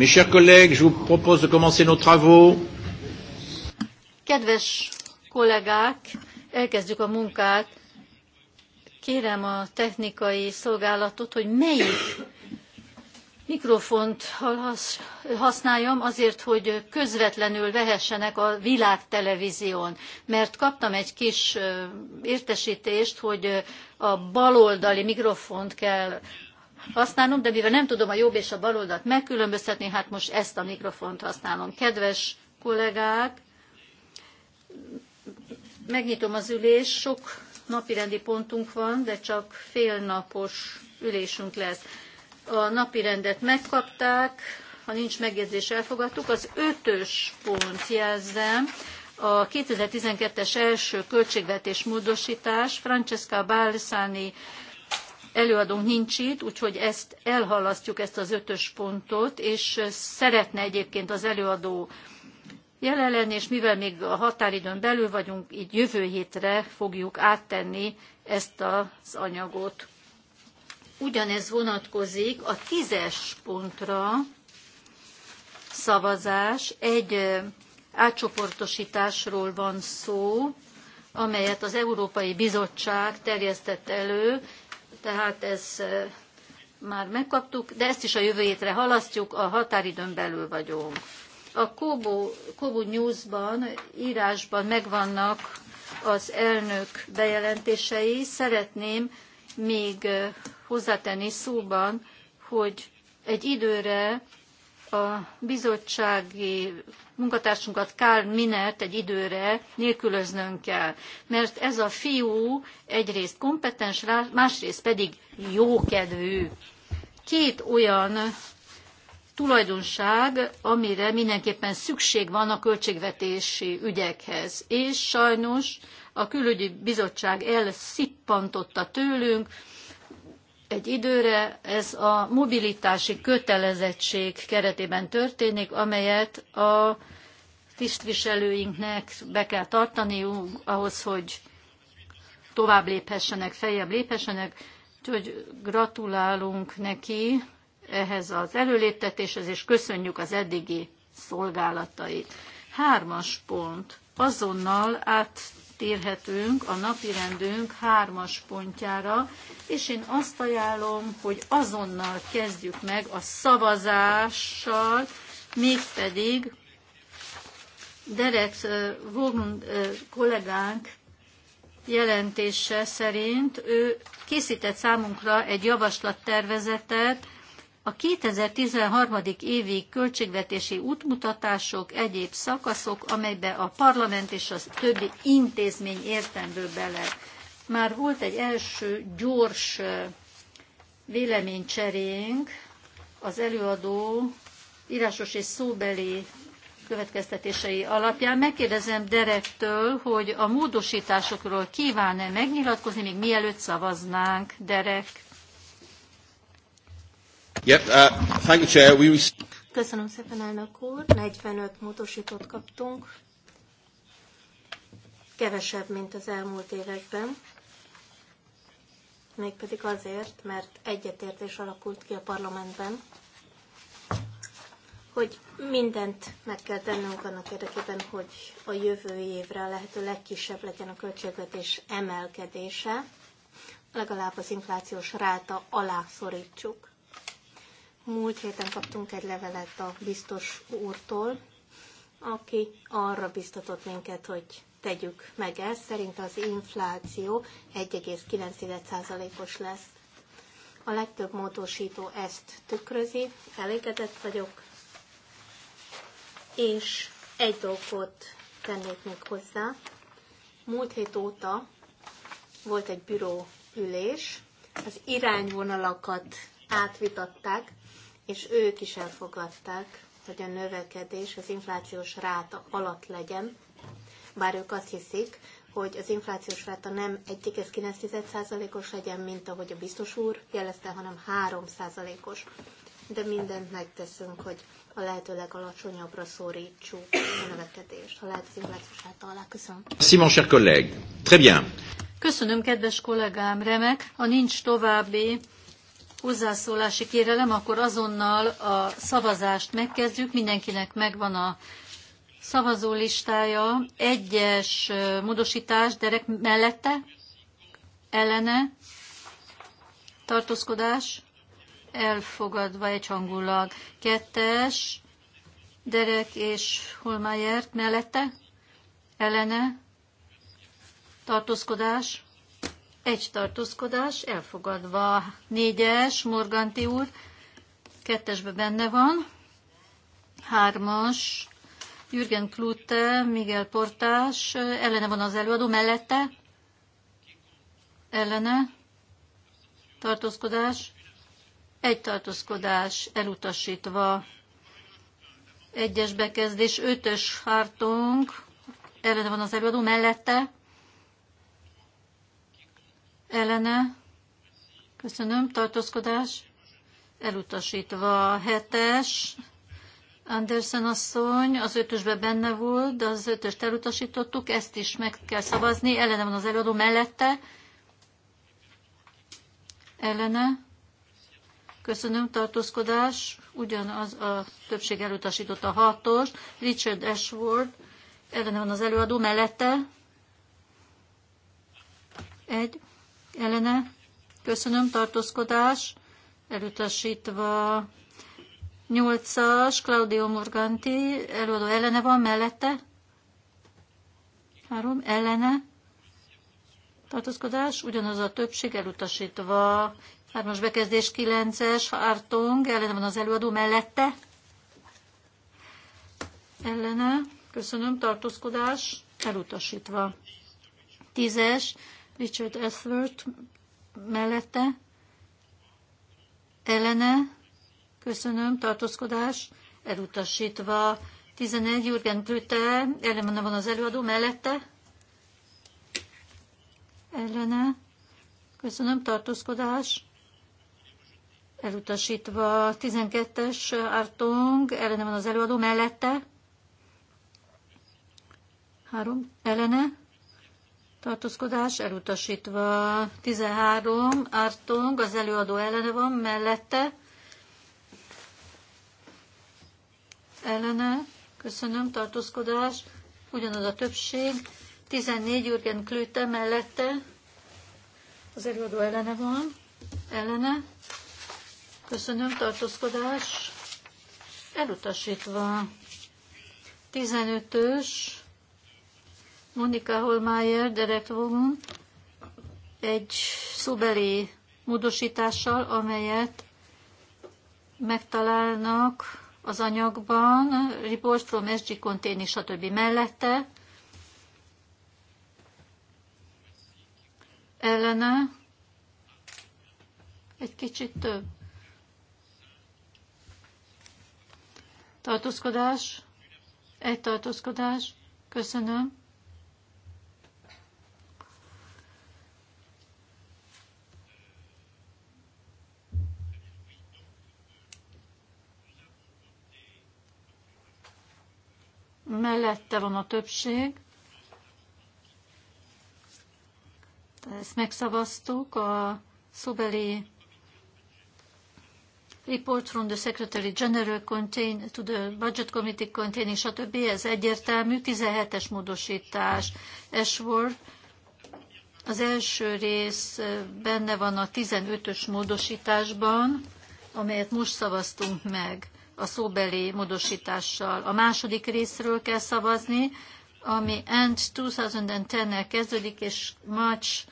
Mes chers collègues, je vous propose de commencer nos travaux. Kedves kollégák, elkezdjük a munkát. Kérem a technikai szolgálatot, hogy melyik mikrofont használjam azért, hogy közvetlenül vehessenek a világtelevízión, mert kaptam egy kis értesítést, hogy a baloldali mikrofont kell használnom, de mivel nem tudom a jobb és a bal oldalt megkülönböztetni, hát most ezt a mikrofont használom. Kedves kollégák, megnyitom az ülés, sok napirendi pontunk van, de csak félnapos ülésünk lesz. A napirendet megkapták, ha nincs megjegyzés, elfogadtuk. Az ötös pont jelzem, a 2012-es első költségvetés módosítás, Francesca Balsani előadónk nincs itt, úgyhogy ezt elhalasztjuk, ezt az ötös pontot, és szeretne egyébként az előadó jelen lenni, és mivel még a határidőn belül vagyunk, így jövő hétre fogjuk áttenni ezt az anyagot. Ugyanez vonatkozik a tízes pontra szavazás. Egy átcsoportosításról van szó, amelyet az Európai Bizottság terjesztett elő, tehát ez már megkaptuk, de ezt is a jövő hétre halasztjuk, a határidőn belül vagyunk. A Kobo, Kobo News-ban, írásban megvannak az elnök bejelentései. Szeretném még hozzátenni szóban, hogy egy időre a bizottsági munkatársunkat Kár Minert egy időre nélkülöznünk kell, mert ez a fiú egyrészt kompetens, másrészt pedig jókedvű. Két olyan tulajdonság, amire mindenképpen szükség van a költségvetési ügyekhez. És sajnos a külügyi bizottság elszippantotta tőlünk, egy időre ez a mobilitási kötelezettség keretében történik, amelyet a tisztviselőinknek be kell tartaniuk ahhoz, hogy tovább léphessenek, feljebb léphessenek. Úgyhogy gratulálunk neki ehhez az előléptetéshez, és köszönjük az eddigi szolgálatait. Hármas pont. Azonnal át áttérhetünk a rendünk hármas pontjára, és én azt ajánlom, hogy azonnal kezdjük meg a szavazással, mégpedig Derek Vogn eh, eh, kollégánk jelentése szerint ő készített számunkra egy javaslattervezetet a 2013. évi költségvetési útmutatások egyéb szakaszok, amelybe a parlament és a többi intézmény értendő bele. Már volt egy első gyors véleménycserénk, az előadó írásos és szóbeli következtetései alapján. Megkérdezem Derektől, hogy a módosításokról kíván-e megnyilatkozni, még mielőtt szavaznánk, Derek. Yep, uh, thank you, Chair. We... Köszönöm szépen, elnök úr. 45 módosítót kaptunk. Kevesebb, mint az elmúlt években. Mégpedig azért, mert egyetértés alakult ki a parlamentben, hogy mindent meg kell tennünk annak érdekében, hogy a jövő évre a lehető legkisebb legyen a költségvetés emelkedése, legalább az inflációs ráta alá szorítsuk. Múlt héten kaptunk egy levelet a biztos úrtól, aki arra biztatott minket, hogy tegyük meg ezt. Szerint az infláció 1,9%-os lesz. A legtöbb módosító ezt tükrözi, elégedett vagyok, és egy dolgot tennék még hozzá. Múlt hét óta volt egy büró ülés, az irányvonalakat átvitatták, és ők is elfogadták, hogy a növekedés az inflációs ráta alatt legyen, bár ők azt hiszik, hogy az inflációs ráta nem 1,9%-os legyen, mint ahogy a biztos úr jelezte, hanem 3%-os. De mindent megteszünk, hogy a lehető legalacsonyabbra szorítsuk a növekedést, ha lehet az inflációs ráta alá. Köszönöm. Simon, cher collègue. Très bien. Köszönöm, kedves kollégám, remek. Ha nincs további hozzászólási kérelem, akkor azonnal a szavazást megkezdjük. Mindenkinek megvan a szavazó listája. Egyes módosítás, derek mellette, ellene, tartózkodás, elfogadva hangulag. Kettes, Derek és Holmeyer mellette, ellene, tartózkodás, Egy tartózkodás, elfogadva. Négyes, Morganti úr, kettesben benne van. Hármas, Jürgen Klute, Miguel Portás, ellene van az előadó, mellette, ellene, tartózkodás, egy tartózkodás elutasítva, egyes bekezdés, ötös hártunk, ellene van az előadó, mellette, ellene, köszönöm, tartózkodás, elutasítva a hetes, Andersen asszony, az ötösben benne volt, de az ötöst elutasítottuk, ezt is meg kell szavazni, ellene van az előadó mellette, ellene, Köszönöm, tartózkodás. Ugyanaz a többség elutasította a hatost. Richard Ashworth, ellene van az előadó, mellette. Egy. Elena, köszönöm, tartózkodás, elutasítva Nyolcas, Claudio Morganti, előadó ellene van, mellette, három, ellene, tartózkodás, ugyanaz a többség elutasítva, hármas bekezdés kilences, es Hartung, ellene van az előadó, mellette, Elena, köszönöm, tartózkodás, elutasítva. Tízes, Richard Ashworth mellette, ellene, köszönöm, tartózkodás, elutasítva. 11, Jürgen Klüte, ellene van az előadó, mellette, ellene, köszönöm, tartózkodás, elutasítva. 12-es Artong, ellene van az előadó, mellette, három, ellene, tartózkodás elutasítva. 13 Artung az előadó ellene van, mellette ellene, köszönöm, tartózkodás, ugyanaz a többség. 14 Jürgen Klüte mellette az előadó ellene van, ellene, köszönöm, tartózkodás, elutasítva. 15-ös Monika Holmájer, Derekvum egy szubeli módosítással, amelyet megtalálnak az anyagban, report from SG container, stb. mellette, ellene, egy kicsit több. Tartózkodás, egy tartózkodás, köszönöm. mellette van a többség. Ezt megszavaztuk a szobeli report from the Secretary General contain to the Budget Committee containing, stb. Ez egyértelmű, 17-es módosítás. Ashworth, az első rész benne van a 15-ös módosításban, amelyet most szavaztunk meg a szóbeli módosítással. A második részről kell szavazni, ami End 2010-nel kezdődik, és March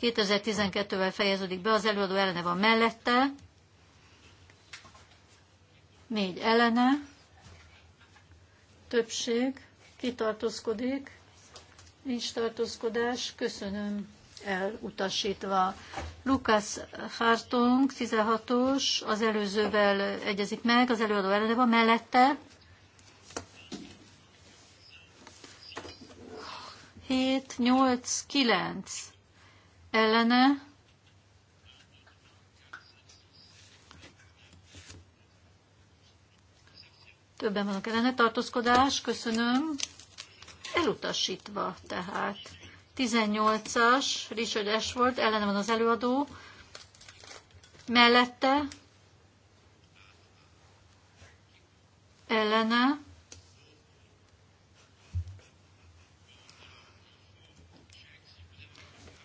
2012-vel fejeződik be, az előadó ellene van mellette, négy ellene, többség, kitartózkodik, nincs tartózkodás, köszönöm elutasítva. Eh, Lukas Hartung, 16-os, az előzővel egyezik meg, az előadó ellene van, mellette. 7, 8, 9 ellene. Többen vannak ellene. Tartózkodás, köszönöm. Elutasítva tehát. 18-as, Richard Ashford, ellene van az előadó, mellette, ellene,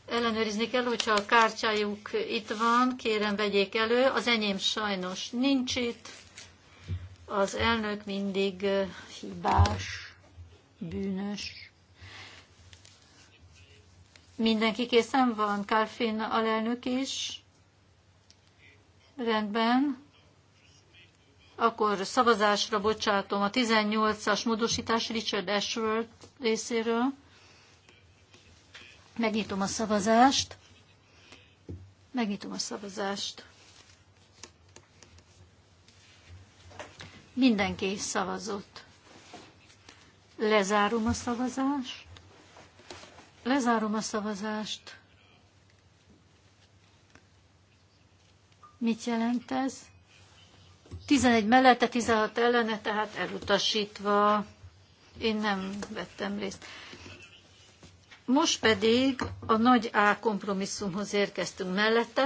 ellenőrizni kell, hogyha a kártyájuk itt van, kérem vegyék elő. Az enyém sajnos nincs itt. Az elnök mindig eh, hibás, bűnös. Mindenki készen van? kalfin alelnök is? Rendben. Akkor szavazásra bocsátom a 18-as módosítás Richard Ashworth részéről. Megnyitom a szavazást. Megnyitom a szavazást. Mindenki szavazott. Lezárom a szavazást. Lezárom a szavazást. Mit jelent ez? 11 mellette, 16 ellene, tehát elutasítva. Én nem vettem részt. Most pedig a nagy A kompromisszumhoz érkeztünk mellette,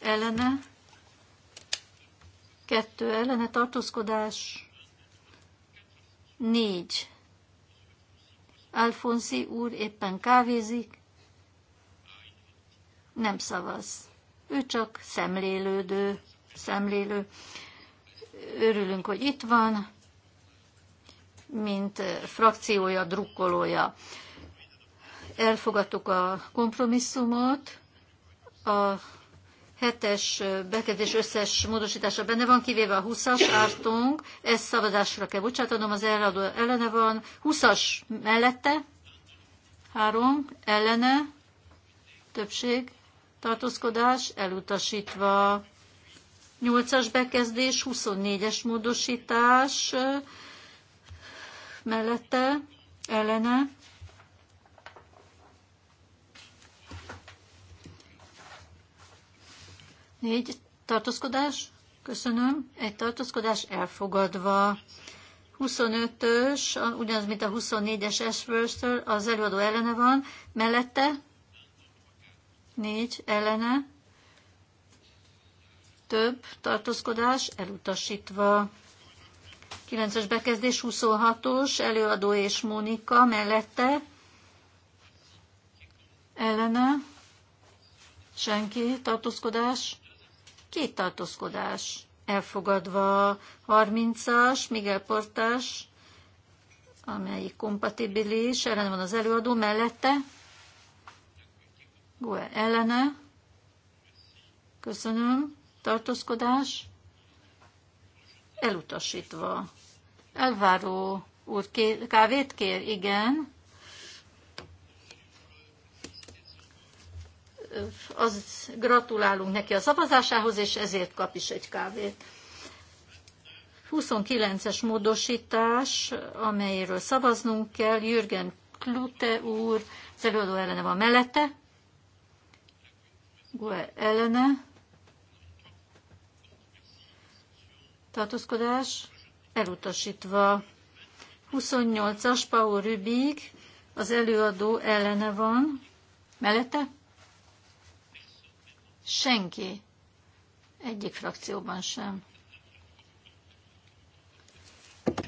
ellene, kettő ellene tartózkodás, négy Alfonsi úr éppen kávézik. Nem szavaz. Ő csak szemlélődő, szemlélő. Örülünk, hogy itt van, mint eh, frakciója, drukkolója. Elfogadtuk a kompromisszumot, a hetes bekezdés összes módosítása benne van, kivéve a 20-as ártunk, ezt szavazásra kell bocsátanom, az eladó ellene van, 20-as mellette, három, ellene, többség, tartózkodás, elutasítva. 8-as bekezdés, 24-es módosítás mellette, ellene, Négy tartózkodás, köszönöm. Egy tartózkodás elfogadva. 25-ös, ugyanaz, mint a 24-es Ashworth-től, az előadó ellene van, mellette négy ellene, több tartózkodás elutasítva. 9-es bekezdés 26-os, előadó és Mónika mellette, ellene, senki, tartózkodás Két tartózkodás elfogadva a 30-as, Miguel Portás, amelyik kompatibilis, ellen van az előadó, mellette, Goel ellene, köszönöm, tartózkodás, elutasítva. Elváró úr, kávét kér? Igen. az gratulálunk neki a szavazásához, és ezért kap is egy kávét. 29-es módosítás, amelyről szavaznunk kell, Jürgen Klute úr, az előadó ellene van mellette, Gue ellene, tartózkodás, elutasítva. 28-as Paul Rübig, az előadó ellene van, mellette, senki, egyik frakcióban sem.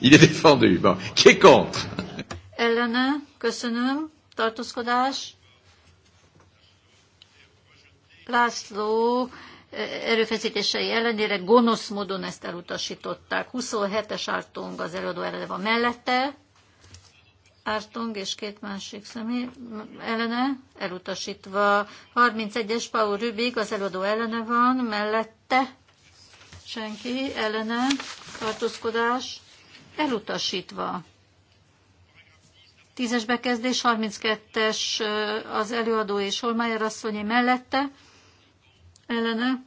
Il est défendu. Bon. Qui est contre? Ellene, köszönöm. Tartózkodás. László eh, erőfeszítései ellenére gonosz módon ezt elutasították. 27-es ártunk az előadó eredet van mellette. Ártong és két másik személy ellene, elutasítva. 31-es Paul Rübig, az előadó ellene van, mellette senki ellene, tartózkodás, elutasítva. 10-es bekezdés, 32-es az előadó és Holmájer asszonyi mellette, ellene,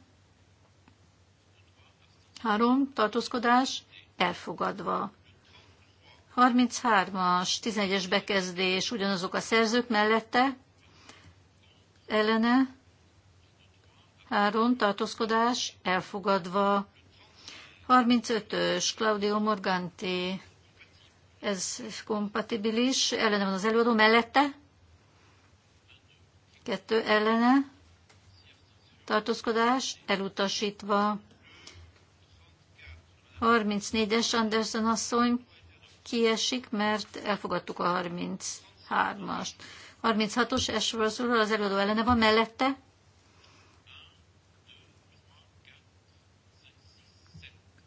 három, tartózkodás, elfogadva. 33-as, 11-es bekezdés, ugyanazok a szerzők mellette, ellene, három tartózkodás, elfogadva. 35-ös, Claudio Morganti, ez kompatibilis, ellene van az előadó, mellette, kettő ellene, tartózkodás, elutasítva. 34-es Anderson asszony kiesik, mert elfogadtuk a 33-ast. 36-os Ashworth úr az előadó ellene van, mellette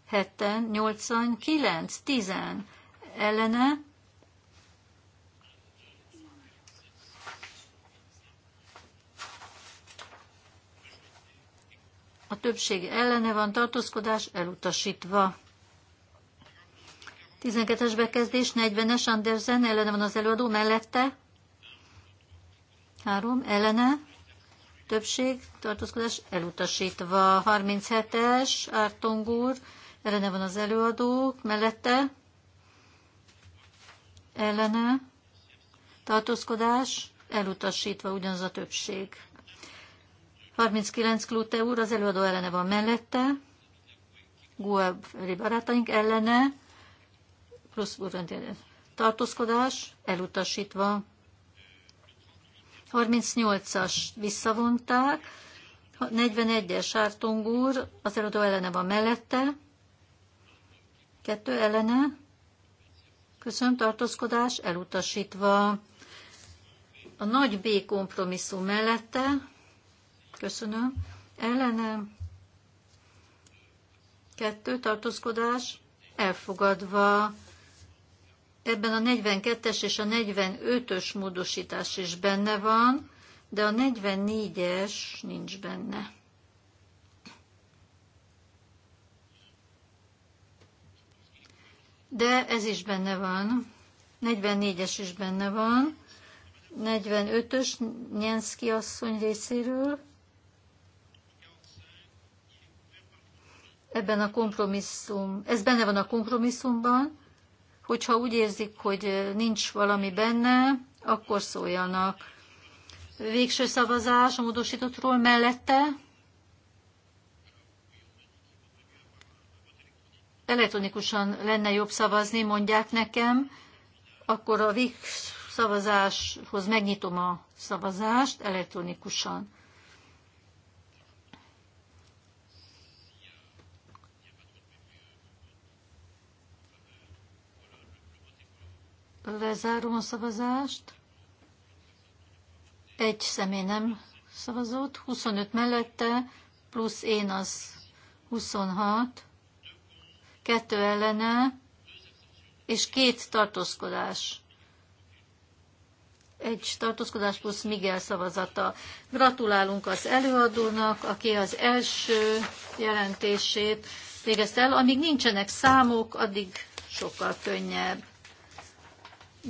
heten, nyolcan, kilenc, tizen ellene. A többség ellene van tartózkodás elutasítva. 12-es bekezdés, 40-es Andersen, ellene van az előadó, mellette. Három, ellene. Többség, tartózkodás elutasítva. 37-es, Ártongúr, ellene van az előadó, mellette. Ellene. Tartózkodás elutasítva, ugyanaz a többség. 39 Klute úr, az előadó ellene van mellette. Guab barátaink ellene plusz Tartózkodás elutasítva. 38-as visszavonták. 41-es Sártong úr, az előadó ellene van mellette. Kettő ellene. Köszönöm, tartózkodás elutasítva. A nagy B kompromisszum mellette. Köszönöm. Ellene. Kettő tartózkodás elfogadva. Ebben a 42-es és a 45-ös módosítás is benne van, de a 44-es nincs benne. De ez is benne van. 44-es is benne van. 45-ös Nyenszki asszony részéről. Ebben a kompromisszum, ez benne van a kompromisszumban, Hogyha úgy érzik, hogy nincs valami benne, akkor szóljanak. Végső szavazás a módosítottról mellette. Elektronikusan lenne jobb szavazni, mondják nekem. Akkor a végső szavazáshoz megnyitom a szavazást elektronikusan. Lezárom a szavazást. Egy személy nem szavazott, 25 mellette, plusz én az 26, kettő ellene, és két tartózkodás. Egy tartózkodás plusz Miguel szavazata. Gratulálunk az előadónak, aki az első jelentését végezte el. Amíg nincsenek számok, addig sokkal könnyebb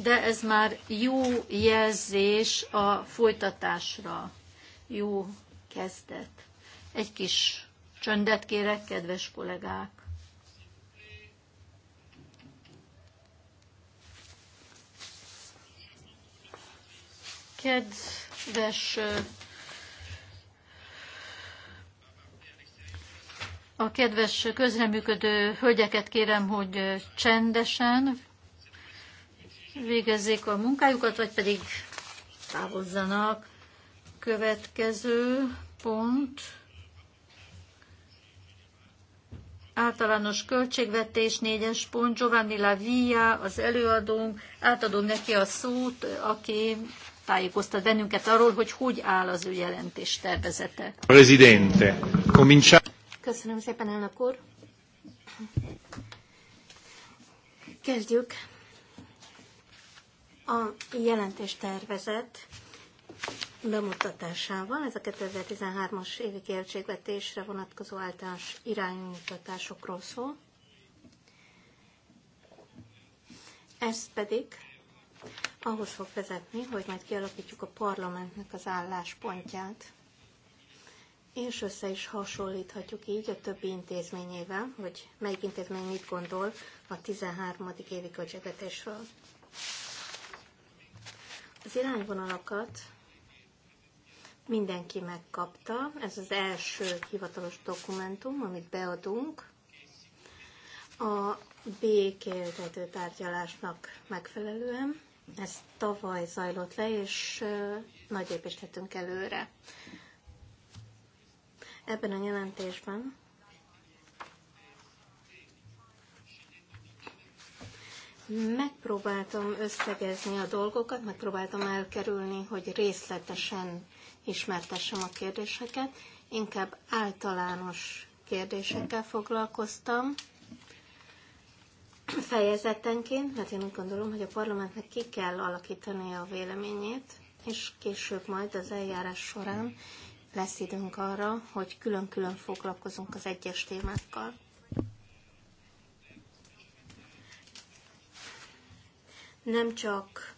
de ez már jó jelzés a folytatásra, jó kezdet. Egy kis csöndet kérek, kedves kollégák. Kedves a kedves közreműködő hölgyeket kérem, hogy csendesen végezzék a munkájukat, vagy pedig távozzanak. Következő pont. Általános költségvetés négyes pont. Giovanni La Via, az előadónk. Átadom neki a szót, aki tájékoztat bennünket arról, hogy hogy áll az ő jelentés tervezete. Presidente, comincia... Köszönöm szépen, elnök úr. Kezdjük a jelentéstervezet bemutatásával, ez a 2013-as évi költségvetésre vonatkozó általános iránymutatásokról szól. Ez pedig ahhoz fog vezetni, hogy majd kialakítjuk a parlamentnek az álláspontját, és össze is hasonlíthatjuk így a többi intézményével, hogy melyik intézmény mit gondol a 13. évi költségvetésről. Az irányvonalakat mindenki megkapta. Ez az első hivatalos dokumentum, amit beadunk. A békéltető tárgyalásnak megfelelően. Ez tavaly zajlott le, és nagy lépést tettünk előre. Ebben a jelentésben Megpróbáltam összegezni a dolgokat, megpróbáltam elkerülni, hogy részletesen ismertessem a kérdéseket. Inkább általános kérdésekkel foglalkoztam fejezetenként, mert én úgy gondolom, hogy a parlamentnek ki kell alakítani a véleményét, és később majd az eljárás során lesz időnk arra, hogy külön-külön foglalkozunk az egyes témákkal. nem csak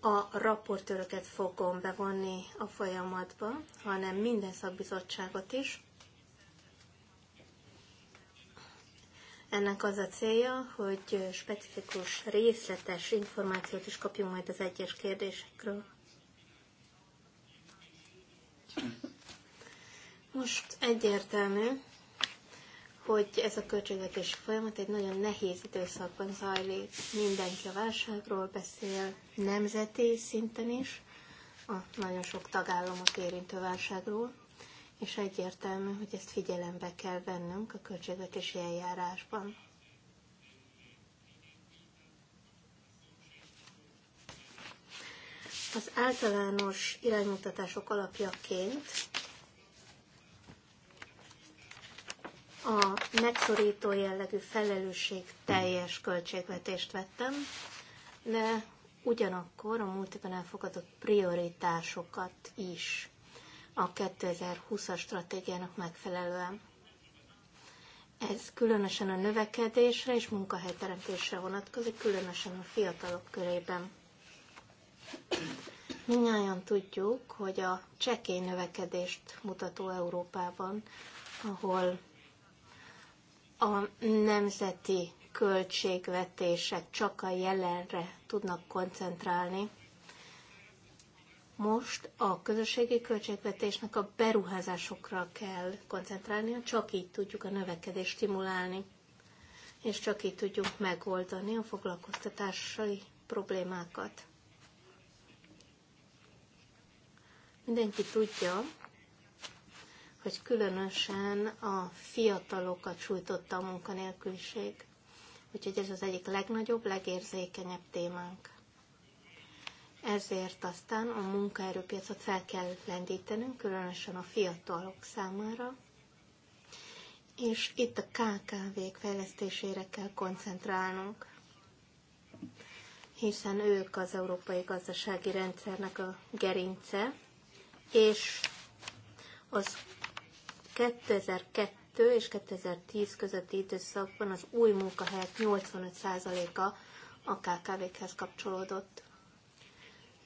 a raportőröket fogom bevonni a folyamatba, hanem minden szakbizottságot is. Ennek az a célja, hogy specifikus, részletes információt is kapjunk majd az egyes kérdésekről. Most egyértelmű, hogy ez a költségvetési folyamat egy nagyon nehéz időszakban zajlik. Mindenki a válságról beszél, nemzeti szinten is, a nagyon sok tagállamot érintő válságról, és egyértelmű, hogy ezt figyelembe kell vennünk a költségvetési eljárásban. Az általános iránymutatások alapjaként a megszorító jellegű felelősség teljes költségvetést vettem, de ugyanakkor a múltiban elfogadott prioritásokat is a 2020-as stratégiának megfelelően. Ez különösen a növekedésre és munkahelyteremtésre vonatkozik, különösen a fiatalok körében. Minnyáján tudjuk, hogy a csekély növekedést mutató Európában, ahol a nemzeti költségvetések csak a jelenre tudnak koncentrálni. Most a közösségi költségvetésnek a beruházásokra kell koncentrálnia, csak így tudjuk a növekedést stimulálni, és csak így tudjuk megoldani a foglalkoztatási problémákat. Mindenki tudja, hogy különösen a fiatalokat sújtotta a munkanélküliség. Úgyhogy ez az egyik legnagyobb, legérzékenyebb témánk. Ezért aztán a munkaerőpiacot fel kell lendítenünk, különösen a fiatalok számára, és itt a KKV-k fejlesztésére kell koncentrálnunk, hiszen ők az európai gazdasági rendszernek a gerince, és az 2002 és 2010 közötti időszakban az új munkahelyek 85%-a a KKV-khez kapcsolódott.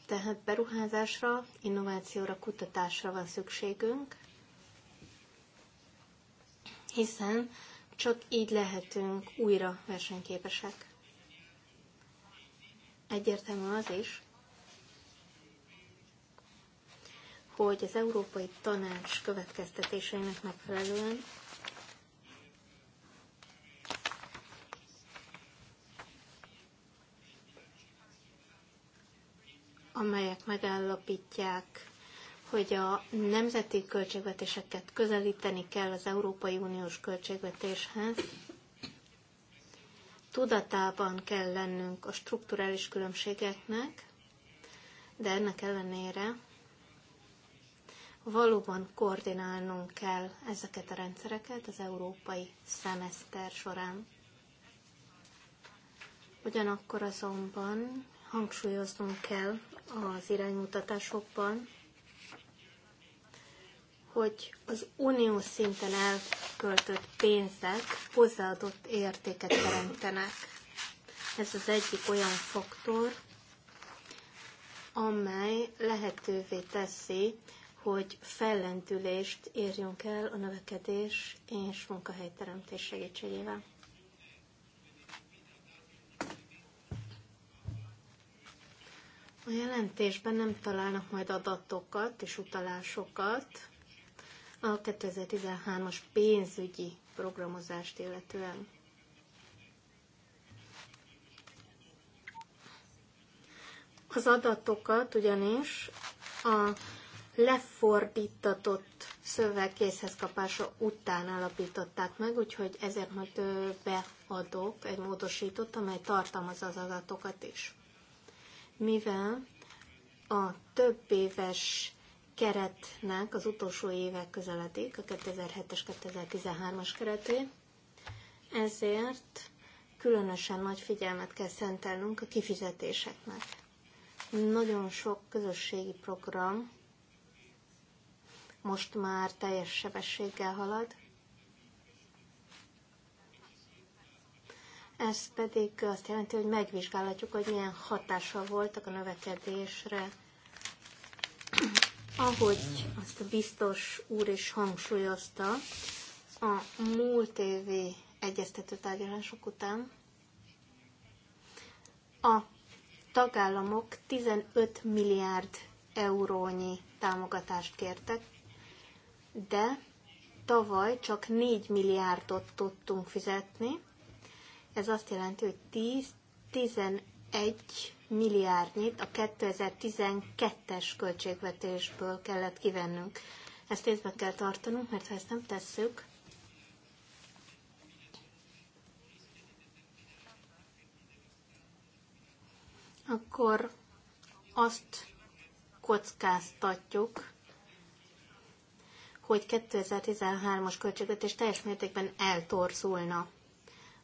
Tehát beruházásra, innovációra, kutatásra van szükségünk, hiszen csak így lehetünk újra versenyképesek. Egyértelmű az is, hogy az Európai Tanács következtetéseinek megfelelően amelyek megállapítják, hogy a nemzeti költségvetéseket közelíteni kell az Európai Uniós költségvetéshez, tudatában kell lennünk a strukturális különbségeknek, de ennek ellenére valóban koordinálnunk kell ezeket a rendszereket az európai szemeszter során. Ugyanakkor azonban hangsúlyoznunk kell az iránymutatásokban, hogy az unió szinten elköltött pénzek hozzáadott értéket teremtenek. Ez az egyik olyan faktor, amely lehetővé teszi hogy fellentülést érjünk el a növekedés és munkahelyteremtés segítségével. A jelentésben nem találnak majd adatokat és utalásokat a 2013-as pénzügyi programozást illetően. Az adatokat ugyanis a lefordítatott szövegkészhez kapása után alapították meg, úgyhogy ezért majd beadok egy módosítót, amely tartalmaz az adatokat is. Mivel a több éves keretnek az utolsó évek közeledik, a 2007-es, 2013-as kereté, ezért különösen nagy figyelmet kell szentelnünk a kifizetéseknek. Nagyon sok közösségi program most már teljes sebességgel halad. Ez pedig azt jelenti, hogy megvizsgálhatjuk, hogy milyen hatása voltak a növekedésre. Ahogy azt a biztos úr is hangsúlyozta, a múlt évi egyeztető tárgyalások után a tagállamok 15 milliárd eurónyi támogatást kértek de tavaly csak 4 milliárdot tudtunk fizetni. Ez azt jelenti, hogy 10-11 milliárdnyit a 2012-es költségvetésből kellett kivennünk. Ezt észbe kell tartanunk, mert ha ezt nem tesszük, akkor azt kockáztatjuk, hogy 2013-as költségvetés teljes mértékben eltorzulna.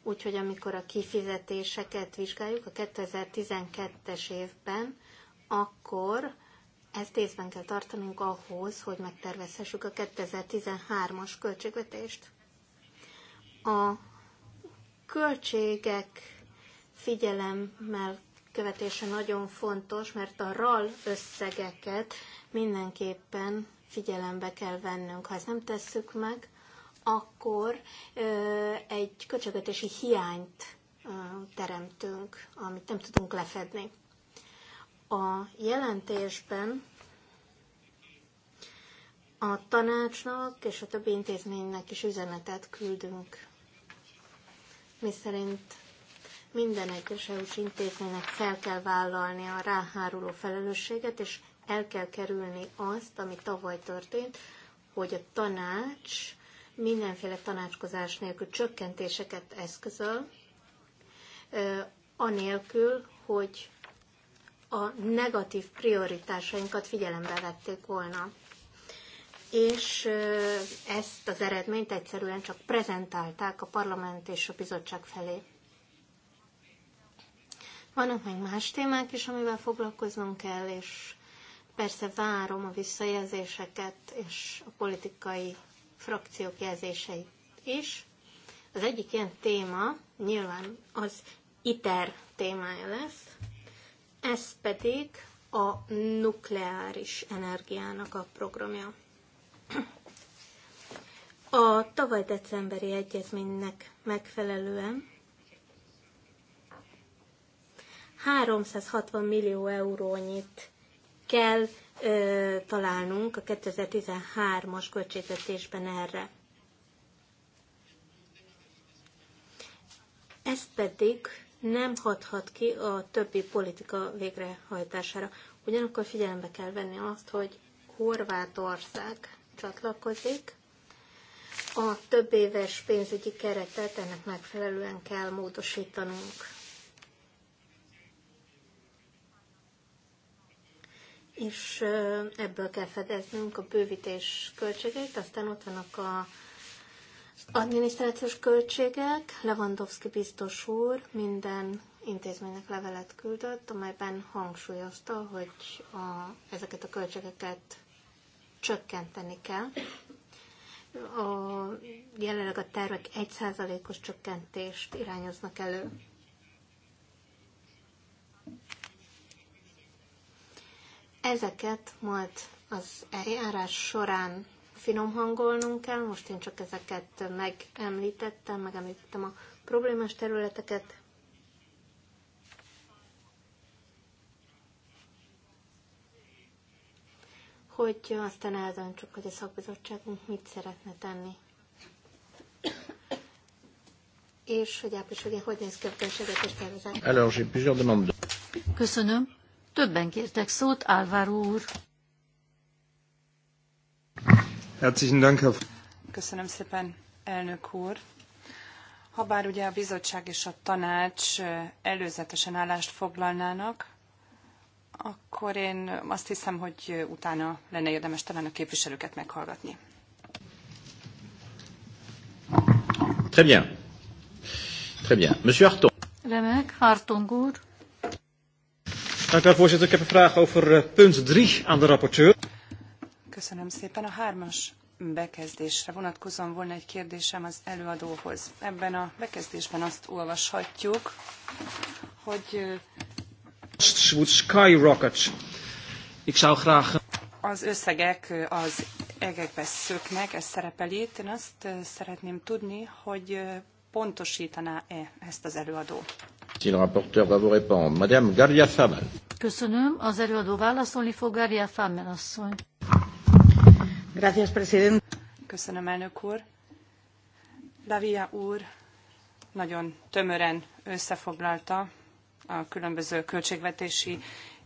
Úgyhogy amikor a kifizetéseket vizsgáljuk a 2012-es évben, akkor ezt észben kell tartanunk ahhoz, hogy megtervezhessük a 2013-as költségvetést. A költségek figyelemmel követése nagyon fontos, mert a RAL összegeket mindenképpen figyelembe kell vennünk. Ha ezt nem tesszük meg, akkor egy költségvetési hiányt teremtünk, amit nem tudunk lefedni. A jelentésben a tanácsnak és a többi intézménynek is üzenetet küldünk, miszerint minden egyes EU-s intézménynek fel kell vállalni a ráháruló felelősséget, és el kell kerülni azt, ami tavaly történt, hogy a tanács mindenféle tanácskozás nélkül csökkentéseket eszközöl, anélkül, hogy a negatív prioritásainkat figyelembe vették volna. És ezt az eredményt egyszerűen csak prezentálták a parlament és a bizottság felé. Vannak még más témák is, amivel foglalkoznunk kell, és Persze várom a visszajelzéseket és a politikai frakciók jelzéseit is. Az egyik ilyen téma nyilván az ITER témája lesz, ez pedig a nukleáris energiának a programja. A tavaly decemberi egyezménynek megfelelően 360 millió eurónyit kell ö, találnunk a 2013-as költségvetésben erre. Ez pedig nem hathat ki a többi politika végrehajtására. Ugyanakkor figyelembe kell venni azt, hogy Horvátország csatlakozik, a több éves pénzügyi keretet ennek megfelelően kell módosítanunk. és ebből kell fedeznünk a bővítés költségeit, aztán ott vannak a adminisztrációs költségek. Lewandowski biztos úr minden intézménynek levelet küldött, amelyben hangsúlyozta, hogy a, ezeket a költségeket csökkenteni kell. A, jelenleg a tervek 1%-os csökkentést irányoznak elő. Ezeket majd az eljárás során finom hangolnunk kell, most én csak ezeket megemlítettem, megemlítettem a problémás területeket. Hogy aztán eldöntsük, hogy a szakbizottságunk mit szeretne tenni. És hogy április hogy néz ki a költségvetés tervezet. Köszönöm. Többen kértek szót, Álvaro úr. Herzlichen Dank, Herr... Köszönöm szépen, elnök úr. Habár ugye a bizottság és a tanács előzetesen állást foglalnának, akkor én azt hiszem, hogy utána lenne érdemes talán a képviselőket meghallgatni. Très bien. Très bien. Monsieur Harton. Remek, Hartong úr. Dank u wel, voorzitter. Ik heb een vraag over eh, punt 3 aan de rapporteur. Köszönöm szépen. A hármas bekezdésre vonatkozóan volna egy kérdésem az előadóhoz. Ebben a bekezdésben azt olvashatjuk, hogy skyrocket. Ik zou graag... Az összegek az egekbe szöknek, ez szerepel itt. Én azt szeretném tudni, hogy pontosítaná-e ezt az előadó. Si le rapporteur va vous répondre. Madame Gardia Famal. Gracias, Köszönöm, elnök úr. Lavia úr nagyon tömören összefoglalta a különböző költségvetési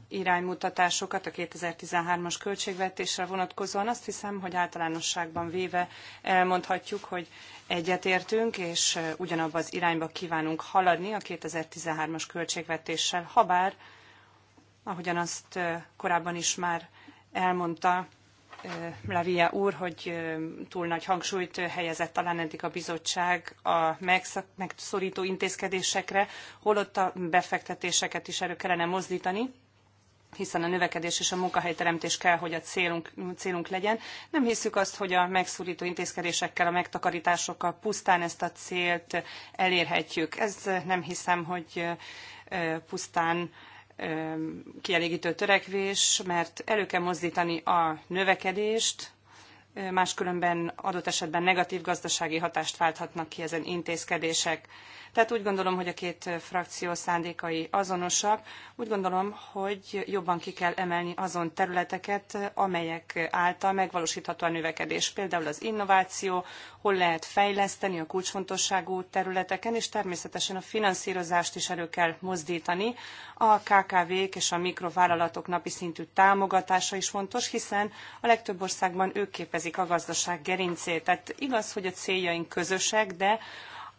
iránymutatásokat a 2013-as költségvetésre vonatkozóan. Azt hiszem, hogy általánosságban véve elmondhatjuk, hogy egyetértünk, és ugyanabba az irányba kívánunk haladni a 2013-as költségvetéssel, habár, ahogyan azt korábban is már elmondta Lavia úr, hogy túl nagy hangsúlyt helyezett talán eddig a bizottság a megszorító intézkedésekre, holott a befektetéseket is elő kellene mozdítani hiszen a növekedés és a munkahelyteremtés kell, hogy a célunk, célunk legyen. Nem hiszük azt, hogy a megszorító intézkedésekkel, a megtakarításokkal pusztán ezt a célt elérhetjük. Ez nem hiszem, hogy pusztán kielégítő törekvés, mert elő kell mozdítani a növekedést, máskülönben adott esetben negatív gazdasági hatást válthatnak ki ezen intézkedések. Tehát úgy gondolom, hogy a két frakció szándékai azonosak. Úgy gondolom, hogy jobban ki kell emelni azon területeket, amelyek által megvalósítható a növekedés. Például az innováció, hol lehet fejleszteni a kulcsfontosságú területeken, és természetesen a finanszírozást is elő kell mozdítani. A KKV-k és a mikrovállalatok napi szintű támogatása is fontos, hiszen a legtöbb országban ők képezik a gazdaság gerincét. Tehát igaz, hogy a céljaink közösek, de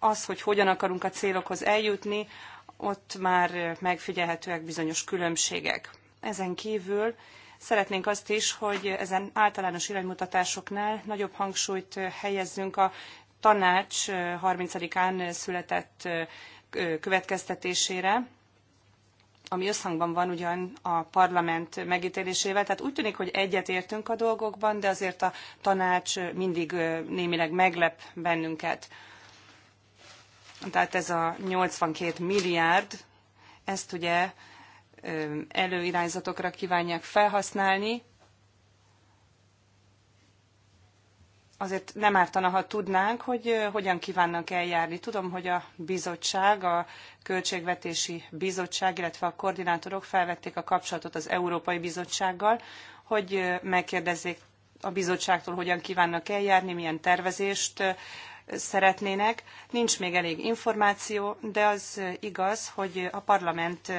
az, hogy hogyan akarunk a célokhoz eljutni, ott már megfigyelhetőek bizonyos különbségek. Ezen kívül szeretnénk azt is, hogy ezen általános iránymutatásoknál nagyobb hangsúlyt helyezzünk a tanács 30-án született következtetésére, ami összhangban van ugyan a parlament megítélésével. Tehát úgy tűnik, hogy egyetértünk a dolgokban, de azért a tanács mindig némileg meglep bennünket. Tehát ez a 82 milliárd, ezt ugye előirányzatokra kívánják felhasználni. Azért nem ártana, ha tudnánk, hogy hogyan kívánnak eljárni. Tudom, hogy a bizottság, a Költségvetési Bizottság, illetve a koordinátorok felvették a kapcsolatot az Európai Bizottsággal, hogy megkérdezzék a bizottságtól, hogyan kívánnak eljárni, milyen tervezést szeretnének. Nincs még elég információ, de az igaz, hogy a parlament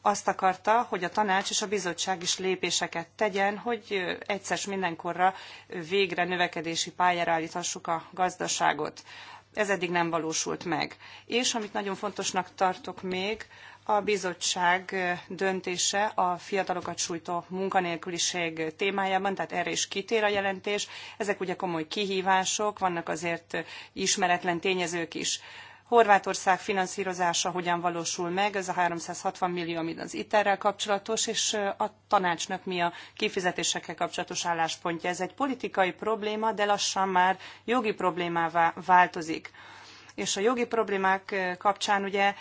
azt akarta, hogy a tanács és a bizottság is lépéseket tegyen, hogy egyszer mindenkorra végre növekedési pályára állíthassuk a gazdaságot. Ez eddig nem valósult meg. És amit nagyon fontosnak tartok még, a bizottság döntése a fiatalokat sújtó munkanélküliség témájában, tehát erre is kitér a jelentés. Ezek ugye komoly kihívások, vannak azért ismeretlen tényezők is. Horvátország finanszírozása hogyan valósul meg, ez a 360 millió, amit az ITER-rel kapcsolatos, és a tanácsnak mi a kifizetésekkel kapcsolatos álláspontja. Ez egy politikai probléma, de lassan már jogi problémává változik. És a jogi problémák kapcsán ugye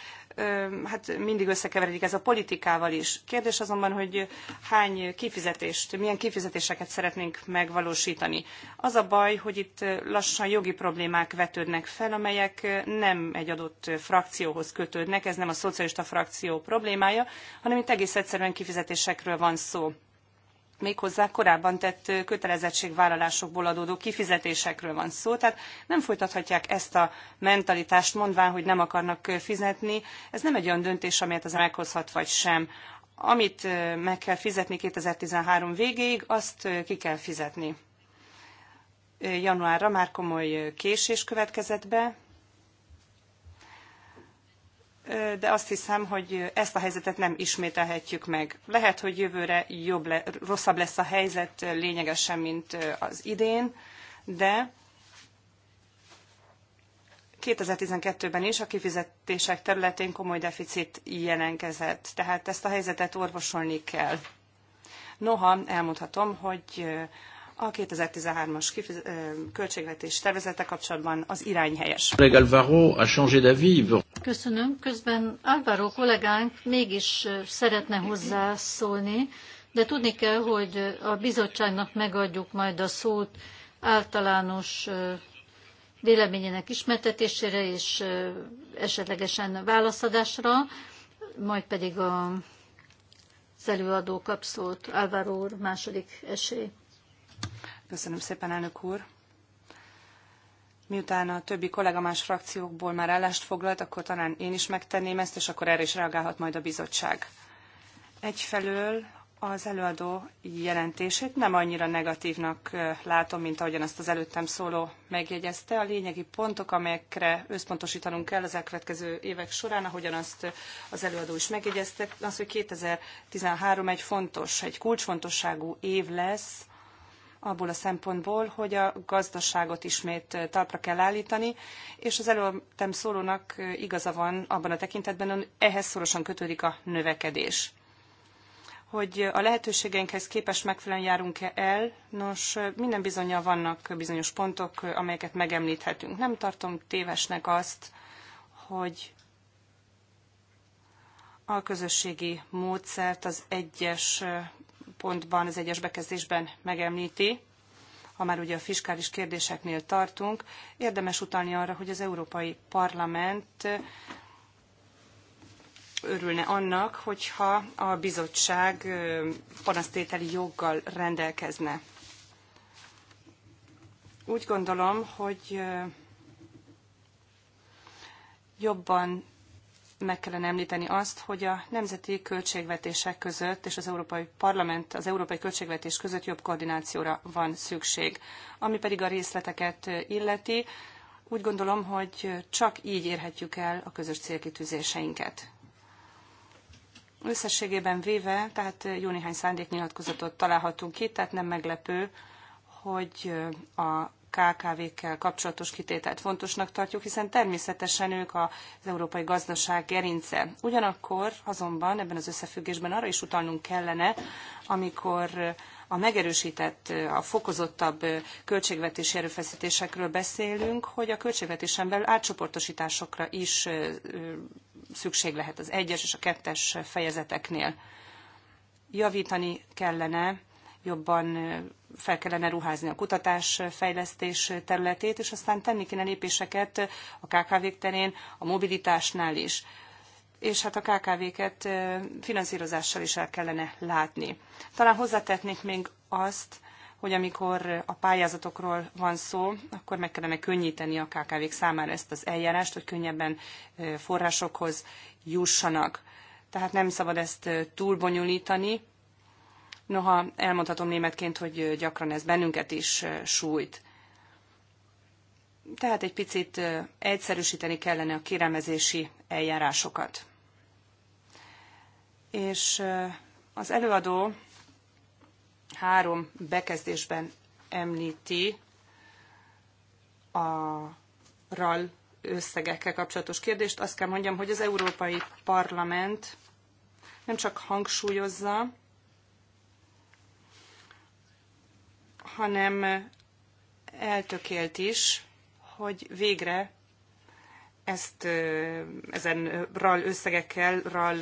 hát mindig összekeveredik ez a politikával is. Kérdés azonban, hogy hány kifizetést, milyen kifizetéseket szeretnénk megvalósítani. Az a baj, hogy itt lassan jogi problémák vetődnek fel, amelyek nem egy adott frakcióhoz kötődnek, ez nem a szocialista frakció problémája, hanem itt egész egyszerűen kifizetésekről van szó méghozzá korábban tett kötelezettségvállalásokból adódó kifizetésekről van szó, tehát nem folytathatják ezt a mentalitást, mondván, hogy nem akarnak fizetni. Ez nem egy olyan döntés, amelyet az meghozhat vagy sem. Amit meg kell fizetni 2013 végéig, azt ki kell fizetni. Januárra már komoly késés következett be, de azt hiszem, hogy ezt a helyzetet nem ismételhetjük meg. Lehet, hogy jövőre jobb le, rosszabb lesz a helyzet lényegesen, mint az idén, de 2012-ben is a kifizetések területén komoly deficit jelenkezett, tehát ezt a helyzetet orvosolni kell. Noha elmondhatom, hogy a 2013-as kifiz- költségvetés tervezete kapcsolatban az irány helyes. Köszönöm. Közben Álvaro kollégánk mégis szeretne hozzászólni, de tudni kell, hogy a bizottságnak megadjuk majd a szót általános véleményének ismertetésére és esetlegesen válaszadásra, majd pedig a az előadó kap szót. Álvaro úr, második esély. Köszönöm szépen, elnök úr. Miután a többi kollega más frakciókból már állást foglalt, akkor talán én is megtenném ezt, és akkor erre is reagálhat majd a bizottság. Egyfelől az előadó jelentését nem annyira negatívnak látom, mint ahogyan azt az előttem szóló megjegyezte. A lényegi pontok, amelyekre összpontosítanunk kell az elkövetkező évek során, ahogyan azt az előadó is megjegyezte, az, hogy 2013 egy fontos, egy kulcsfontosságú év lesz abból a szempontból, hogy a gazdaságot ismét talpra kell állítani, és az előttem szólónak igaza van abban a tekintetben, hogy ehhez szorosan kötődik a növekedés. Hogy a lehetőségeinkhez képes megfelelően járunk-e el, nos, minden bizonyal vannak bizonyos pontok, amelyeket megemlíthetünk. Nem tartom tévesnek azt, hogy a közösségi módszert az egyes pontban, az egyes bekezdésben megemlíti, ha már ugye a fiskális kérdéseknél tartunk, érdemes utalni arra, hogy az Európai Parlament örülne annak, hogyha a bizottság panasztételi joggal rendelkezne. Úgy gondolom, hogy jobban meg kellene említeni azt, hogy a nemzeti költségvetések között és az Európai Parlament, az Európai Költségvetés között jobb koordinációra van szükség. Ami pedig a részleteket illeti, úgy gondolom, hogy csak így érhetjük el a közös célkitűzéseinket. Összességében véve, tehát jó néhány szándéknyilatkozatot találhatunk itt, tehát nem meglepő, hogy a KKV-kkel kapcsolatos kitételt fontosnak tartjuk, hiszen természetesen ők az európai gazdaság gerince. Ugyanakkor azonban ebben az összefüggésben arra is utalnunk kellene, amikor a megerősített, a fokozottabb költségvetési erőfeszítésekről beszélünk, hogy a költségvetésen belül átcsoportosításokra is szükség lehet az egyes és a kettes fejezeteknél. Javítani kellene, jobban fel kellene ruházni a kutatás fejlesztés területét, és aztán tenni kéne lépéseket a kkv terén, a mobilitásnál is és hát a KKV-ket finanszírozással is el kellene látni. Talán hozzátetnék még azt, hogy amikor a pályázatokról van szó, akkor meg kellene könnyíteni a KKV-k számára ezt az eljárást, hogy könnyebben forrásokhoz jussanak. Tehát nem szabad ezt túlbonyolítani, Noha elmondhatom németként, hogy gyakran ez bennünket is sújt. Tehát egy picit egyszerűsíteni kellene a kérelmezési eljárásokat. És az előadó három bekezdésben említi a RAL összegekkel kapcsolatos kérdést. Azt kell mondjam, hogy az Európai Parlament nem csak hangsúlyozza, hanem eltökélt is, hogy végre ezt ezen RAL összegekkel, RAL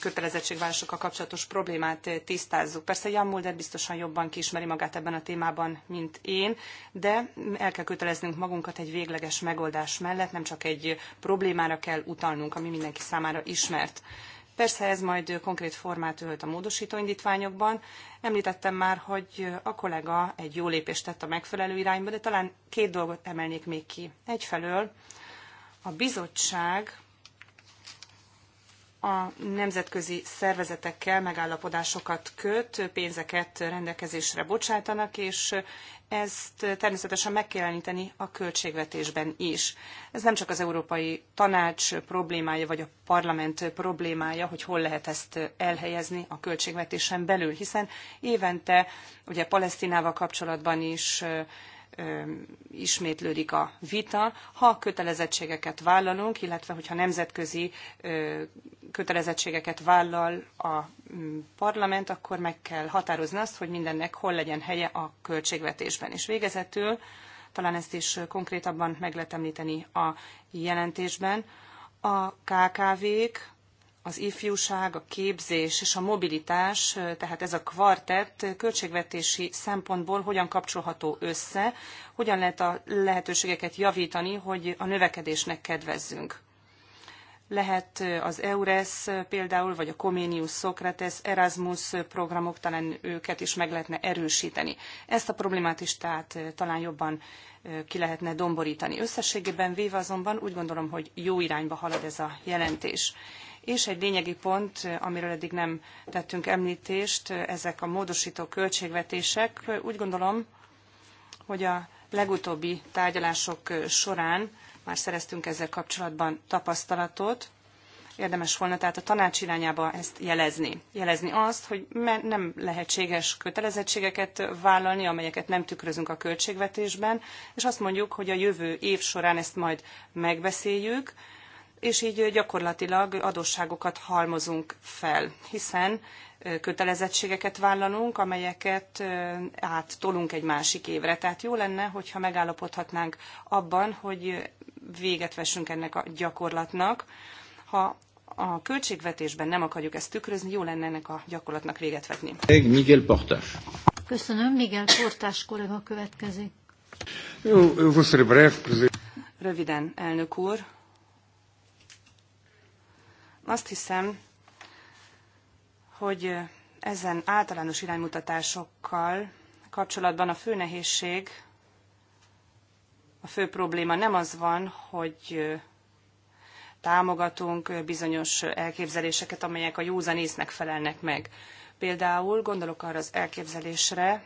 kötelezettségvárosokkal kapcsolatos problémát tisztázzuk. Persze Jan Mulder biztosan jobban kiismeri magát ebben a témában, mint én, de el kell köteleznünk magunkat egy végleges megoldás mellett, nem csak egy problémára kell utalnunk, ami mindenki számára ismert. Persze ez majd konkrét formát ölt a módosító indítványokban. Említettem már, hogy a kollega egy jó lépést tett a megfelelő irányba, de talán két dolgot emelnék még ki. Egyfelől a bizottság a nemzetközi szervezetekkel megállapodásokat köt, pénzeket rendelkezésre bocsátanak, és ezt természetesen meg kell jeleníteni a költségvetésben is. Ez nem csak az Európai Tanács problémája, vagy a parlament problémája, hogy hol lehet ezt elhelyezni a költségvetésen belül, hiszen évente ugye Palesztinával kapcsolatban is ismétlődik a vita. Ha kötelezettségeket vállalunk, illetve hogyha nemzetközi kötelezettségeket vállal a mm, parlament, akkor meg kell határozni azt, hogy mindennek hol legyen helye a költségvetésben. És végezetül, talán ezt is konkrétabban meg lehet említeni a jelentésben, a KKV-k, az ifjúság, a képzés és a mobilitás, tehát ez a kvartett költségvetési szempontból hogyan kapcsolható össze, hogyan lehet a lehetőségeket javítani, hogy a növekedésnek kedvezzünk. Lehet az EURES például, vagy a Comenius, Socrates, Erasmus programok, talán őket is meg lehetne erősíteni. Ezt a problémát is tehát talán jobban ki lehetne domborítani. Összességében véve azonban úgy gondolom, hogy jó irányba halad ez a jelentés és egy lényegi pont, amiről eddig nem tettünk említést, ezek a módosító költségvetések. Úgy gondolom, hogy a legutóbbi tárgyalások során már szereztünk ezzel kapcsolatban tapasztalatot, érdemes volna tehát a tanács irányába ezt jelezni. Jelezni azt, hogy nem lehetséges kötelezettségeket vállalni, amelyeket nem tükrözünk a költségvetésben, és azt mondjuk, hogy a jövő év során ezt majd megbeszéljük, és így gyakorlatilag adósságokat halmozunk fel, hiszen kötelezettségeket vállalunk, amelyeket áttolunk egy másik évre. Tehát jó lenne, hogyha megállapodhatnánk abban, hogy véget vessünk ennek a gyakorlatnak. Ha a költségvetésben nem akarjuk ezt tükrözni, jó lenne ennek a gyakorlatnak véget vetni. Miguel Portás. Köszönöm, Miguel Portás kollega következik. Jó, Röviden, elnök úr. Azt hiszem, hogy ezen általános iránymutatásokkal kapcsolatban a fő nehézség, a fő probléma nem az van, hogy támogatunk bizonyos elképzeléseket, amelyek a józan észnek felelnek meg. Például gondolok arra az elképzelésre,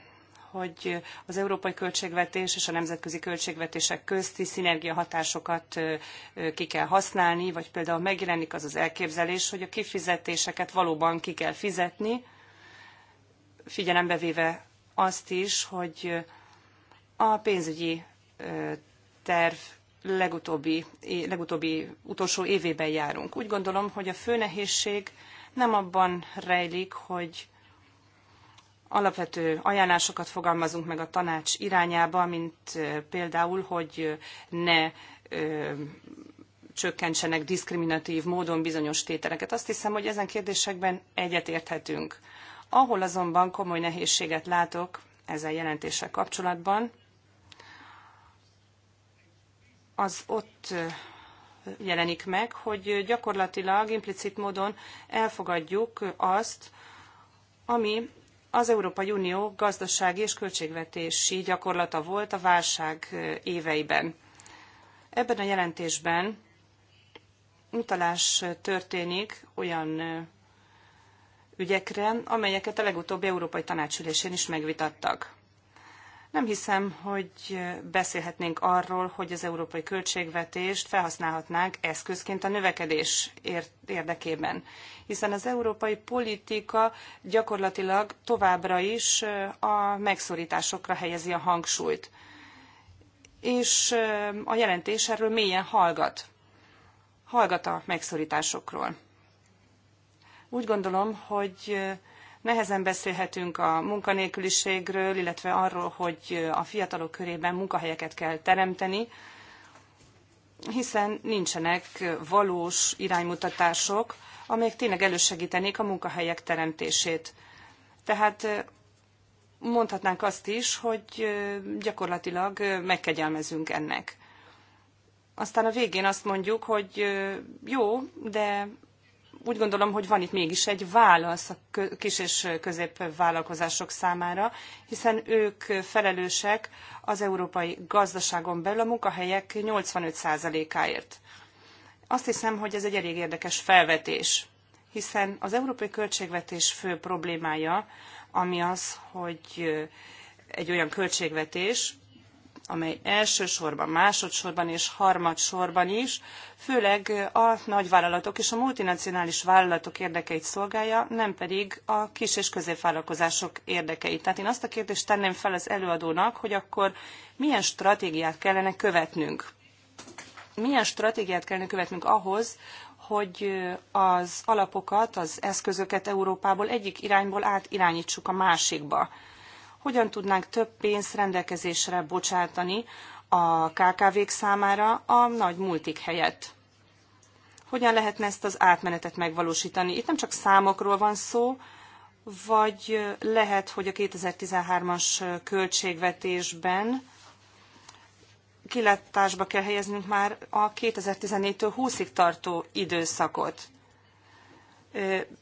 hogy az európai költségvetés és a nemzetközi költségvetések közti szinergiahatásokat ki kell használni, vagy például megjelenik az az elképzelés, hogy a kifizetéseket valóban ki kell fizetni, figyelembe véve azt is, hogy a pénzügyi terv legutóbbi, legutóbbi utolsó évében járunk. Úgy gondolom, hogy a fő nehézség nem abban rejlik, hogy alapvető ajánlásokat fogalmazunk meg a tanács irányába, mint például, hogy ne csökkentsenek diszkriminatív módon bizonyos tételeket. Azt hiszem, hogy ezen kérdésekben egyetérthetünk. Ahol azonban komoly nehézséget látok ezen jelentéssel kapcsolatban, az ott jelenik meg, hogy gyakorlatilag implicit módon elfogadjuk azt, ami az Európai Unió gazdasági és költségvetési gyakorlata volt a válság éveiben. Ebben a jelentésben utalás történik olyan ügyekre, amelyeket a legutóbbi Európai Tanácsülésén is megvitattak. Nem hiszem, hogy beszélhetnénk arról, hogy az európai költségvetést felhasználhatnánk eszközként a növekedés érdekében, hiszen az európai politika gyakorlatilag továbbra is a megszorításokra helyezi a hangsúlyt. És a jelentés erről mélyen hallgat. Hallgat a megszorításokról. Úgy gondolom, hogy Nehezen beszélhetünk a munkanélküliségről, illetve arról, hogy a fiatalok körében munkahelyeket kell teremteni, hiszen nincsenek valós iránymutatások, amelyek tényleg elősegítenék a munkahelyek teremtését. Tehát mondhatnánk azt is, hogy gyakorlatilag megkegyelmezünk ennek. Aztán a végén azt mondjuk, hogy jó, de úgy gondolom, hogy van itt mégis egy válasz a kis és középvállalkozások számára, hiszen ők felelősek az európai gazdaságon belül a munkahelyek 85%-áért. Azt hiszem, hogy ez egy elég érdekes felvetés, hiszen az európai költségvetés fő problémája, ami az, hogy egy olyan költségvetés, amely elsősorban, másodszorban és harmadsorban is, főleg a nagyvállalatok és a multinacionális vállalatok érdekeit szolgálja, nem pedig a kis és középvállalkozások érdekeit. Tehát én azt a kérdést tenném fel az előadónak, hogy akkor milyen stratégiát kellene követnünk? Milyen stratégiát kellene követnünk ahhoz, hogy az alapokat, az eszközöket Európából egyik irányból átirányítsuk a másikba? hogyan tudnánk több pénzt rendelkezésre bocsátani a KKV-k számára a nagy multik helyett. Hogyan lehetne ezt az átmenetet megvalósítani? Itt nem csak számokról van szó, vagy lehet, hogy a 2013-as költségvetésben kilátásba kell helyeznünk már a 2014-től 20-ig tartó időszakot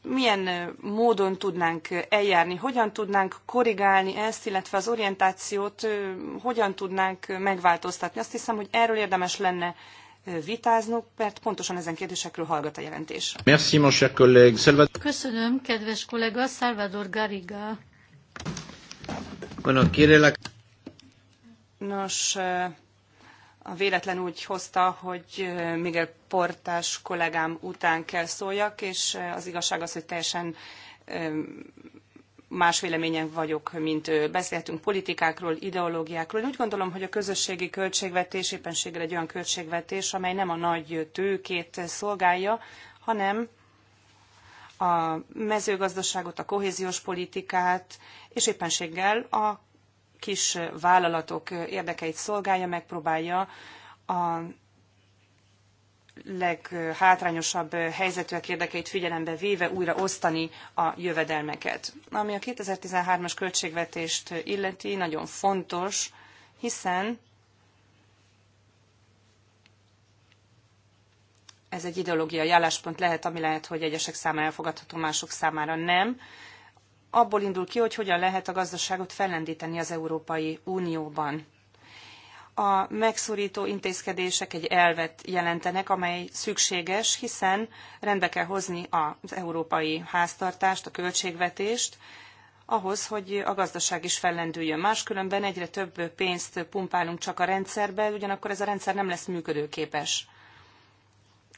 milyen módon tudnánk eljárni, hogyan tudnánk korrigálni ezt, illetve az orientációt hogyan tudnánk megváltoztatni. Azt hiszem, hogy erről érdemes lenne vitáznunk, mert pontosan ezen kérdésekről hallgat a jelentés. Merci, mon cher collègue. Salvador... Köszönöm, kedves kollega, Salvador Garriga. Bueno, quiere la... Nos, véletlen úgy hozta, hogy Miguel Portás kollégám után kell szóljak, és az igazság az, hogy teljesen más véleményen vagyok, mint ő. Beszélhetünk politikákról, ideológiákról. Én úgy gondolom, hogy a közösségi költségvetés éppenséggel egy olyan költségvetés, amely nem a nagy tőkét szolgálja, hanem a mezőgazdaságot, a kohéziós politikát, és éppenséggel a kis vállalatok érdekeit szolgálja, megpróbálja a leghátrányosabb helyzetűek érdekeit figyelembe véve újra osztani a jövedelmeket. Ami a 2013-as költségvetést illeti, nagyon fontos, hiszen ez egy ideológiai álláspont lehet, ami lehet, hogy egyesek számára elfogadható, mások számára nem, abból indul ki, hogy hogyan lehet a gazdaságot fellendíteni az Európai Unióban. A megszorító intézkedések egy elvet jelentenek, amely szükséges, hiszen rendbe kell hozni az európai háztartást, a költségvetést, ahhoz, hogy a gazdaság is fellendüljön. Máskülönben egyre több pénzt pumpálunk csak a rendszerbe, ugyanakkor ez a rendszer nem lesz működőképes,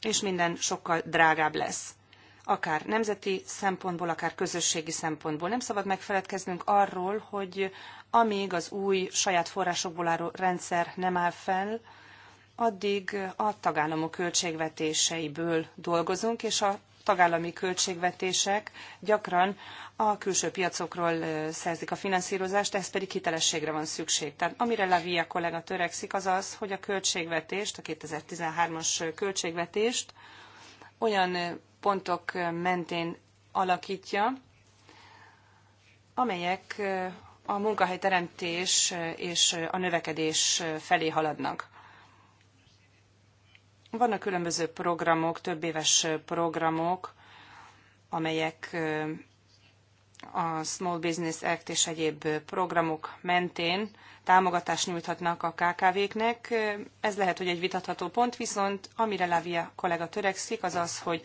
és minden sokkal drágább lesz akár nemzeti szempontból, akár közösségi szempontból. Nem szabad megfeledkeznünk arról, hogy amíg az új saját forrásokból álló rendszer nem áll fenn, addig a tagállamok költségvetéseiből dolgozunk, és a tagállami költségvetések gyakran a külső piacokról szerzik a finanszírozást, ehhez pedig hitelességre van szükség. Tehát amire Lavia kollega törekszik, az az, hogy a költségvetést, a 2013-as költségvetést olyan pontok mentén alakítja, amelyek a munkahelyteremtés és a növekedés felé haladnak. Vannak különböző programok, több éves programok, amelyek a Small Business Act és egyéb programok mentén támogatást nyújthatnak a KKV-knek. Ez lehet, hogy egy vitatható pont, viszont amire Lavia kollega törekszik, az az, hogy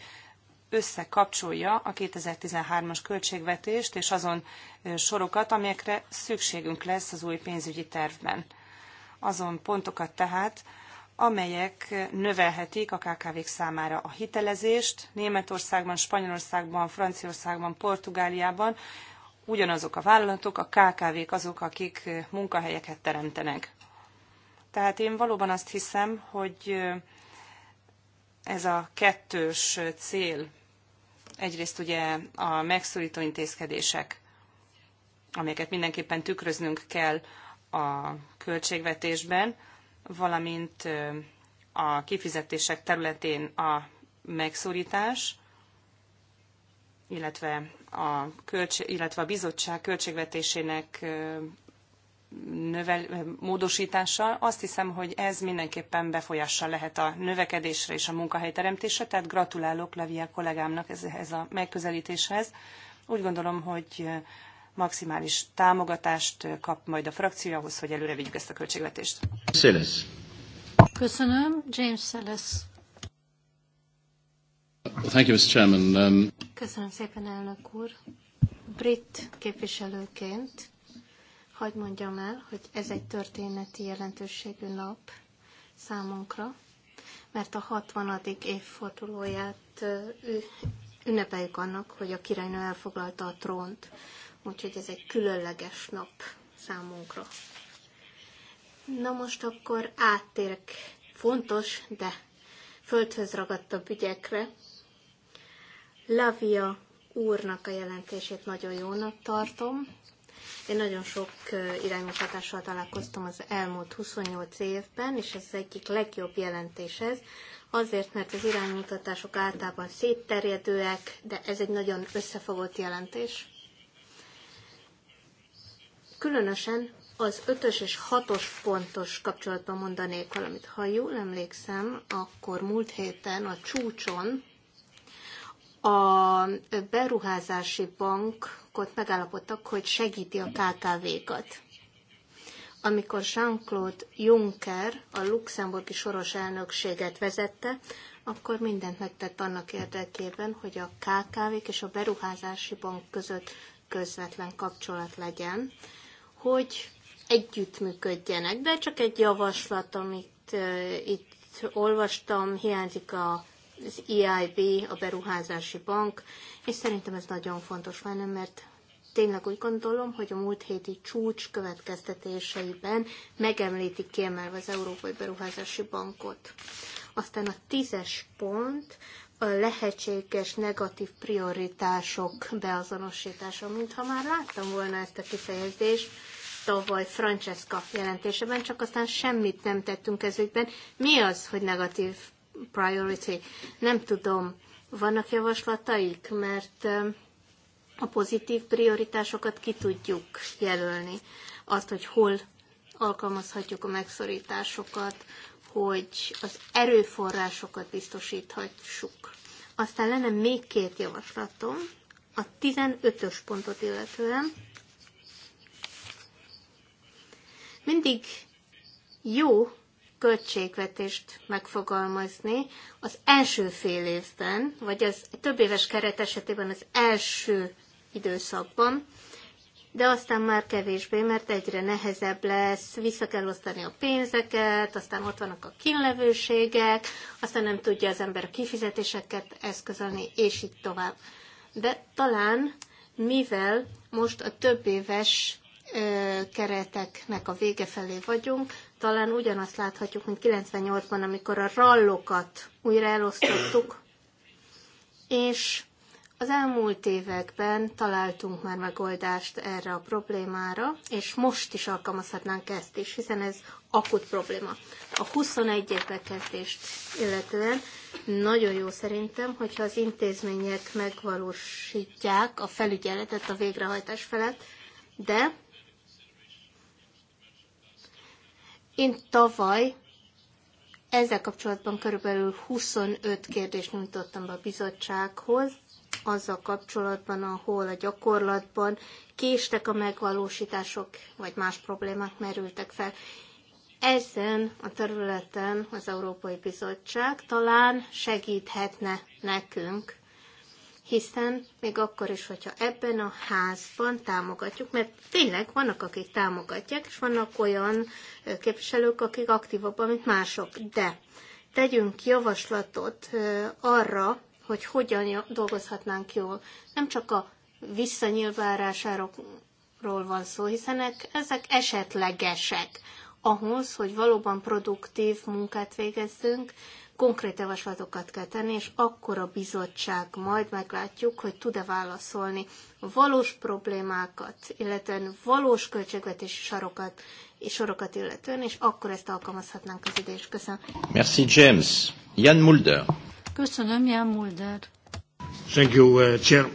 összekapcsolja a 2013-as költségvetést és azon sorokat, amelyekre szükségünk lesz az új pénzügyi tervben. Azon pontokat tehát, amelyek növelhetik a KKV-k számára a hitelezést. Németországban, Spanyolországban, Franciaországban, Portugáliában ugyanazok a vállalatok, a KKV-k azok, akik munkahelyeket teremtenek. Tehát én valóban azt hiszem, hogy ez a kettős cél, egyrészt ugye a megszorító intézkedések, amelyeket mindenképpen tükröznünk kell a költségvetésben, valamint a kifizetések területén a megszorítás, illetve a, illetve a bizottság költségvetésének növel, módosítása, azt hiszem, hogy ez mindenképpen befolyással lehet a növekedésre és a munkahelyteremtésre, tehát gratulálok Lavia kollégámnak ehhez a megközelítéshez. Úgy gondolom, hogy maximális támogatást kap majd a frakció ahhoz, hogy előre vigyük ezt a költségvetést. Szélesz. Köszönöm, James Szélesz. Thank you, Mr. Chairman. Um... Köszönöm szépen, elnök úr. Brit képviselőként hagyd mondjam el, hogy ez egy történeti jelentőségű nap számunkra, mert a 60. évfordulóját ünnepeljük annak, hogy a királynő elfoglalta a trónt úgyhogy ez egy különleges nap számunkra. Na most akkor áttérek fontos, de földhöz ragadtabb ügyekre. Lavia úrnak a jelentését nagyon jónak tartom. Én nagyon sok iránymutatással találkoztam az elmúlt 28 évben, és ez az egyik legjobb jelentés ez, azért, mert az iránymutatások általában szétterjedőek, de ez egy nagyon összefogott jelentés. Különösen az ötös és hatos pontos kapcsolatban mondanék valamit. Ha jól emlékszem, akkor múlt héten a csúcson a beruházási bankot megállapodtak, hogy segíti a KKV-kat. Amikor Jean-Claude Juncker a luxemburgi soros elnökséget vezette, akkor mindent megtett annak érdekében, hogy a KKV-k és a beruházási bank között közvetlen kapcsolat legyen, hogy együttműködjenek, de csak egy javaslat, amit itt olvastam, hiányzik a az EIB, a Beruházási Bank, és szerintem ez nagyon fontos lenne, mert tényleg úgy gondolom, hogy a múlt héti csúcs következtetéseiben megemlítik kiemelve az Európai Beruházási Bankot. Aztán a tízes pont, a lehetséges negatív prioritások beazonosítása. Mintha már láttam volna ezt a kifejezést, tavaly Francesca jelentéseben, csak aztán semmit nem tettünk ezügyben. Mi az, hogy negatív priority? Nem tudom. Vannak javaslataik, mert a pozitív prioritásokat ki tudjuk jelölni. Azt, hogy hol alkalmazhatjuk a megszorításokat, hogy az erőforrásokat biztosíthatjuk. Aztán lenne még két javaslatom, a 15-ös pontot illetően, mindig jó költségvetést megfogalmazni az első fél évben, vagy az több éves keret esetében az első időszakban, de aztán már kevésbé, mert egyre nehezebb lesz, vissza kell osztani a pénzeket, aztán ott vannak a kínlevőségek, aztán nem tudja az ember a kifizetéseket eszközölni, és így tovább. De talán, mivel most a több éves kereteknek a vége felé vagyunk, talán ugyanazt láthatjuk, mint 98-ban, amikor a rallokat újra elosztottuk, és az elmúlt években találtunk már megoldást erre a problémára, és most is alkalmazhatnánk ezt is, hiszen ez akut probléma. A 21-es bekezdést illetően nagyon jó szerintem, hogyha az intézmények megvalósítják a felügyeletet, a végrehajtás felett, de Én tavaly ezzel kapcsolatban körülbelül 25 kérdést nyújtottam be a bizottsághoz, azzal kapcsolatban, ahol a gyakorlatban késtek a megvalósítások, vagy más problémák merültek fel. Ezen a területen az Európai Bizottság talán segíthetne nekünk hiszen még akkor is, hogyha ebben a házban támogatjuk, mert tényleg vannak, akik támogatják, és vannak olyan képviselők, akik aktívabban, mint mások. De tegyünk javaslatot arra, hogy hogyan dolgozhatnánk jól. Nem csak a visszanyilvárásáról van szó, hiszen ezek esetlegesek. Ahhoz, hogy valóban produktív munkát végezzünk, konkrét javaslatokat kell tenni, és akkor a bizottság majd meglátjuk, hogy tud-e válaszolni valós problémákat, illetve valós költségvetési sarokat, és sorokat illetően, és akkor ezt alkalmazhatnánk az idő, köszönöm. Merci James. Jan Mulder. Köszönöm, Jan Mulder. Thank you, uh, Chair.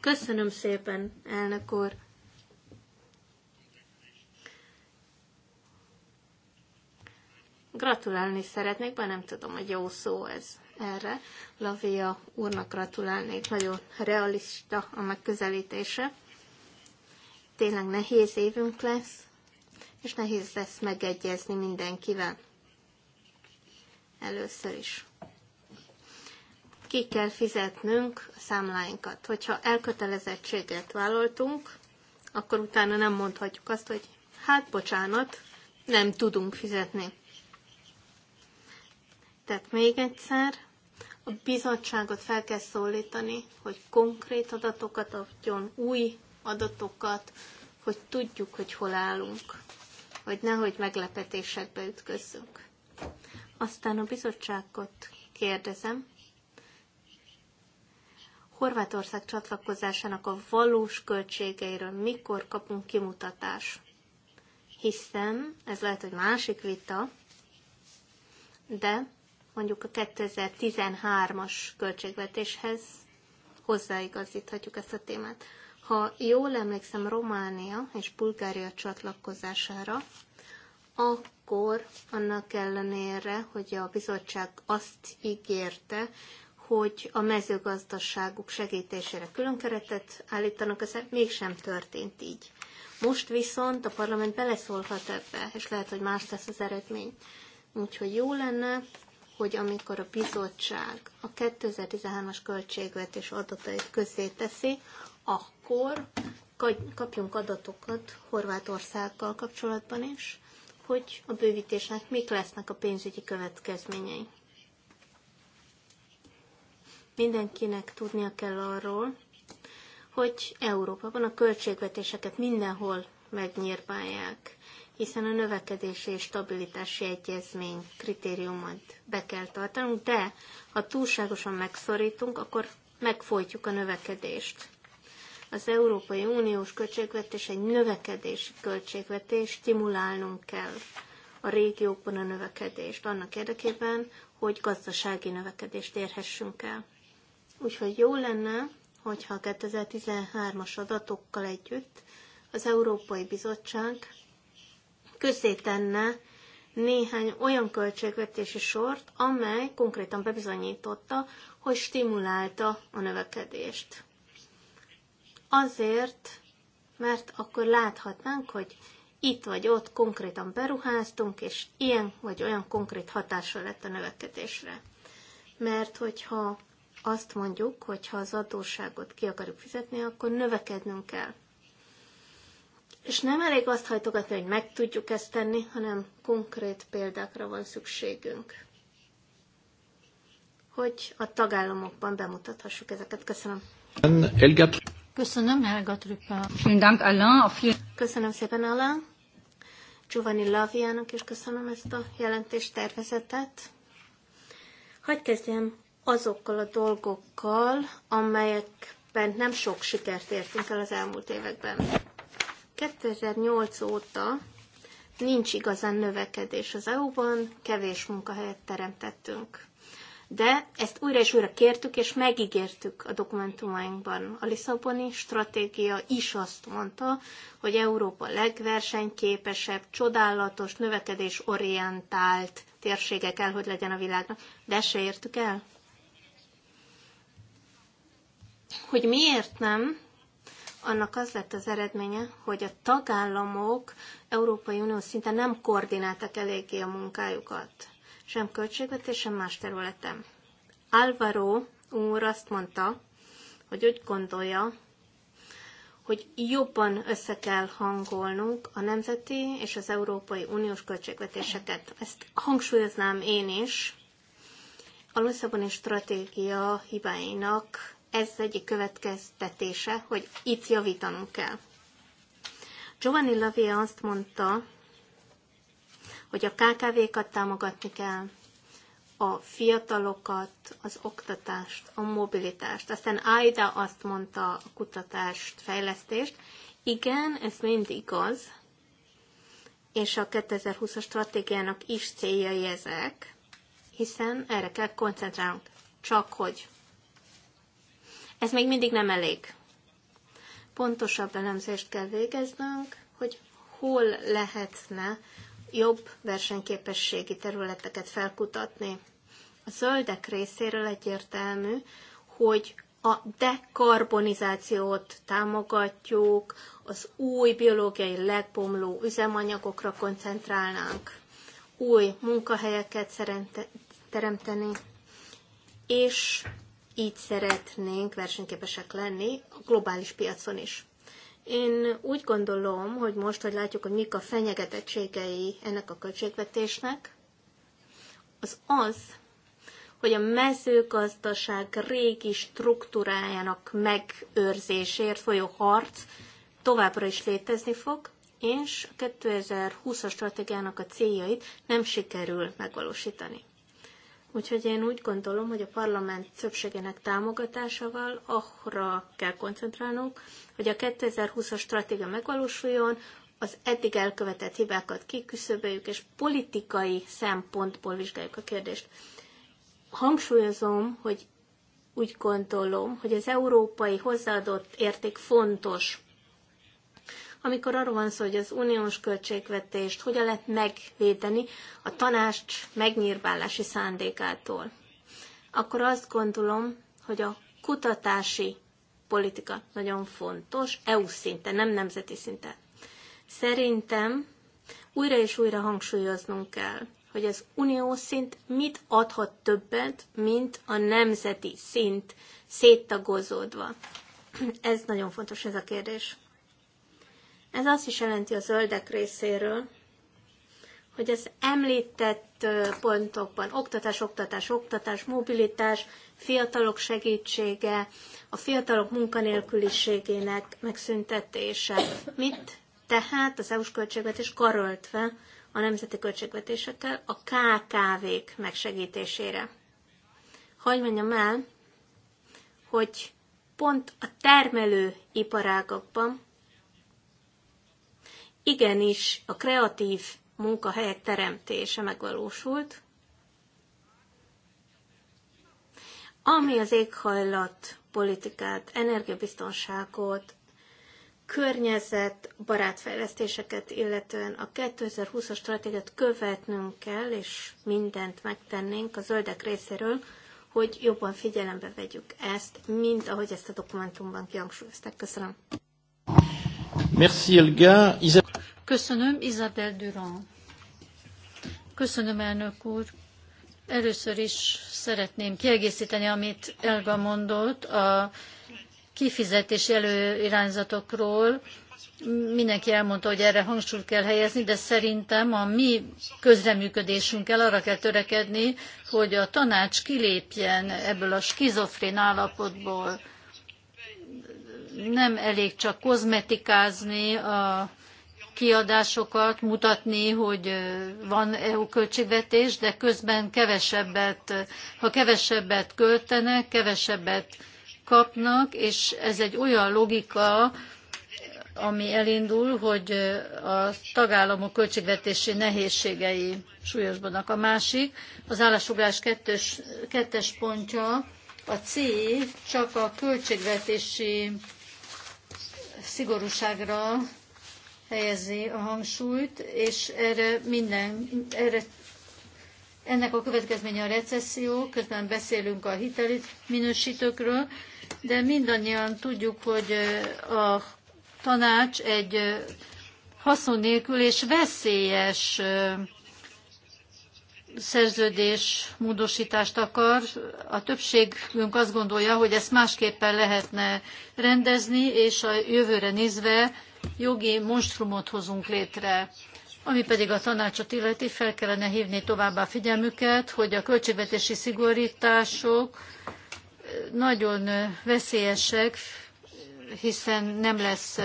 Köszönöm szépen, elnök úr. Gratulálni szeretnék, bár nem tudom, hogy jó szó ez erre. Lavia úrnak gratulálnék, nagyon realista a megközelítése. Tényleg nehéz évünk lesz, és nehéz lesz megegyezni mindenkivel. Először is. Ki kell fizetnünk a számláinkat. Hogyha elkötelezettséget vállaltunk, akkor utána nem mondhatjuk azt, hogy hát bocsánat, nem tudunk fizetni. Tehát még egyszer, a bizottságot fel kell szólítani, hogy konkrét adatokat adjon, új adatokat, hogy tudjuk, hogy hol állunk, hogy nehogy meglepetésekbe ütközzünk. Aztán a bizottságot kérdezem, Horvátország csatlakozásának a valós költségeiről mikor kapunk kimutatás? Hiszen, ez lehet, hogy másik vita, de mondjuk a 2013-as költségvetéshez hozzáigazíthatjuk ezt a témát. Ha jól emlékszem Románia és Bulgária csatlakozására, akkor annak ellenére, hogy a bizottság azt ígérte, hogy a mezőgazdaságuk segítésére külön keretet állítanak, ez mégsem történt így. Most viszont a parlament beleszólhat ebbe, és lehet, hogy más lesz az eredmény. Úgyhogy jó lenne, hogy amikor a bizottság a 2013-as költségvetés adatait közé teszi, akkor kapjunk adatokat Horvátországgal kapcsolatban is, hogy a bővítésnek mik lesznek a pénzügyi következményei. Mindenkinek tudnia kell arról, hogy Európában a költségvetéseket mindenhol megnyírbálják hiszen a növekedési és stabilitási egyezmény kritériumot be kell tartanunk, de ha túlságosan megszorítunk, akkor megfolytjuk a növekedést. Az Európai Uniós költségvetés egy növekedési költségvetés, stimulálnunk kell a régiókban a növekedést, annak érdekében, hogy gazdasági növekedést érhessünk el. Úgyhogy jó lenne, hogyha a 2013-as adatokkal együtt az Európai Bizottság közé tenne néhány olyan költségvetési sort, amely konkrétan bebizonyította, hogy stimulálta a növekedést. Azért, mert akkor láthatnánk, hogy itt vagy ott konkrétan beruháztunk, és ilyen vagy olyan konkrét hatása lett a növekedésre. Mert hogyha azt mondjuk, hogy ha az adósságot ki akarjuk fizetni, akkor növekednünk kell. És nem elég azt hajtogatni, hogy meg tudjuk ezt tenni, hanem konkrét példákra van szükségünk, hogy a tagállamokban bemutathassuk ezeket. Köszönöm. Köszönöm, Helga Trüppel. Köszönöm szépen, Alain. Giovanni Laviának is köszönöm ezt a jelentést tervezetet. Hogy kezdjem azokkal a dolgokkal, amelyekben nem sok sikert értünk el az elmúlt években. 2008 óta nincs igazán növekedés az EU-ban, kevés munkahelyet teremtettünk. De ezt újra és újra kértük, és megígértük a dokumentumainkban. A Lisszaboni stratégia is azt mondta, hogy Európa legversenyképesebb, csodálatos, növekedésorientált térsége kell, hogy legyen a világnak. De se értük el. Hogy miért nem, annak az lett az eredménye, hogy a tagállamok Európai Unió szinte nem koordináltak eléggé a munkájukat, sem költségvetés, sem más területen. Álvaro úr azt mondta, hogy úgy gondolja, hogy jobban össze kell hangolnunk a nemzeti és az Európai Uniós költségvetéseket. Ezt hangsúlyoznám én is. A Lisszaboni stratégia hibáinak ez egy következtetése, hogy itt javítanunk kell. Giovanni Lavé azt mondta, hogy a KKV-kat támogatni kell, a fiatalokat, az oktatást, a mobilitást. Aztán Aida azt mondta a kutatást, fejlesztést. Igen, ez mind igaz, és a 2020-as stratégiának is céljai ezek, hiszen erre kell koncentrálnunk. Csak hogy Ez még mindig nem elég. Pontosabb elemzést kell végeznünk, hogy hol lehetne jobb versenyképességi területeket felkutatni. A zöldek részéről egyértelmű, hogy a dekarbonizációt támogatjuk, az új biológiai legbomló üzemanyagokra koncentrálnánk, új munkahelyeket teremteni, és így szeretnénk versenyképesek lenni a globális piacon is. Én úgy gondolom, hogy most, hogy látjuk, hogy mik a fenyegetettségei ennek a költségvetésnek, az az, hogy a mezőgazdaság régi struktúrájának megőrzésért folyó harc továbbra is létezni fog, és a 2020-as stratégiának a céljait nem sikerül megvalósítani. Úgyhogy én úgy gondolom, hogy a parlament többségének támogatásával arra kell koncentrálnunk, hogy a 2020-as stratégia megvalósuljon, az eddig elkövetett hibákat kiküszöböljük, és politikai szempontból vizsgáljuk a kérdést. Hangsúlyozom, hogy úgy gondolom, hogy az európai hozzáadott érték fontos amikor arról van szó, hogy az uniós költségvetést hogyan lehet megvédeni a tanács megnyírbálási szándékától, akkor azt gondolom, hogy a kutatási politika nagyon fontos, EU szinten, nem nemzeti szinten. Szerintem újra és újra hangsúlyoznunk kell, hogy az unió szint mit adhat többet, mint a nemzeti szint széttagozódva. Ez nagyon fontos ez a kérdés. Ez azt is jelenti a zöldek részéről, hogy az említett pontokban oktatás, oktatás, oktatás, mobilitás, fiatalok segítsége, a fiatalok munkanélküliségének megszüntetése. Mit tehát az EU-s költségvetés karöltve a nemzeti költségvetésekkel a KKV-k megsegítésére? Hogy mondjam el, hogy pont a termelő iparágokban, igenis a kreatív munkahelyek teremtése megvalósult, ami az éghajlat politikát, energiabiztonságot, környezet, barátfejlesztéseket, illetően a 2020-as stratégiát követnünk kell, és mindent megtennénk a zöldek részéről, hogy jobban figyelembe vegyük ezt, mint ahogy ezt a dokumentumban kihangsúlyozták. Köszönöm. Merci Elga. Isabel... Köszönöm, Isabel Durand. Köszönöm, elnök úr. Először is szeretném kiegészíteni, amit Elga mondott a kifizetési előirányzatokról. Mindenki elmondta, hogy erre hangsúlyt kell helyezni, de szerintem a mi közreműködésünkkel arra kell törekedni, hogy a tanács kilépjen ebből a skizofrén állapotból nem elég csak kozmetikázni a kiadásokat, mutatni, hogy van EU költségvetés, de közben kevesebbet, ha kevesebbet költenek, kevesebbet kapnak, és ez egy olyan logika, ami elindul, hogy a tagállamok költségvetési nehézségei súlyosbanak. A másik, az állásfoglalás kettős, kettes pontja, a C csak a költségvetési szigorúságra helyezi a hangsúlyt, és erre minden, erre, ennek a következménye a recesszió, közben beszélünk a hitelit minősítőkről, de mindannyian tudjuk, hogy a tanács egy haszon nélkül és veszélyes szerződés módosítást akar. A többségünk azt gondolja, hogy ezt másképpen lehetne rendezni, és a jövőre nézve jogi monstrumot hozunk létre. Ami pedig a tanácsot illeti, fel kellene hívni továbbá figyelmüket, hogy a költségvetési szigorítások nagyon veszélyesek, hiszen nem lesz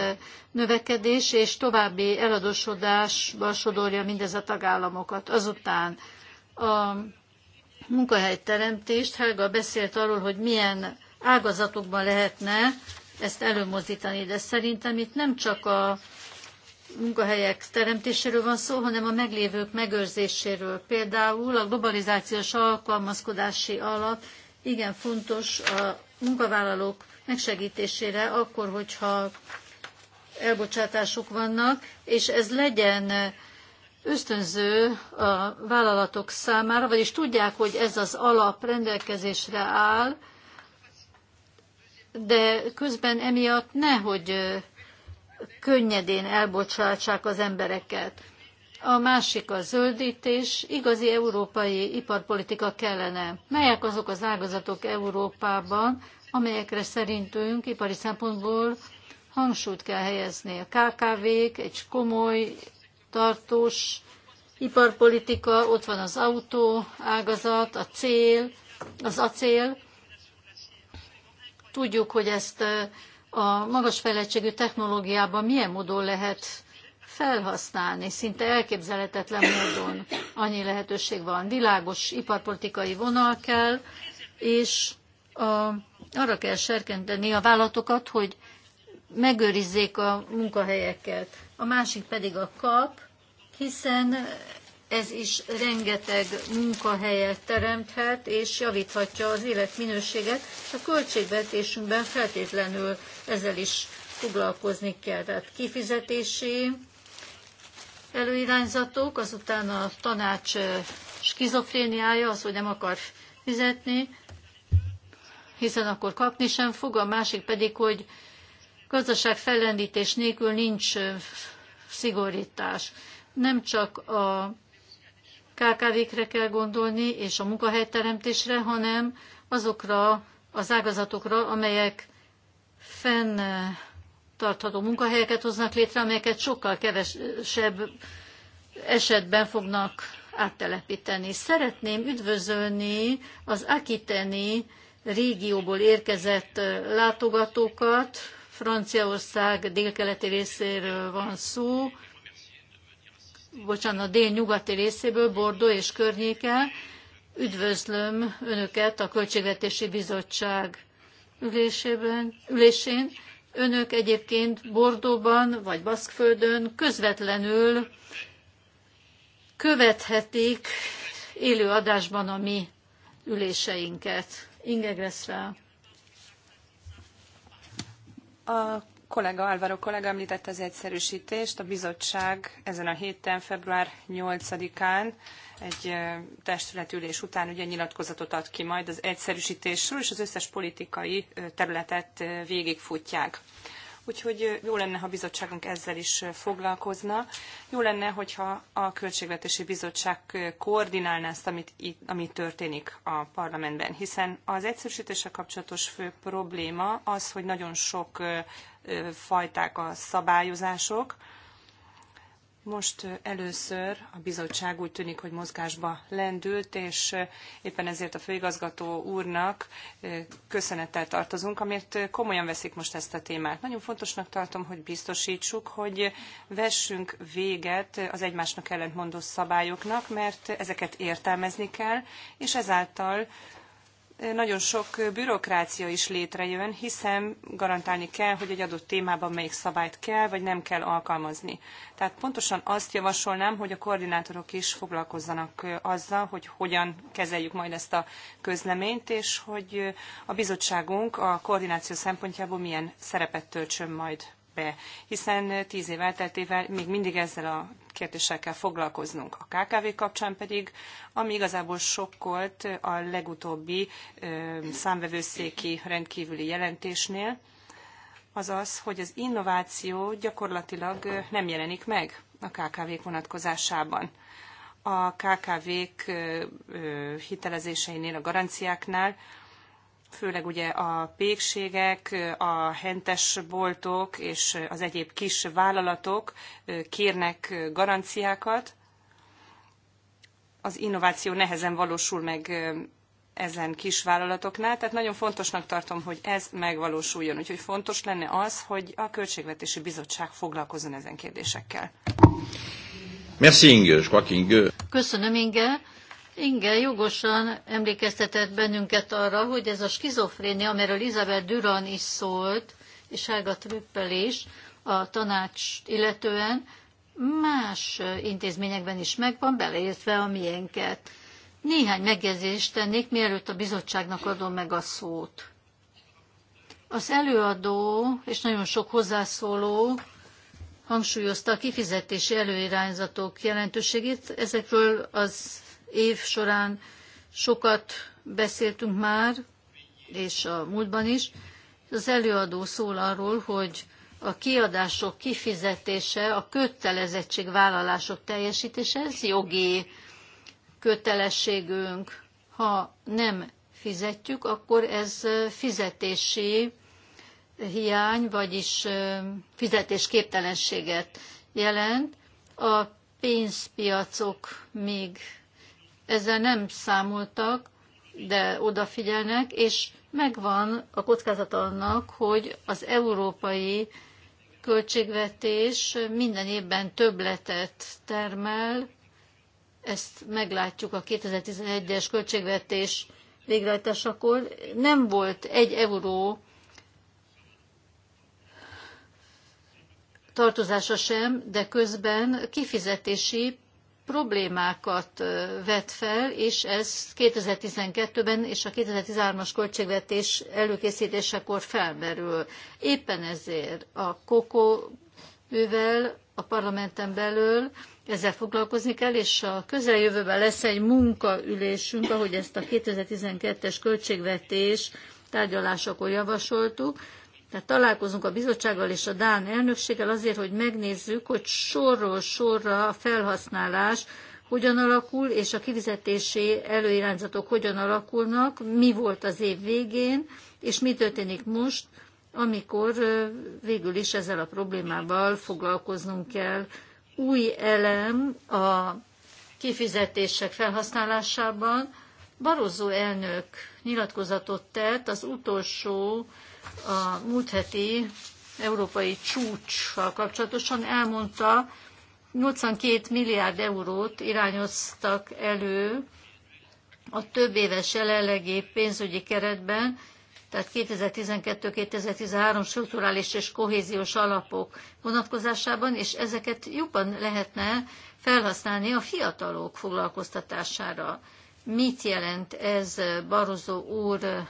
növekedés, és további eladósodásba sodorja mindez a tagállamokat. Azután a munkahelyteremtést. Helga beszélt arról, hogy milyen ágazatokban lehetne ezt előmozdítani, de szerintem itt nem csak a munkahelyek teremtéséről van szó, hanem a meglévők megőrzéséről. Például a globalizációs alkalmazkodási alap igen fontos a munkavállalók megsegítésére, akkor, hogyha elbocsátások vannak, és ez legyen ösztönző a vállalatok számára, vagyis tudják, hogy ez az alap rendelkezésre áll, de közben emiatt nehogy könnyedén elbocsátsák az embereket. A másik a zöldítés, igazi európai iparpolitika kellene. Melyek azok az ágazatok Európában, amelyekre szerintünk ipari szempontból hangsúlyt kell helyezni. A KKV-k egy komoly tartós iparpolitika, ott van az autó ágazat, a cél, az acél. Tudjuk, hogy ezt eh, a magas fejlettségű technológiában milyen módon lehet felhasználni, szinte elképzelhetetlen módon annyi lehetőség van. Világos iparpolitikai vonal kell, és a, arra kell serkenteni a vállalatokat, hogy megőrizzék a munkahelyeket. A másik pedig a kap, hiszen ez is rengeteg munkahelyet teremthet és javíthatja az életminőséget. A költségvetésünkben feltétlenül ezzel is foglalkozni kell. Tehát kifizetési előirányzatok, azután a tanács skizofréniája, az, hogy nem akar fizetni, hiszen akkor kapni sem fog, a másik pedig, hogy gazdaság fellendítés nélkül nincs szigorítás nem csak a KKV-kre kell gondolni, és a munkahelyteremtésre, hanem azokra az ágazatokra, amelyek fenntartható munkahelyeket hoznak létre, amelyeket sokkal kevesebb esetben fognak áttelepíteni. Szeretném üdvözölni az Akiteni régióból érkezett látogatókat. Franciaország délkeleti részéről van szó, bocsánat, dél nyugati részéből, Bordó és környéke. Üdvözlöm Önöket a Költségvetési Bizottság ülésében, ülésén. Önök egyébként Bordóban vagy Baszkföldön közvetlenül követhetik élő adásban a mi üléseinket. Inge Gressel. A kolega, Álvaro kolega említette az egyszerűsítést. A bizottság ezen a héten, február 8-án egy testületülés után ugye nyilatkozatot ad ki majd az egyszerűsítésről, és az összes politikai területet végigfutják. Úgyhogy jó lenne, ha a bizottságunk ezzel is foglalkozna. Jó lenne, hogyha a Költségvetési Bizottság koordinálná ezt, amit, itt, ami történik a parlamentben, hiszen az egyszerűsítéssel kapcsolatos fő probléma az, hogy nagyon sok fajták a szabályozások, Most eh, először a bizottság úgy tűnik, hogy mozgásba lendült, és eh, éppen ezért a főigazgató úrnak eh, köszönettel tartozunk, amért komolyan veszik most ezt a témát. Nagyon fontosnak tartom, hogy biztosítsuk, hogy vessünk véget az egymásnak ellentmondó szabályoknak, mert ezeket értelmezni kell, és ezáltal nagyon sok bürokrácia is létrejön, hiszen garantálni kell, hogy egy adott témában melyik szabályt kell, vagy nem kell alkalmazni. Tehát pontosan azt javasolnám, hogy a koordinátorok is foglalkozzanak azzal, hogy hogyan kezeljük majd ezt a közleményt, és hogy a bizottságunk a koordináció szempontjából milyen szerepet töltsön majd be, hiszen tíz év elteltével még mindig ezzel a kérdésekkel foglalkoznunk. A KKV kapcsán pedig, ami igazából sokkolt a legutóbbi számvevőszéki rendkívüli jelentésnél, az az, hogy az innováció gyakorlatilag nem jelenik meg a KKV-k vonatkozásában. A KKV-k hitelezéseinél, a garanciáknál főleg ugye a pékségek, a hentes boltok és az egyéb kis vállalatok kérnek garanciákat. Az innováció nehezen valósul meg ezen kis vállalatoknál, tehát nagyon fontosnak tartom, hogy ez megvalósuljon. Úgyhogy fontos lenne az, hogy a Költségvetési Bizottság foglalkozzon ezen kérdésekkel. Merci Inge, je crois qu'Inge... Köszönöm Inge, Inge jogosan emlékeztetett bennünket arra, hogy ez a skizofrénia, amiről Isabel Duran is szólt, és Helga Trüppel is, a tanács illetően más intézményekben is megvan, beleértve a miénket. Néhány megjegyzést tennék, mielőtt a bizottságnak adom meg a szót. Az előadó és nagyon sok hozzászóló hangsúlyozta a kifizetési előirányzatok jelentőségét. Ezekről az év során sokat beszéltünk már, és a múltban is. Az előadó szól arról, hogy a kiadások kifizetése, a vállalások teljesítése, ez jogi kötelességünk. Ha nem fizetjük, akkor ez fizetési hiány, vagyis fizetésképtelenséget jelent. A pénzpiacok még ezzel nem számoltak, de odafigyelnek, és megvan a kockázat annak, hogy az európai költségvetés minden évben többletet termel, ezt meglátjuk a 2011-es költségvetés végrehajtásakor. Nem volt egy euró tartozása sem, de közben kifizetési problémákat vet fel, és ez 2012-ben és a 2013-as költségvetés előkészítésekor felmerül. Éppen ezért a KOKO ővel a parlamenten belül ezzel foglalkozni kell, és a közeljövőben lesz egy munkaülésünk, ahogy ezt a 2012-es költségvetés tárgyalásakor javasoltuk, Tehát találkozunk a bizottsággal és a Dán elnökséggel azért, hogy megnézzük, hogy sorról sorra a felhasználás hogyan alakul, és a kivizetési előirányzatok hogyan alakulnak, mi volt az év végén, és mi történik most, amikor végül is ezzel a problémával foglalkoznunk kell. Új elem a kifizetések felhasználásában. Barozó elnök nyilatkozatot tett az utolsó a múlt heti európai csúcssal kapcsolatosan elmondta, 82 milliárd eurót irányoztak elő a több éves jelenlegi pénzügyi keretben, tehát 2012-2013 strukturális és kohéziós alapok vonatkozásában, és ezeket jobban lehetne felhasználni a fiatalok foglalkoztatására. Mit jelent ez Barozó úr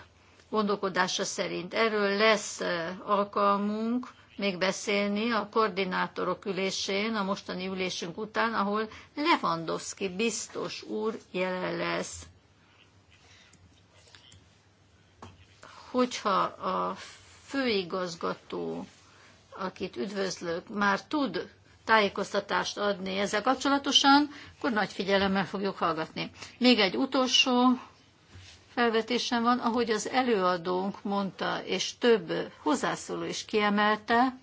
gondolkodása szerint. Erről lesz alkalmunk még beszélni a koordinátorok ülésén, a mostani ülésünk után, ahol Lewandowski biztos úr jelen lesz. Hogyha a főigazgató, akit üdvözlök, már tud tájékoztatást adni ezzel kapcsolatosan, akkor nagy figyelemmel fogjuk hallgatni. Még egy utolsó felvetésem van, ahogy az előadónk mondta, és több hozzászóló is kiemelte,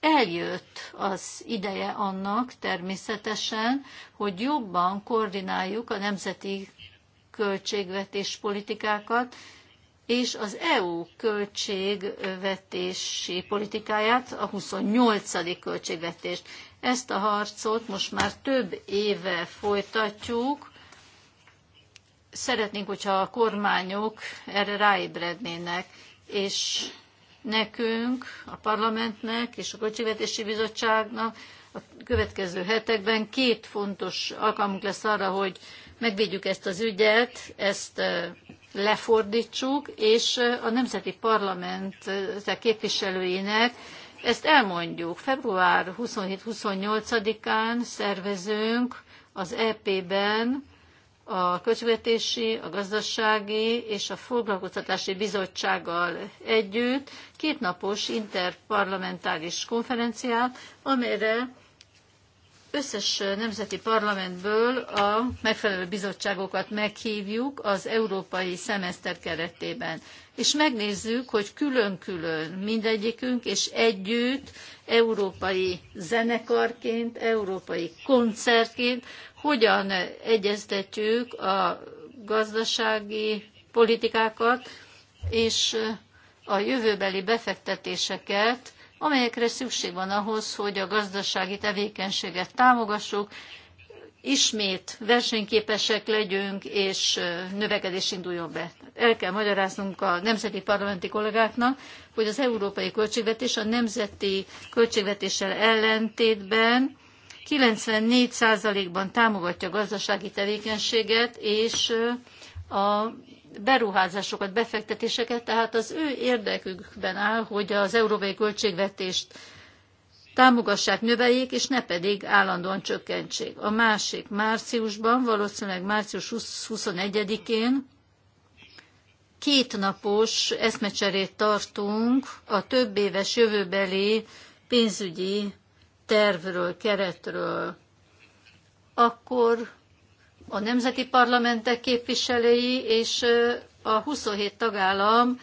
eljött az ideje annak természetesen, hogy jobban koordináljuk a nemzeti költségvetés politikákat, és az EU költségvetési politikáját, a 28. költségvetést. Ezt a harcot most már több éve folytatjuk, szeretnénk, hogyha a kormányok erre ráébrednének, és nekünk, a parlamentnek és a Költségvetési Bizottságnak a következő hetekben két fontos alkalmunk lesz arra, hogy megvédjük ezt az ügyet, ezt lefordítsuk, és a nemzeti parlament képviselőinek ezt elmondjuk. Február 27-28-án szervezünk az EP-ben a Közvetési, a Gazdasági és a Foglalkoztatási Bizottsággal együtt kétnapos interparlamentáris konferenciát, amelyre összes nemzeti parlamentből a megfelelő bizottságokat meghívjuk az európai szemeszter keretében, és megnézzük, hogy külön-külön mindegyikünk, és együtt európai zenekarként, európai koncertként hogyan egyeztetjük a gazdasági politikákat és a jövőbeli befektetéseket amelyekre szükség van ahhoz, hogy a gazdasági tevékenységet támogassuk, ismét versenyképesek legyünk, és növekedés induljon be. El kell magyaráznunk a nemzeti parlamenti kollégáknak, hogy az európai költségvetés a nemzeti költségvetéssel ellentétben 94%-ban támogatja a gazdasági tevékenységet, és a beruházásokat, befektetéseket, tehát az ő érdekükben áll, hogy az európai költségvetést támogassák, növeljék, és ne pedig állandóan csökkentsék. A másik márciusban, valószínűleg március 21-én kétnapos eszmecserét tartunk a több éves jövőbeli pénzügyi tervről, keretről. Akkor a nemzeti parlamentek képviselői és a 27 tagállam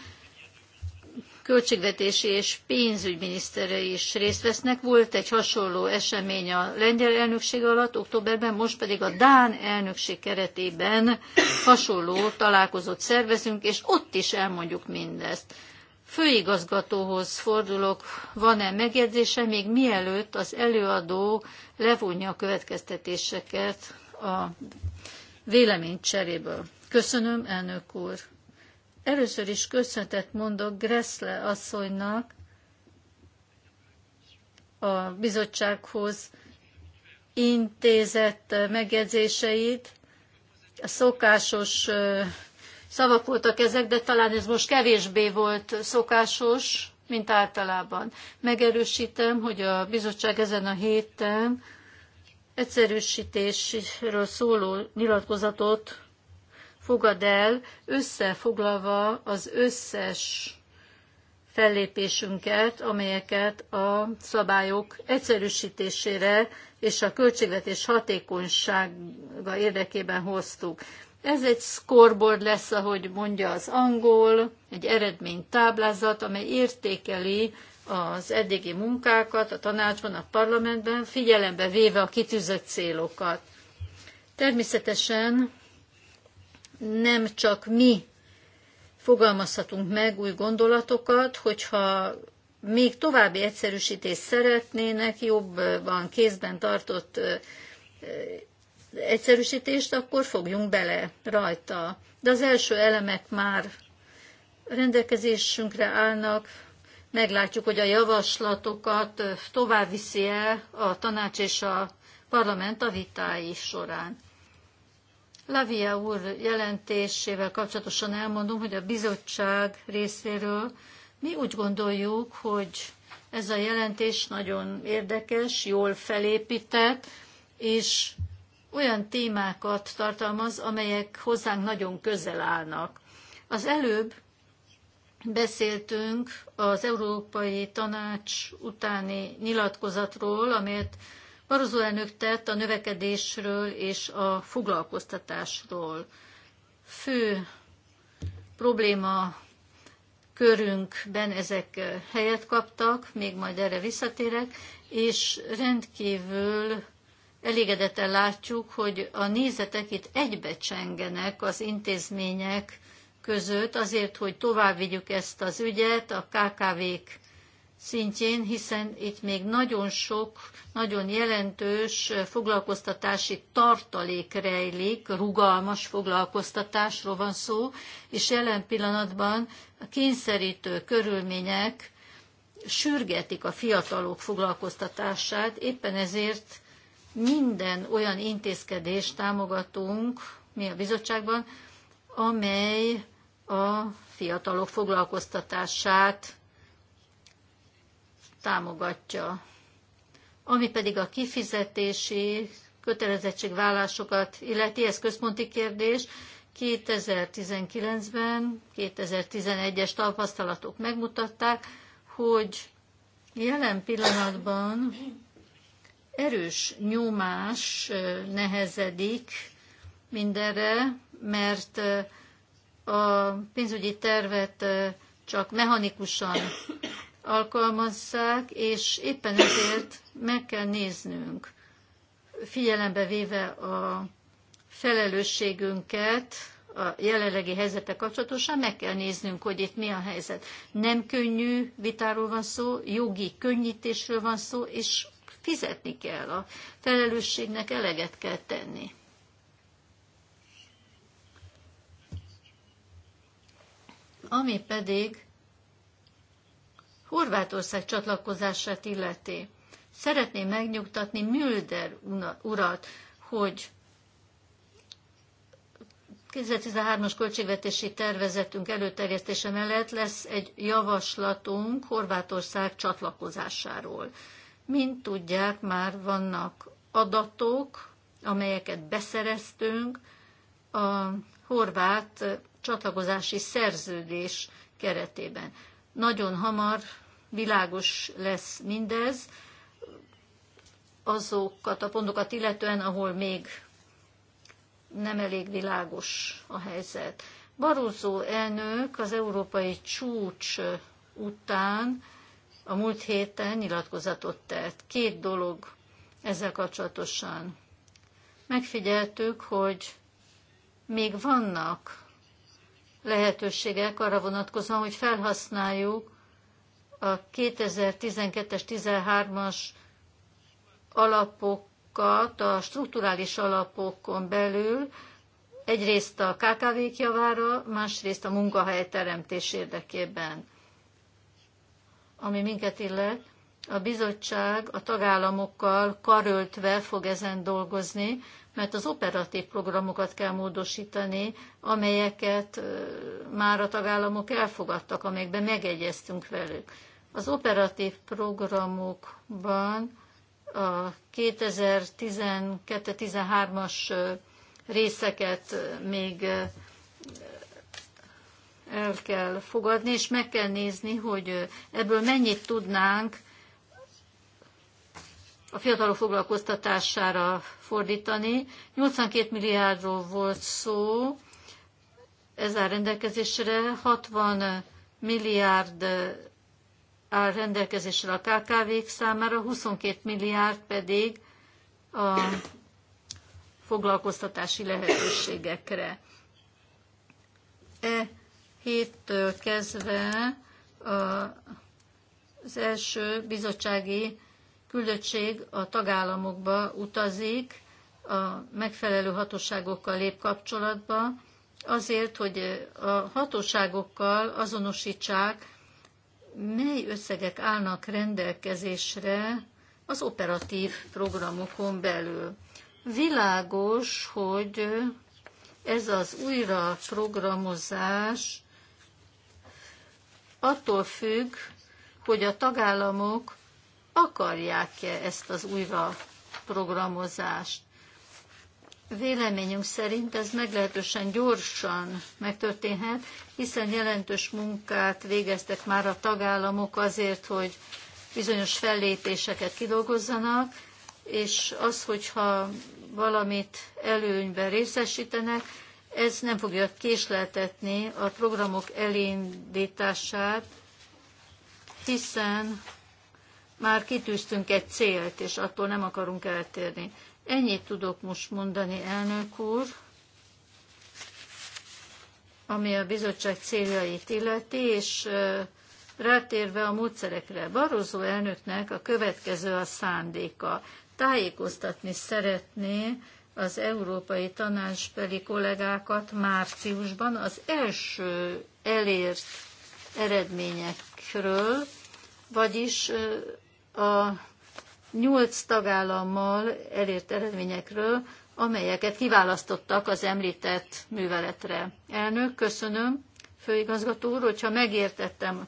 költségvetési és pénzügyminiszterei is részt vesznek. Volt egy hasonló esemény a lengyel elnökség alatt, októberben, most pedig a Dán elnökség keretében hasonló találkozót szervezünk, és ott is elmondjuk mindezt. Főigazgatóhoz fordulok, van-e megjegyzése, még mielőtt az előadó levonja a következtetéseket a véleménycseréből. Köszönöm, elnök úr. Először is köszönetet mondok Gressle asszonynak a bizottsághoz intézett megjegyzéseit. A szokásos szavak voltak ezek, de talán ez most kevésbé volt szokásos, mint általában. Megerősítem, hogy a bizottság ezen a héten egyszerűsítésről szóló nyilatkozatot fogad el, összefoglalva az összes fellépésünket, amelyeket a szabályok egyszerűsítésére és a költségvetés hatékonysága érdekében hoztuk. Ez egy scoreboard lesz, ahogy mondja az angol, egy eredménytáblázat, amely értékeli az eddigi munkákat a tanácsban, a parlamentben, figyelembe véve a kitűzött célokat. Természetesen nem csak mi fogalmazhatunk meg új gondolatokat, hogyha még további egyszerűsítést szeretnének, jobban kézben tartott egyszerűsítést, akkor fogjunk bele rajta. De az első elemek már rendelkezésünkre állnak, meglátjuk, hogy a javaslatokat tovább viszi-e a tanács és a parlament a vitái során. Lavia úr jelentésével kapcsolatosan elmondom, hogy a bizottság részéről mi úgy gondoljuk, hogy ez a jelentés nagyon érdekes, jól felépített, és olyan témákat tartalmaz, amelyek hozzánk nagyon közel állnak. Az előbb beszéltünk az Európai Tanács utáni nyilatkozatról, amelyet Barozó elnök tett a növekedésről és a foglalkoztatásról. Fő probléma körünkben ezek helyet kaptak, még majd erre visszatérek, és rendkívül elégedetten látjuk, hogy a nézetek itt egybecsengenek az intézmények között azért, hogy tovább vigyük ezt az ügyet a KKV-k szintjén, hiszen itt még nagyon sok, nagyon jelentős foglalkoztatási tartalék rejlik, rugalmas foglalkoztatásról van szó, és jelen pillanatban a kényszerítő körülmények sürgetik a fiatalok foglalkoztatását, éppen ezért minden olyan intézkedést támogatunk mi a bizottságban, amely a fiatalok foglalkoztatását támogatja. Ami pedig a kifizetési kötelezettségvállásokat illeti, ez központi kérdés, 2019-ben, 2011-es tapasztalatok megmutatták, hogy jelen pillanatban erős nyomás nehezedik mindenre, mert a pénzügyi tervet csak mechanikusan alkalmazzák, és éppen ezért meg kell néznünk, figyelembe véve a felelősségünket, a jelenlegi helyzete kapcsolatosan meg kell néznünk, hogy itt mi a helyzet. Nem könnyű vitáról van szó, jogi könnyítésről van szó, és fizetni kell. A felelősségnek eleget kell tenni. Ami pedig Horvátország csatlakozását illeti. Szeretném megnyugtatni Mülder urat, hogy 2013-as költségvetési tervezetünk előterjesztése mellett lesz egy javaslatunk Horvátország csatlakozásáról. Mint tudják, már vannak adatok, amelyeket beszereztünk a horvát csatlakozási szerződés keretében. Nagyon hamar világos lesz mindez, azokat a pontokat illetően, ahol még nem elég világos a helyzet. Barroso elnök az európai csúcs után a múlt héten nyilatkozatot tett. Két dolog ezzel kapcsolatosan. Megfigyeltük, hogy még vannak lehetőségek arra vonatkozóan, hogy felhasználjuk a 2012-es, 13-as alapokat a strukturális alapokon belül, egyrészt a KKV-k javára, másrészt a munkahely teremtés érdekében. Ami minket illet, a bizottság a tagállamokkal karöltve fog ezen dolgozni, mert az operatív programokat kell módosítani, amelyeket már a tagállamok elfogadtak, amelyekben megegyeztünk velük. Az operatív programokban a 2012-13-as részeket még el kell fogadni, és meg kell nézni, hogy ebből mennyit tudnánk a fiatalok foglalkoztatására fordítani. 82 milliárdról volt szó, ez áll rendelkezésre, 60 milliárd áll rendelkezésre a KKV-k számára, 22 milliárd pedig a foglalkoztatási lehetőségekre. E héttől kezdve az első bizottsági küldöttség a tagállamokba utazik, a megfelelő hatóságokkal lép kapcsolatba, azért, hogy a hatóságokkal azonosítsák, mely összegek állnak rendelkezésre az operatív programokon belül. Világos, hogy ez az újra programozás attól függ, hogy a tagállamok akarják-e ezt az újra programozást. Véleményünk szerint ez meglehetősen gyorsan megtörténhet, hiszen jelentős munkát végeztek már a tagállamok azért, hogy bizonyos fellépéseket kidolgozzanak, és az, hogyha valamit előnyben részesítenek, ez nem fogja késleltetni a programok elindítását, hiszen már kitűztünk egy célt, és attól nem akarunk eltérni. Ennyit tudok most mondani, elnök úr, ami a bizottság céljait illeti, és rátérve a módszerekre. Barozó elnöknek a következő a szándéka. Tájékoztatni szeretné az Európai Tanácsbeli kollégákat márciusban az első elért eredményekről, vagyis a nyolc tagállammal elért eredményekről, amelyeket kiválasztottak az említett műveletre. Elnök, köszönöm, főigazgató úr, hogyha megértettem,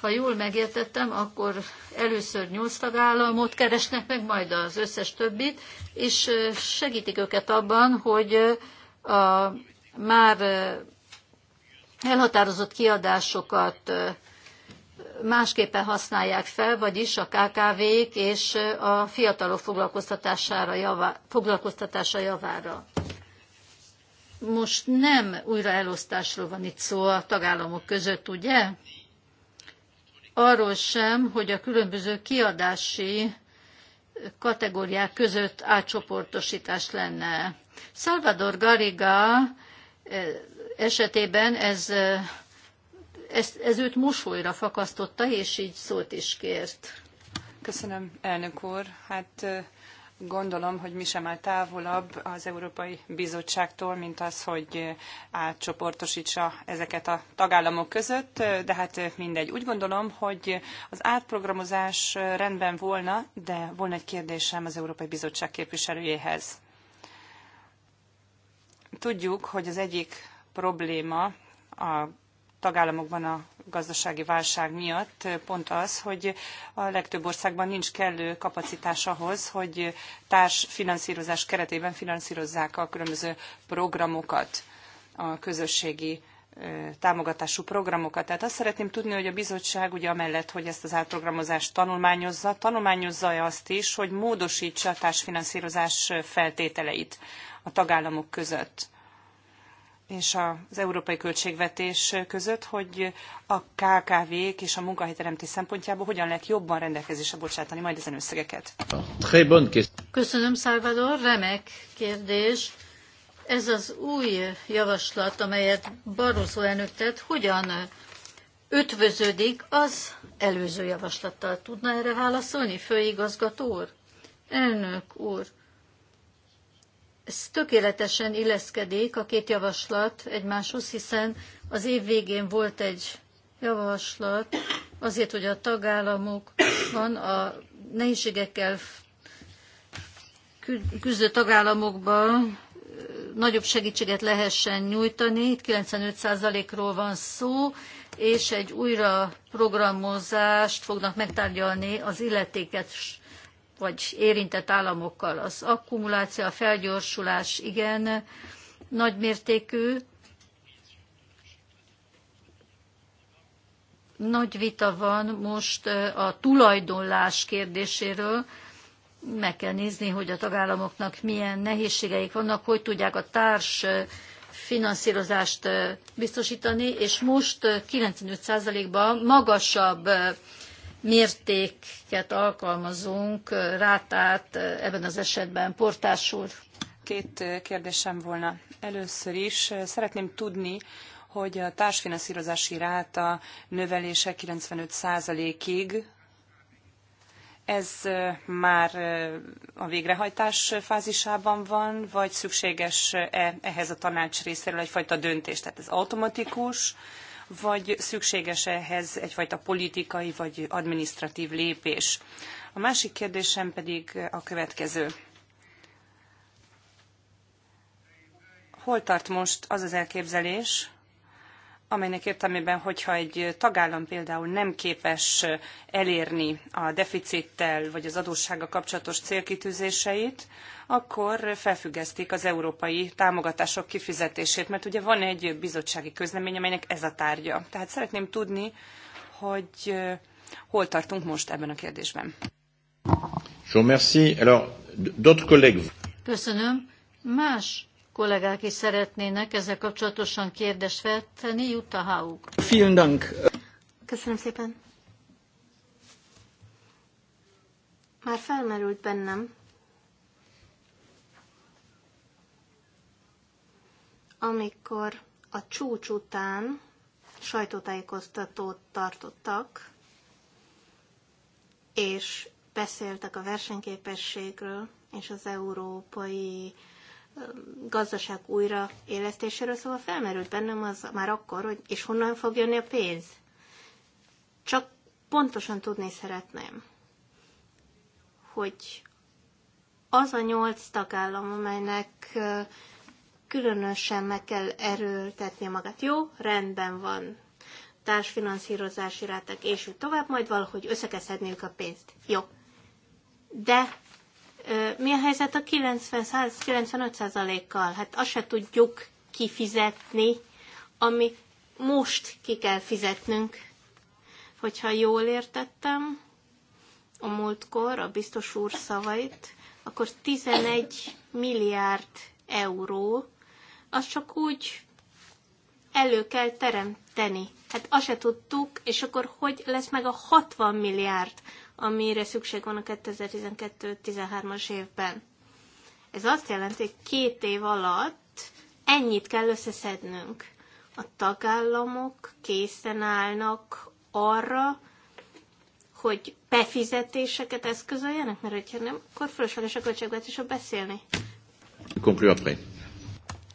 ha jól megértettem, akkor először nyolc tagállamot keresnek meg, majd az összes többit, és segítik őket abban, hogy a már elhatározott kiadásokat másképpen használják fel, vagyis a KKV-k és a fiatalok foglalkoztatására javá, foglalkoztatása javára. Most nem elosztásról van itt szó a tagállamok között, ugye? Arról sem, hogy a különböző kiadási kategóriák között átcsoportosítás lenne. Salvador Garriga eh, esetében ez eh, ezt, ez őt mosolyra fakasztotta, és így szót is kért. Köszönöm, elnök úr. Hát gondolom, hogy mi sem áll távolabb az Európai Bizottságtól, mint az, hogy átcsoportosítsa ezeket a tagállamok között, de hát mindegy. Úgy gondolom, hogy az átprogramozás rendben volna, de volna egy kérdésem az Európai Bizottság képviselőjéhez. Tudjuk, hogy az egyik probléma a tagállamokban a gazdasági válság miatt pont az, hogy a legtöbb országban nincs kellő kapacitás ahhoz, hogy társfinanszírozás keretében finanszírozzák a különböző programokat, a közösségi támogatású programokat. Tehát azt szeretném tudni, hogy a bizottság ugye amellett, hogy ezt az átprogramozást tanulmányozza, tanulmányozza-e azt is, hogy módosítsa a társfinanszírozás feltételeit a tagállamok között és az európai költségvetés között, hogy a KKV-k és a munkahelyteremtés szempontjából hogyan lehet jobban rendelkezésre bocsátani majd ezen összegeket. Köszönöm, Salvador, remek kérdés. Ez az új javaslat, amelyet Barroso elnök tett, hogyan ötvöződik az előző javaslattal? Tudna erre válaszolni, főigazgató úr? Elnök úr, ez tökéletesen illeszkedik a két javaslat egymáshoz, hiszen az év végén volt egy javaslat azért, hogy a tagállamok van a nehézségekkel küzdő tagállamokban nagyobb segítséget lehessen nyújtani. Itt 95%-ról van szó, és egy újra programozást fognak megtárgyalni az illetékes vagy érintett államokkal. Az akkumuláció, a felgyorsulás igen nagymértékű. Nagy vita van most a tulajdonlás kérdéséről. Meg kell nézni, hogy a tagállamoknak milyen nehézségeik vannak, hogy tudják a társ finanszírozást biztosítani, és most 95%-ban magasabb mértéket alkalmazunk, rátát ebben az esetben. Portás úr. Két kérdésem volna. Először is szeretném tudni, hogy a társfinanszírozási ráta növelése 95%-ig ez már a végrehajtás fázisában van, vagy szükséges -e ehhez a tanács részéről egyfajta döntés? Tehát ez automatikus, vagy szükséges ehhez egyfajta politikai vagy administratív lépés? A másik kérdésem pedig a következő. Hol tart most az az elképzelés, amelynek értelmében, hogyha egy tagállam például nem képes elérni a deficittel vagy az adóssággal kapcsolatos célkitűzéseit, akkor felfüggesztik az európai támogatások kifizetését, mert ugye van egy bizottsági közlemény, amelynek ez a tárgya. Tehát szeretném tudni, hogy hol tartunk most ebben a kérdésben. Köszönöm. Más kollégák is szeretnének ezzel kapcsolatosan kérdés feltenni. Jutta Hauk. Vielen Dank. Köszönöm szépen. Már felmerült bennem, amikor a csúcs után sajtótájékoztatót tartottak, és beszéltek a versenyképességről és az európai gazdaság újraélesztéséről, szóval felmerült bennem az már akkor, hogy és honnan fog jönni a pénz. Csak pontosan tudni szeretném, hogy az a nyolc tagállam, amelynek különösen meg kell erőltetnie magát. Jó, rendben van. Társfinanszírozási rátek és úgy tovább, majd valahogy összekeszedniük a pénzt. Jó. De mi a helyzet a 90-95%-kal? Hát azt se tudjuk kifizetni, ami most ki kell fizetnünk. Hogyha jól értettem a múltkor a biztos úr szavait, akkor 11 milliárd euró, az csak úgy elő kell teremteni. Hát azt se tudtuk, és akkor hogy lesz meg a 60 milliárd, amire szükség van a 2012-13-as évben. Ez azt jelenti, hogy két év alatt ennyit kell összeszednünk. A tagállamok készen állnak arra, hogy befizetéseket eszközöljenek, mert hogyha nem, akkor fölösleges a költségvetésről beszélni.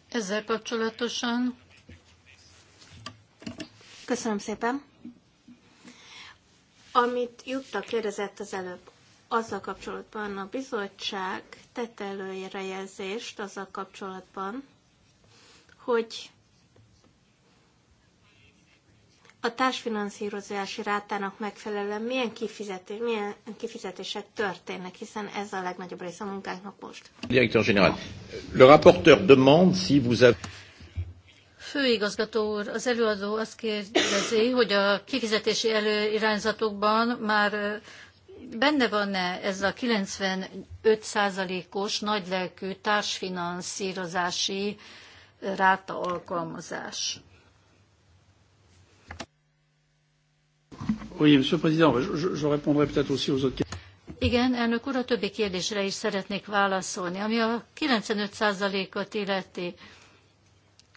Ezzel kapcsolatosan. Köszönöm szépen. Amit Jutta kérdezett az előbb, azzal kapcsolatban a bizottság tett előre jelzést azzal kapcsolatban, hogy a társfinanszírozási rátának megfelelően milyen, kifizetés, milyen kifizetések történnek, hiszen ez a legnagyobb része a munkánknak most. Direktor general, le rapporteur demande si vous avez főigazgató úr, az előadó azt kérdezi, hogy a kifizetési előirányzatokban már benne van-e ez a 95%-os nagylelkű társfinanszírozási ráta alkalmazás? Oui, Monsieur le Président, je, je répondrai peut-être aussi aux autres Igen, elnök úr, a többi kérdésre is szeretnék válaszolni. Ami a 95%-ot illeti,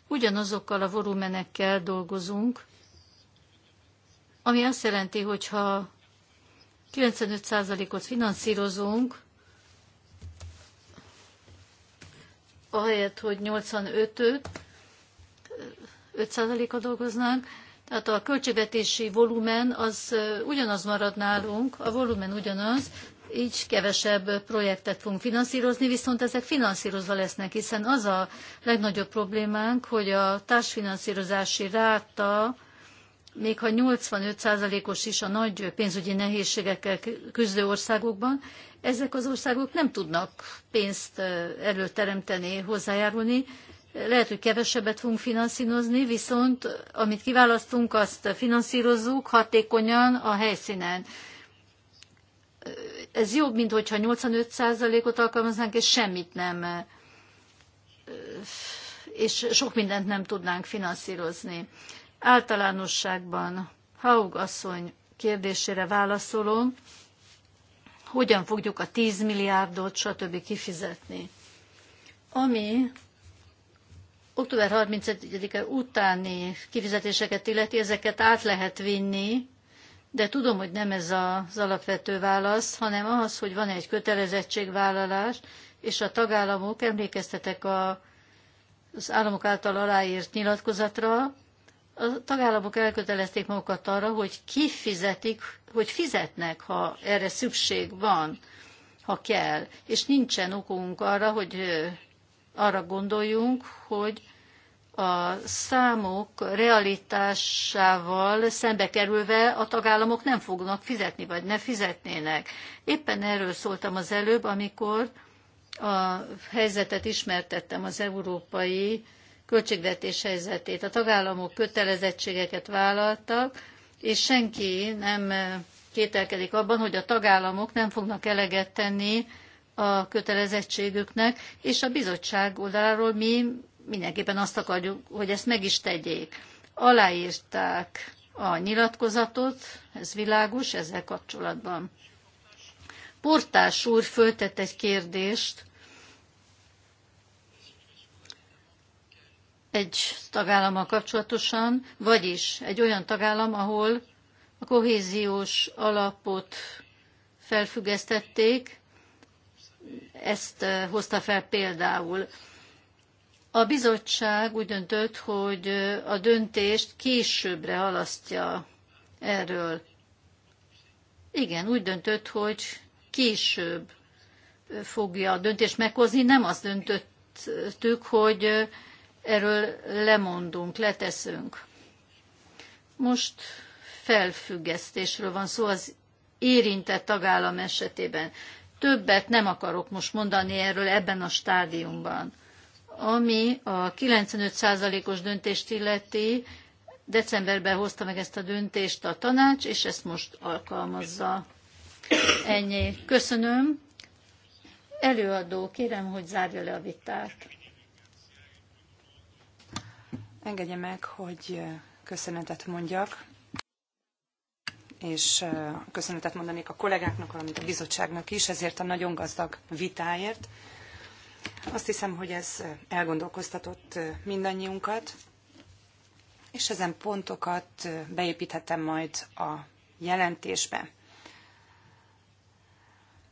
ugyanazokkal a volumenekkel dolgozunk, ami azt jelenti, hogy ha 95%-ot finanszírozunk, ahelyett, hogy 85-öt, 5%-a dolgoznánk, tehát a költségvetési volumen az ugyanaz marad nálunk, a volumen ugyanaz, így kevesebb projektet fogunk finanszírozni, viszont ezek finanszírozva lesznek, hiszen az a legnagyobb problémánk, hogy a társfinanszírozási ráta, még ha 85%-os is a nagy pénzügyi nehézségekkel küzdő országokban, ezek az országok nem tudnak pénzt előteremteni, hozzájárulni. Lehet, hogy kevesebbet fogunk finanszírozni, viszont amit kiválasztunk, azt finanszírozzuk hatékonyan a helyszínen. Ez jobb, mint hogyha 85%-ot alkalmaznánk, és semmit nem, és sok mindent nem tudnánk finanszírozni. Általánosságban Haug asszony kérdésére válaszolom, hogyan fogjuk a 10 milliárdot, stb. kifizetni. Ami október 31-e utáni kifizetéseket illeti, ezeket át lehet vinni de tudom, hogy nem ez az alapvető válasz, hanem az, hogy van egy kötelezettségvállalás, és a tagállamok, emlékeztetek a, az államok által aláírt nyilatkozatra, a tagállamok elkötelezték magukat arra, hogy kifizetik, hogy fizetnek, ha erre szükség van, ha kell. És nincsen okunk arra, hogy arra gondoljunk, hogy a számok realitásával szembe kerülve a tagállamok nem fognak fizetni, vagy ne fizetnének. Éppen erről szóltam az előbb, amikor a helyzetet ismertettem az európai költségvetés helyzetét. A tagállamok kötelezettségeket vállaltak, és senki nem kételkedik abban, hogy a tagállamok nem fognak eleget tenni a kötelezettségüknek, és a bizottság oldaláról mi mindenképpen azt akarjuk, hogy ezt meg is tegyék. Aláírták a nyilatkozatot, ez világos, ezzel kapcsolatban. Portás úr föltett egy kérdést egy tagállammal kapcsolatosan, vagyis egy olyan tagállam, ahol a kohéziós alapot felfüggesztették, ezt eh, hozta fel például. A bizottság úgy döntött, hogy a döntést későbbre halasztja erről. Igen, úgy döntött, hogy később fogja a döntést meghozni. Nem azt döntöttük, hogy erről lemondunk, leteszünk. Most felfüggesztésről van szó az érintett tagállam esetében. Többet nem akarok most mondani erről ebben a stádiumban. Ami a 95%-os döntést illeti, decemberben hozta meg ezt a döntést a tanács, és ezt most alkalmazza. Ennyi. Köszönöm. Előadó, kérem, hogy zárja le a vitát. Engedje meg, hogy köszönetet mondjak, és köszönetet mondanék a kollégáknak, valamint a bizottságnak is ezért a nagyon gazdag vitáért, Azt hiszem, hogy ez elgondolkoztatott mindannyiunkat, és ezen pontokat beépíthetem majd a jelentésbe.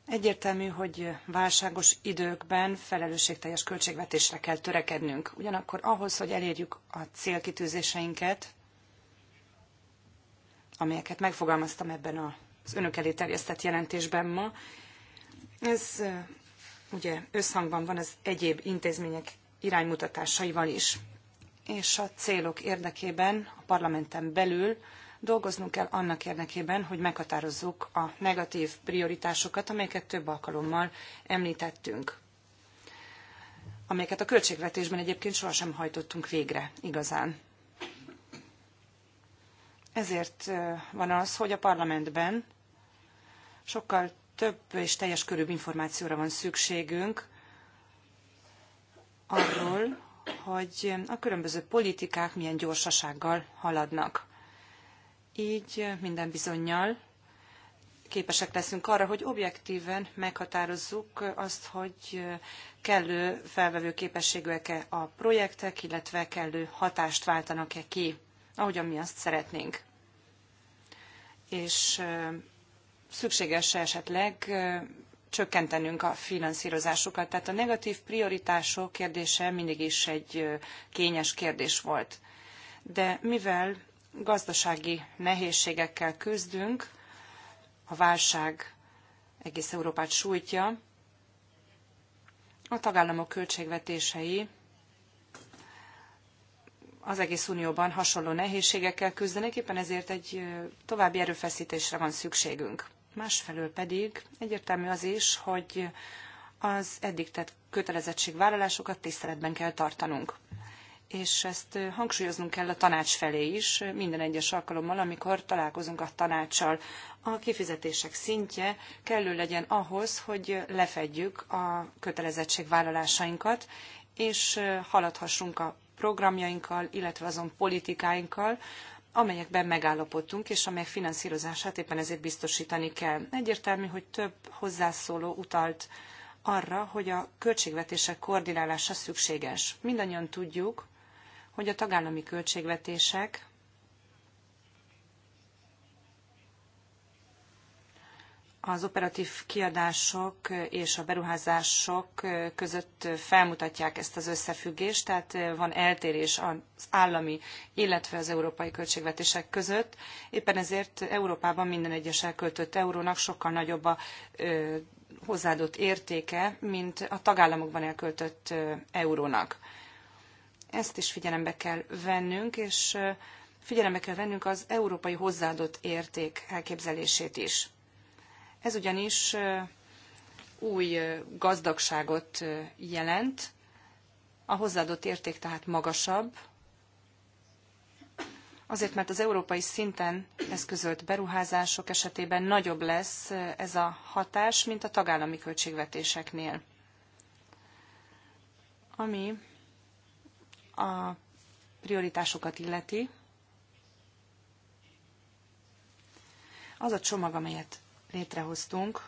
Egyértelmű, hogy válságos időkben felelősségteljes költségvetésre kell törekednünk. Ugyanakkor ahhoz, hogy elérjük a célkitűzéseinket, amelyeket megfogalmaztam ebben az önök elé terjesztett jelentésben ma, ez ugye összhangban van az egyéb intézmények iránymutatásaival is. És a célok érdekében a parlamenten belül dolgoznunk kell annak érdekében, hogy meghatározzuk a negatív prioritásokat, amelyeket több alkalommal említettünk amelyeket a költségvetésben egyébként sohasem hajtottunk végre igazán. Ezért van az, hogy a parlamentben sokkal több és teljes körűbb információra van szükségünk arról, hogy a különböző politikák milyen gyorsasággal haladnak. Így minden bizonyal képesek leszünk arra, hogy objektíven meghatározzuk azt, hogy kellő felvevő képességűek-e a projektek, illetve kellő hatást váltanak-e ki, ahogyan mi azt szeretnénk. És szükséges esetleg csökkentenünk a finanszírozásukat. Tehát a negatív prioritások kérdése mindig is egy kényes kérdés volt. De mivel gazdasági nehézségekkel küzdünk, a válság egész Európát sújtja, a tagállamok költségvetései az egész unióban hasonló nehézségekkel küzdenek, éppen ezért egy további erőfeszítésre van szükségünk másfelől pedig egyértelmű az is, hogy az eddig tett kötelezettségvállalásokat tiszteletben kell tartanunk. És ezt hangsúlyoznunk kell a tanács felé is, minden egyes alkalommal, amikor találkozunk a tanácssal. A kifizetések szintje kellő legyen ahhoz, hogy lefedjük a kötelezettségvállalásainkat, és haladhassunk a programjainkkal, illetve azon politikáinkkal, amelyekben megállapodtunk, és amelyek finanszírozását éppen ezért biztosítani kell. Egyértelmű, hogy több hozzászóló utalt arra, hogy a költségvetések koordinálása szükséges. Mindannyian tudjuk, hogy a tagállami költségvetések az operatív kiadások és a beruházások között felmutatják ezt az összefüggést, tehát van eltérés az állami, illetve az európai költségvetések között. Éppen ezért Európában minden egyes elköltött eurónak sokkal nagyobb a hozzáadott értéke, mint a tagállamokban elköltött eurónak. Ezt is figyelembe kell vennünk, és figyelembe kell vennünk az európai hozzáadott érték elképzelését is. Ez ugyanis új gazdagságot jelent, a hozzáadott érték tehát magasabb, azért mert az európai szinten eszközölt beruházások esetében nagyobb lesz ez a hatás, mint a tagállami költségvetéseknél. Ami a prioritásokat illeti, az a csomag, amelyet létrehoztunk,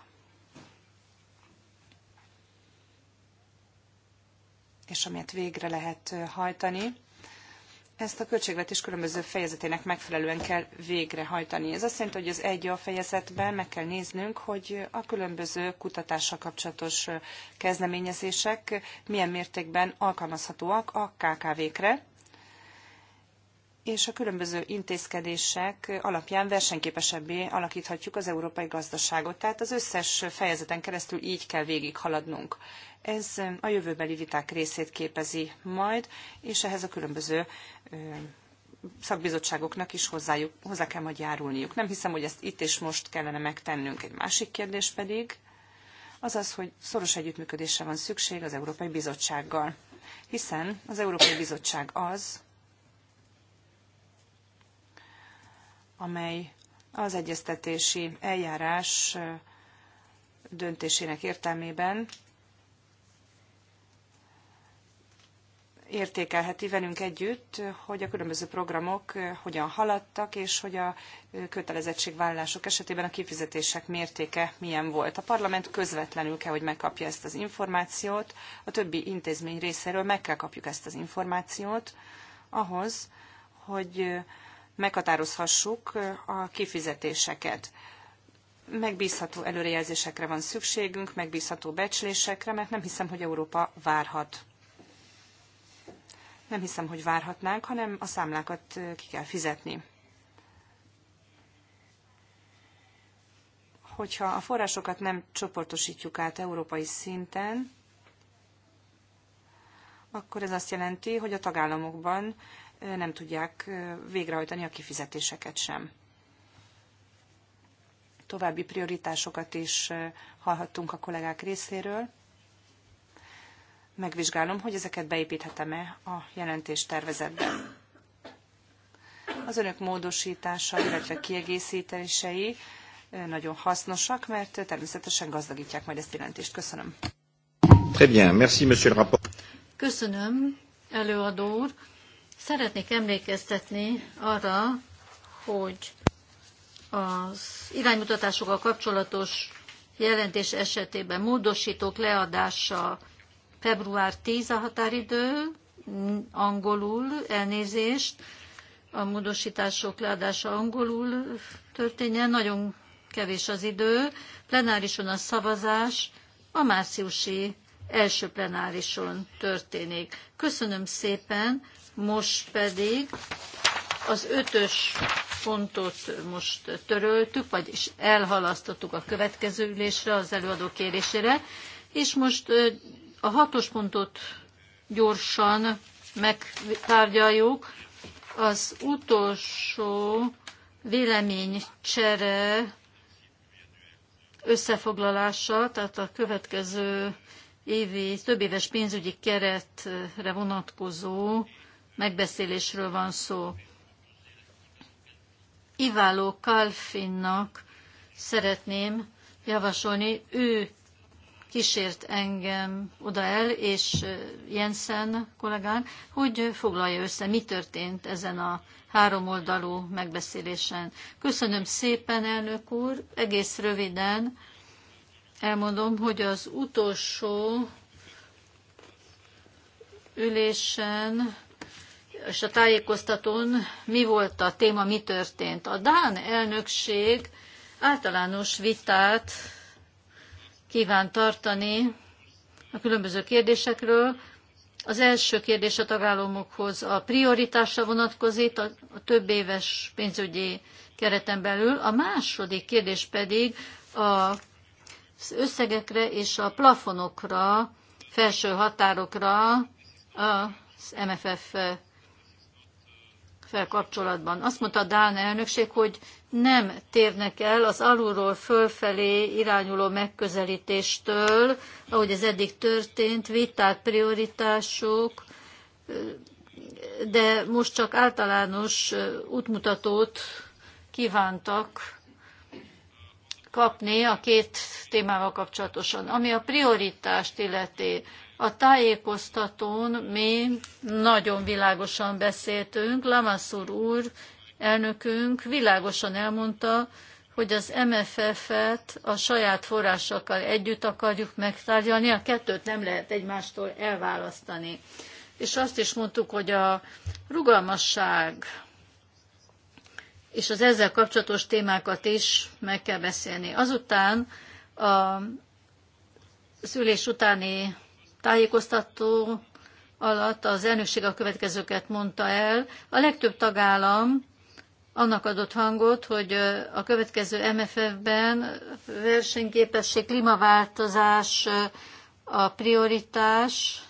és amit végre lehet hajtani, ezt a költségvetés különböző fejezetének megfelelően kell végrehajtani. Ez azt jelenti, hogy az egy a fejezetben meg kell néznünk, hogy a különböző kutatással kapcsolatos kezdeményezések milyen mértékben alkalmazhatóak a KKV-kre, és a különböző intézkedések alapján versenyképesebbé alakíthatjuk az európai gazdaságot. Tehát az összes fejezeten keresztül így kell végighaladnunk. Ez a jövőbeli viták részét képezi majd, és ehhez a különböző szakbizottságoknak is hozzájuk, hozzá kell majd járulniuk. Nem hiszem, hogy ezt itt és most kellene megtennünk. Egy másik kérdés pedig az az, hogy szoros együttműködésre van szükség az Európai Bizottsággal. Hiszen az Európai Bizottság az, amely az egyeztetési eljárás döntésének értelmében értékelheti velünk együtt, hogy a különböző programok hogyan haladtak, és hogy a kötelezettségvállalások esetében a kifizetések mértéke milyen volt. A parlament közvetlenül kell, hogy megkapja ezt az információt, a többi intézmény részéről meg kell kapjuk ezt az információt ahhoz, hogy meghatározhassuk a kifizetéseket. Megbízható előrejelzésekre van szükségünk, megbízható becslésekre, mert nem hiszem, hogy Európa várhat. Nem hiszem, hogy várhatnánk, hanem a számlákat ki kell fizetni. Hogyha a forrásokat nem csoportosítjuk át európai szinten, akkor ez azt jelenti, hogy a tagállamokban Eh, nem tudják eh, végrehajtani a kifizetéseket sem. További prioritásokat is eh, hallhattunk a kollégák részéről. Megvizsgálom, hogy ezeket beépíthetem-e a jelentés tervezetben. Az önök módosítása, illetve kiegészítései nagyon hasznosak, mert természetesen gazdagítják majd ezt a jelentést. Köszönöm. Très bien, merci, monsieur le rapport. Köszönöm, előadó úr. Szeretnék emlékeztetni arra, hogy az iránymutatásokkal kapcsolatos jelentés esetében módosítók leadása február 10 a határidő, angolul elnézést, a módosítások leadása angolul történjen, nagyon kevés az idő, plenárison a szavazás a márciusi első plenárison történik. Köszönöm szépen, Most pedig az ötös pontot most töröltük, vagyis elhalasztottuk a következő ülésre az előadó kérésére, és most a hatos pontot gyorsan megtárgyaljuk. Az utolsó véleménycsere összefoglalása, tehát a következő évi, több éves pénzügyi keretre vonatkozó megbeszélésről van szó. Iváló Kalfinnak szeretném javasolni, ő kísért engem oda el, és Jensen kollégán, hogy foglalja össze, mi történt ezen a háromoldalú megbeszélésen. Köszönöm szépen, elnök úr, egész röviden elmondom, hogy az utolsó ülésen és a tájékoztatón mi volt a téma, mi történt. A Dán elnökség általános vitát kíván tartani a különböző kérdésekről. Az első kérdés a tagállamokhoz a prioritásra vonatkozik a több éves pénzügyi kereten belül. A második kérdés pedig az összegekre és a plafonokra, felső határokra az MFF fel kapcsolatban. Azt mondta a Dán elnökség, hogy nem térnek el az alulról fölfelé irányuló megközelítéstől, ahogy ez eddig történt, viták, prioritások, de most csak általános útmutatót kívántak kapni a két témával kapcsolatosan. Ami a prioritást illeti, a tájékoztatón mi nagyon világosan beszéltünk, Lamassur úr, elnökünk világosan elmondta, hogy az MFF-et a saját forrásokkal együtt akarjuk megtárgyalni, a kettőt nem lehet egymástól elválasztani. És azt is mondtuk, hogy a rugalmasság és az ezzel kapcsolatos témákat is meg kell beszélni. Azután a, szülés utáni tájékoztató alatt az elnökség a következőket mondta el. A legtöbb tagállam annak adott hangot, hogy a következő MFF-ben versenyképesség, klímaváltozás a prioritás,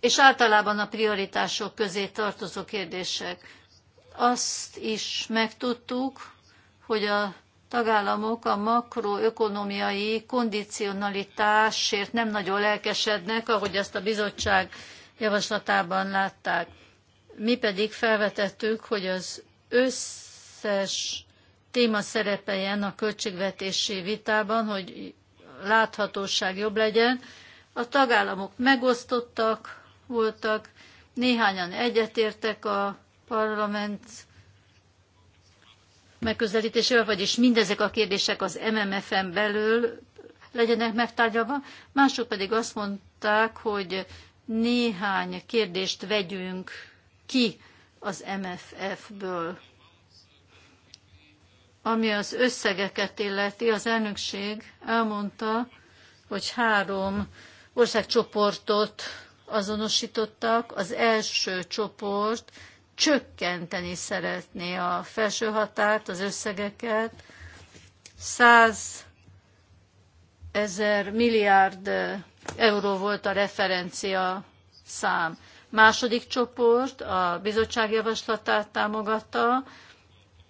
és általában a prioritások közé tartozó kérdések. Azt is megtudtuk, hogy a tagállamok a makroökonomiai kondicionalitásért nem nagyon lelkesednek, ahogy ezt a bizottság javaslatában látták. Mi pedig felvetettük, hogy az összes téma szerepeljen a költségvetési vitában, hogy láthatóság jobb legyen. A tagállamok megosztottak voltak, néhányan egyetértek a parlament megközelítésével, vagyis mindezek a kérdések az MMF-en belül legyenek megtárgyalva, mások pedig azt mondták, hogy néhány kérdést vegyünk ki az MFF-ből. Ami az összegeket illeti, az elnökség elmondta, hogy három országcsoportot azonosítottak. Az első csoport csökkenteni szeretné a felső határt, az összegeket. 100 ezer milliárd euró volt a referencia szám. Második csoport a bizottság javaslatát támogatta,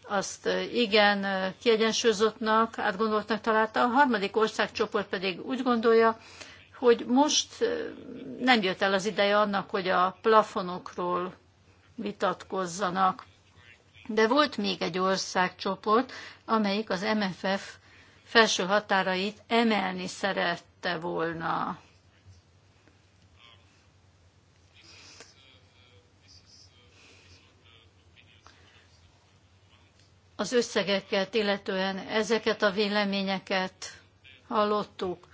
azt igen kiegyensúlyozottnak, átgondoltnak találta, a harmadik országcsoport pedig úgy gondolja, hogy most nem jött el az ideje annak, hogy a plafonokról vitatkozzanak. De volt még egy országcsoport, amelyik az MFF felső határait emelni szerette volna. Az összegeket, illetően ezeket a véleményeket hallottuk.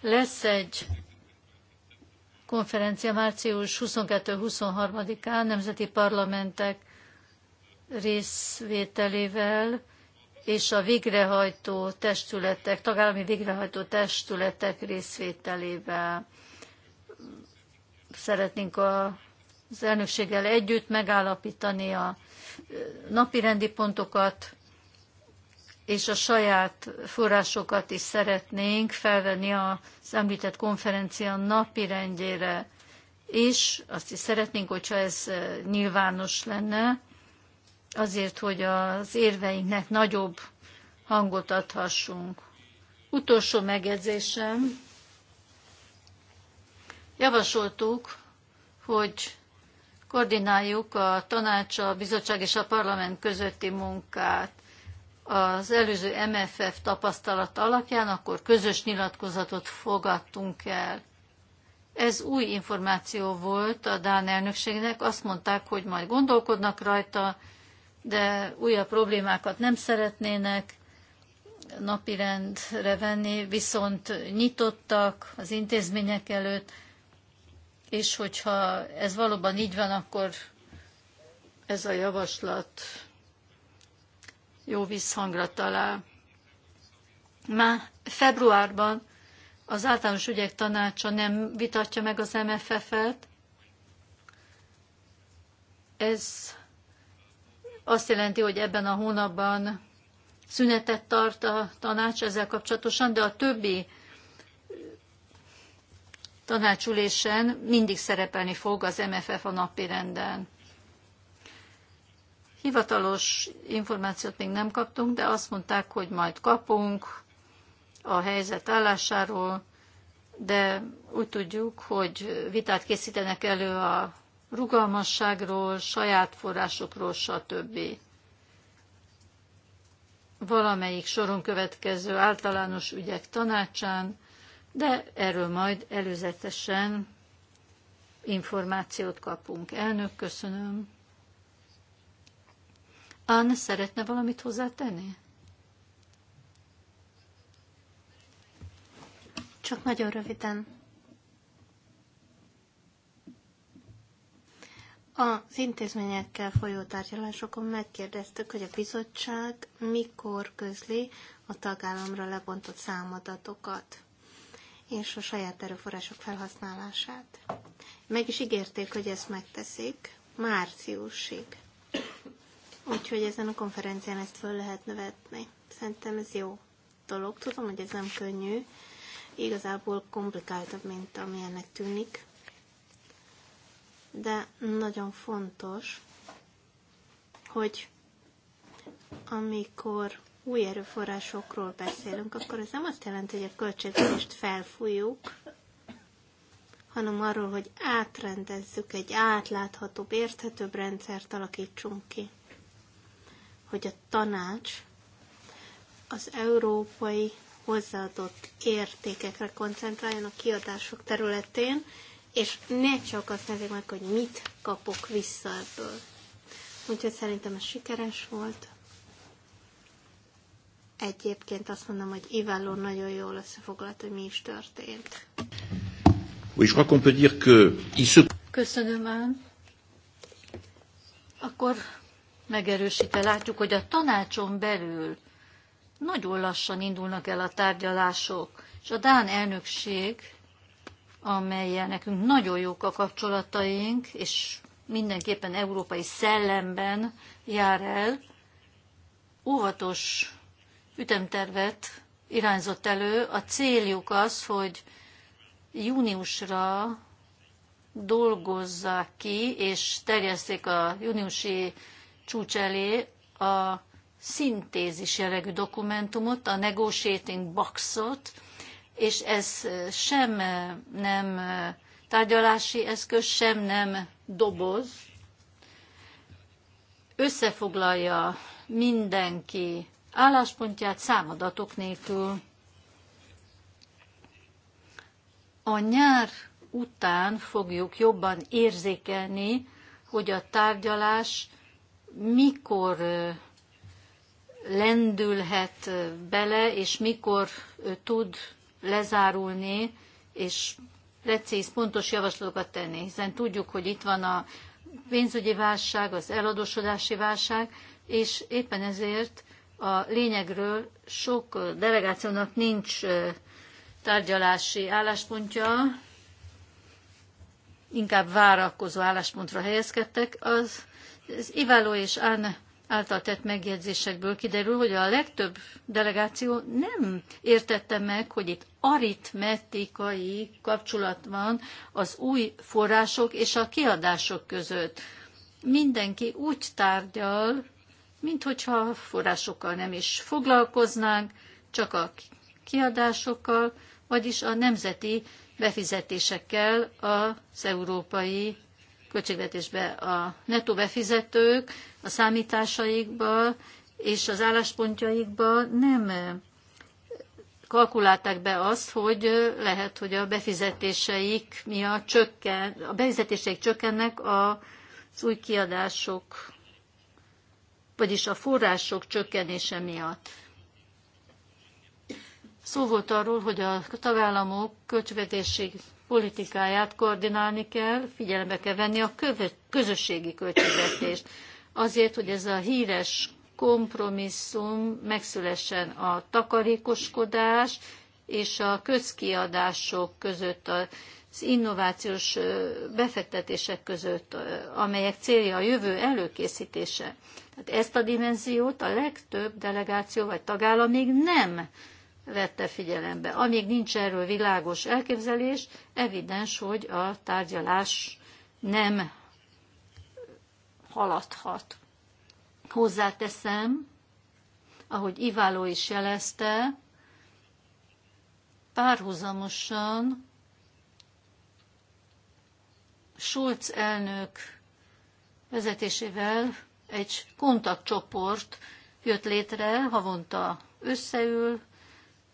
Lesz egy konferencia március 22-23-án nemzeti parlamentek részvételével és a végrehajtó testületek, tagállami végrehajtó testületek részvételével szeretnénk a, az elnökséggel együtt megállapítani a napirendi pontokat, és a saját forrásokat is szeretnénk felvenni az említett konferencia napi rendjére, is. azt is szeretnénk, hogyha ez nyilvános lenne, azért, hogy az érveinknek nagyobb hangot adhassunk. Utolsó megjegyzésem. Javasoltuk, hogy koordináljuk a tanács, a bizottság és a parlament közötti munkát az előző MFF tapasztalat alapján, akkor közös nyilatkozatot fogadtunk el. Ez új információ volt a Dán elnökségnek, azt mondták, hogy majd gondolkodnak rajta, de újabb problémákat nem szeretnének napirendre venni, viszont nyitottak az intézmények előtt, és hogyha ez valóban így van, akkor ez a javaslat jó visszhangra talál. Már februárban az általános ügyek tanácsa nem vitatja meg az MFF-et. Ez azt jelenti, hogy ebben a hónapban szünetet tart a tanács ezzel kapcsolatosan, de a többi tanácsülésen mindig szerepelni fog az MFF a napi renden. Hivatalos információt még nem kaptunk, de azt mondták, hogy majd kapunk a helyzet állásáról, de úgy tudjuk, hogy vitát készítenek elő a rugalmasságról, saját forrásokról, stb. Valamelyik soron következő általános ügyek tanácsán, de erről majd előzetesen információt kapunk. Elnök, köszönöm. Ön szeretne valamit hozzátenni? Csak nagyon röviden. Az intézményekkel folyó tárgyalásokon megkérdeztük, hogy a bizottság mikor közli a tagállamra lebontott számadatokat és a saját erőforrások felhasználását. Meg is ígérték, hogy ezt megteszik márciusig. Úgyhogy ezen a konferencián ezt föl lehet nevetni. Szerintem ez jó dolog. Tudom, hogy ez nem könnyű. Igazából komplikáltabb, mint amilyennek tűnik. De nagyon fontos, hogy amikor új erőforrásokról beszélünk, akkor ez nem azt jelenti, hogy a költségvetést felfújjuk, hanem arról, hogy átrendezzük, egy átláthatóbb, érthetőbb rendszert alakítsunk ki hogy a tanács az európai hozzáadott értékekre koncentráljon a kiadások területén, és ne csak azt nézzék meg, hogy mit kapok vissza ebből. Úgyhogy szerintem ez sikeres volt. Egyébként azt mondom, hogy Iváló nagyon jól összefoglalt, hogy mi is történt. Oui, je crois qu'on peut dire que Köszönöm ám. Akkor megerősítve látjuk, hogy a tanácson belül nagyon lassan indulnak el a tárgyalások, és a Dán elnökség, amelyel nekünk nagyon jók a kapcsolataink, és mindenképpen európai szellemben jár el, óvatos ütemtervet irányzott elő. A céljuk az, hogy júniusra dolgozzák ki, és terjeszték a júniusi csúcs elé a szintézis jellegű dokumentumot, a negotiating boxot, és ez sem nem tárgyalási eszköz, sem nem doboz. Összefoglalja mindenki álláspontját számadatok nélkül. A nyár után fogjuk jobban érzékelni, hogy a tárgyalás mikor lendülhet bele, és mikor tud lezárulni, és precíz, pontos javaslatokat tenni, hiszen tudjuk, hogy itt van a pénzügyi válság, az eladósodási válság, és éppen ezért a lényegről sok delegációnak nincs tárgyalási álláspontja, inkább várakozó álláspontra helyezkedtek. Az az Iváló és Anne által tett megjegyzésekből kiderül, hogy a legtöbb delegáció nem értette meg, hogy itt aritmetikai kapcsolat van az új források és a kiadások között. Mindenki úgy tárgyal, minthogyha forrásokkal nem is foglalkoznánk, csak a kiadásokkal, vagyis a nemzeti befizetésekkel az európai költségvetésbe a netto befizetők a számításaikba és az álláspontjaikba nem kalkulálták be azt, hogy lehet, hogy a befizetéseik miatt csökken, a befizetéseik csökkennek az új kiadások, vagyis a források csökkenése miatt. Szó volt arról, hogy a tagállamok költségvetési politikáját koordinálni kell, figyelembe kell venni a közösségi költségvetést, azért, hogy ez a híres kompromisszum megszülessen a takarékoskodás és a közkiadások között, az innovációs befektetések között, amelyek célja a jövő előkészítése. Tehát ezt a dimenziót a legtöbb delegáció vagy tagállam még nem vette figyelembe. Amíg nincs erről világos elképzelés, evidens, hogy a tárgyalás nem haladhat. Hozzáteszem, ahogy Iváló is jelezte, párhuzamosan Schulz elnök vezetésével egy kontaktcsoport jött létre, havonta összeül,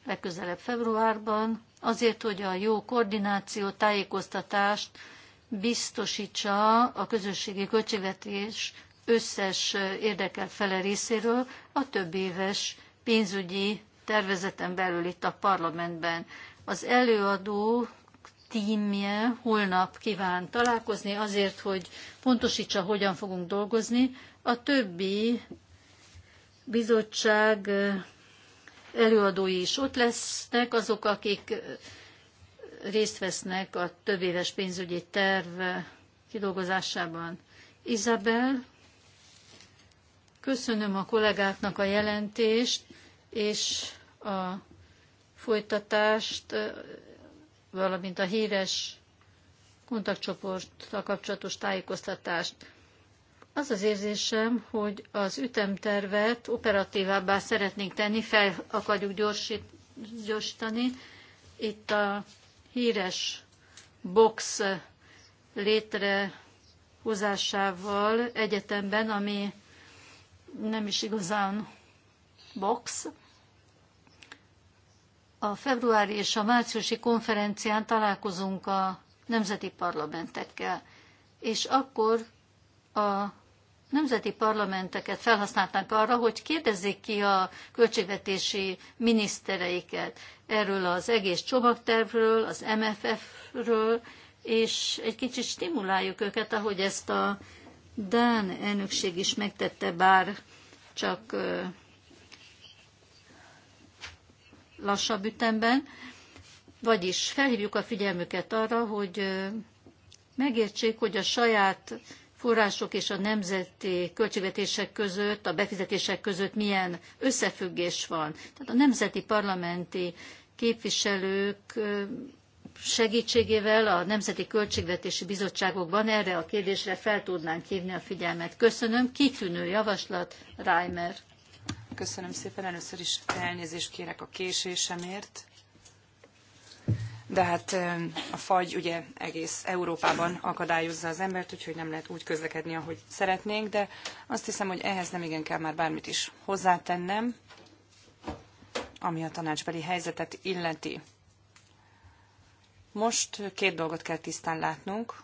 legközelebb februárban, azért, hogy a jó koordináció, tájékoztatást biztosítsa a közösségi költségvetés összes érdekel fele részéről a több éves pénzügyi tervezeten belül itt a parlamentben. Az előadó tímje holnap kíván találkozni azért, hogy pontosítsa, hogyan fogunk dolgozni. A többi bizottság előadói is ott lesznek, azok, akik részt vesznek a több éves pénzügyi terv kidolgozásában. Izabel, köszönöm a kollégáknak a jelentést, és a folytatást, valamint a híres kontaktcsoporttal kapcsolatos tájékoztatást. Az az érzésem, hogy az ütemtervet operatívabbá szeretnénk tenni, fel akarjuk gyorsít, gyorsítani. Itt a híres box létrehozásával egyetemben, ami nem is igazán box. A februári és a márciusi konferencián találkozunk a nemzeti parlamentekkel, és akkor a nemzeti parlamenteket felhasználták arra, hogy kérdezzék ki a költségvetési minisztereiket erről az egész csomagtervről, az MFF-ről, és egy kicsit stimuláljuk őket, ahogy ezt a Dán elnökség is megtette, bár csak lassabb ütemben. Vagyis felhívjuk a figyelmüket arra, hogy megértsék, hogy a saját források és a nemzeti költségvetések között, a befizetések között milyen összefüggés van. Tehát a nemzeti parlamenti képviselők segítségével a Nemzeti Költségvetési Bizottságokban erre a kérdésre fel tudnánk hívni a figyelmet. Köszönöm, kitűnő javaslat, Reimer. Köszönöm szépen, először is elnézést kérek a késésemért de hát a fagy ugye egész Európában akadályozza az embert, úgyhogy nem lehet úgy közlekedni, ahogy szeretnénk, de azt hiszem, hogy ehhez nem igen kell már bármit is hozzátennem, ami a tanácsbeli helyzetet illeti. Most két dolgot kell tisztán látnunk,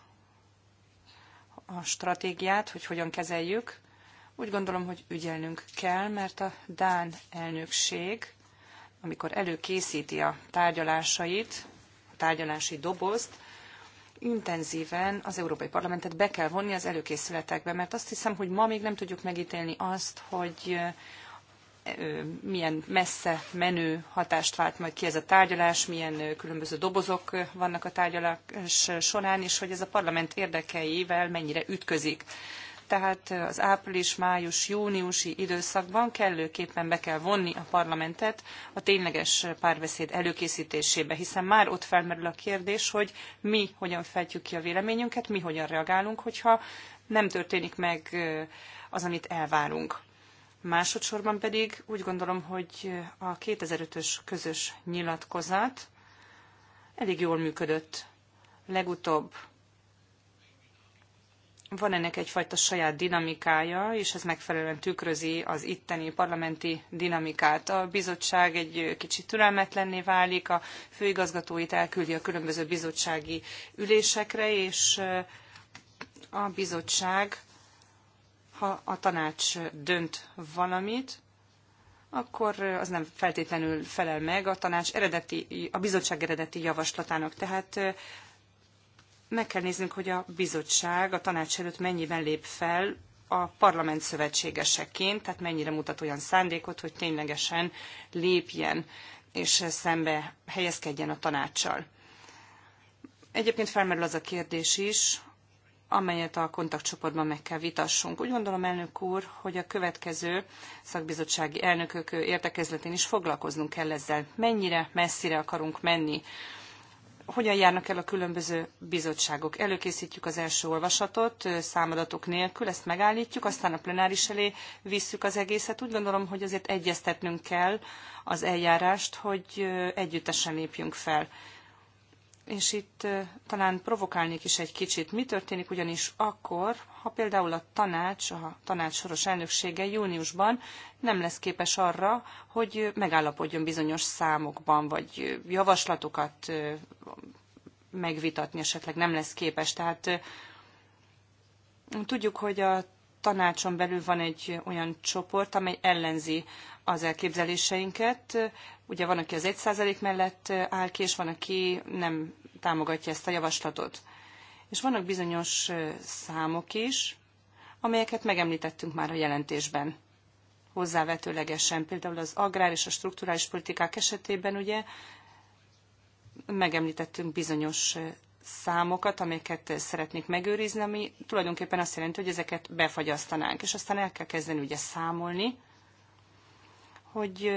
a stratégiát, hogy hogyan kezeljük. Úgy gondolom, hogy ügyelnünk kell, mert a Dán elnökség, amikor előkészíti a tárgyalásait, tárgyalási dobozt, intenzíven az Európai Parlamentet be kell vonni az előkészületekbe, mert azt hiszem, hogy ma még nem tudjuk megítélni azt, hogy milyen messze menő hatást vált majd ki ez a tárgyalás, milyen különböző dobozok vannak a tárgyalás során, és hogy ez a parlament érdekeivel mennyire ütközik tehát az április-május-júniusi időszakban kellőképpen be kell vonni a parlamentet a tényleges párbeszéd előkészítésébe, hiszen már ott felmerül a kérdés, hogy mi hogyan fejtjük ki a véleményünket, mi hogyan reagálunk, hogyha nem történik meg az, amit elvárunk. Másodszorban pedig úgy gondolom, hogy a 2005-ös közös nyilatkozat elég jól működött. Legutóbb van ennek egyfajta saját dinamikája, és ez megfelelően tükrözi az itteni parlamenti dinamikát. A bizottság egy kicsit türelmetlenné válik, a főigazgatóit elküldi a különböző bizottsági ülésekre, és a bizottság, ha a tanács dönt valamit, akkor az nem feltétlenül felel meg a tanács eredeti, a bizottság eredeti javaslatának. Tehát meg kell néznünk, hogy a bizottság a tanács előtt mennyiben lép fel a parlament szövetségeseként, tehát mennyire mutat olyan szándékot, hogy ténylegesen lépjen és szembe helyezkedjen a tanácssal. Egyébként felmerül az a kérdés is, amelyet a kontaktcsoportban meg kell vitassunk. Úgy gondolom, elnök úr, hogy a következő szakbizottsági elnökök értekezletén is foglalkoznunk kell ezzel. Mennyire messzire akarunk menni hogyan járnak el a különböző bizottságok. Előkészítjük az első olvasatot számadatok nélkül, ezt megállítjuk, aztán a plenáris elé visszük az egészet. Úgy gondolom, hogy azért egyeztetnünk kell az eljárást, hogy együttesen lépjünk fel és itt talán provokálnék is egy kicsit. Mi történik ugyanis akkor, ha például a tanács, a tanács soros elnöksége júniusban nem lesz képes arra, hogy megállapodjon bizonyos számokban, vagy javaslatokat megvitatni esetleg nem lesz képes. Tehát tudjuk, hogy a tanácson belül van egy olyan csoport, amely ellenzi az elképzeléseinket. Ugye van, aki az 1% mellett áll ki, és van, aki nem támogatja ezt a javaslatot. És vannak bizonyos számok is, amelyeket megemlítettünk már a jelentésben hozzávetőlegesen. Például az agrár és a strukturális politikák esetében ugye megemlítettünk bizonyos számokat, amelyeket szeretnék megőrizni, ami tulajdonképpen azt jelenti, hogy ezeket befagyasztanánk, és aztán el kell kezdeni ugye számolni, hogy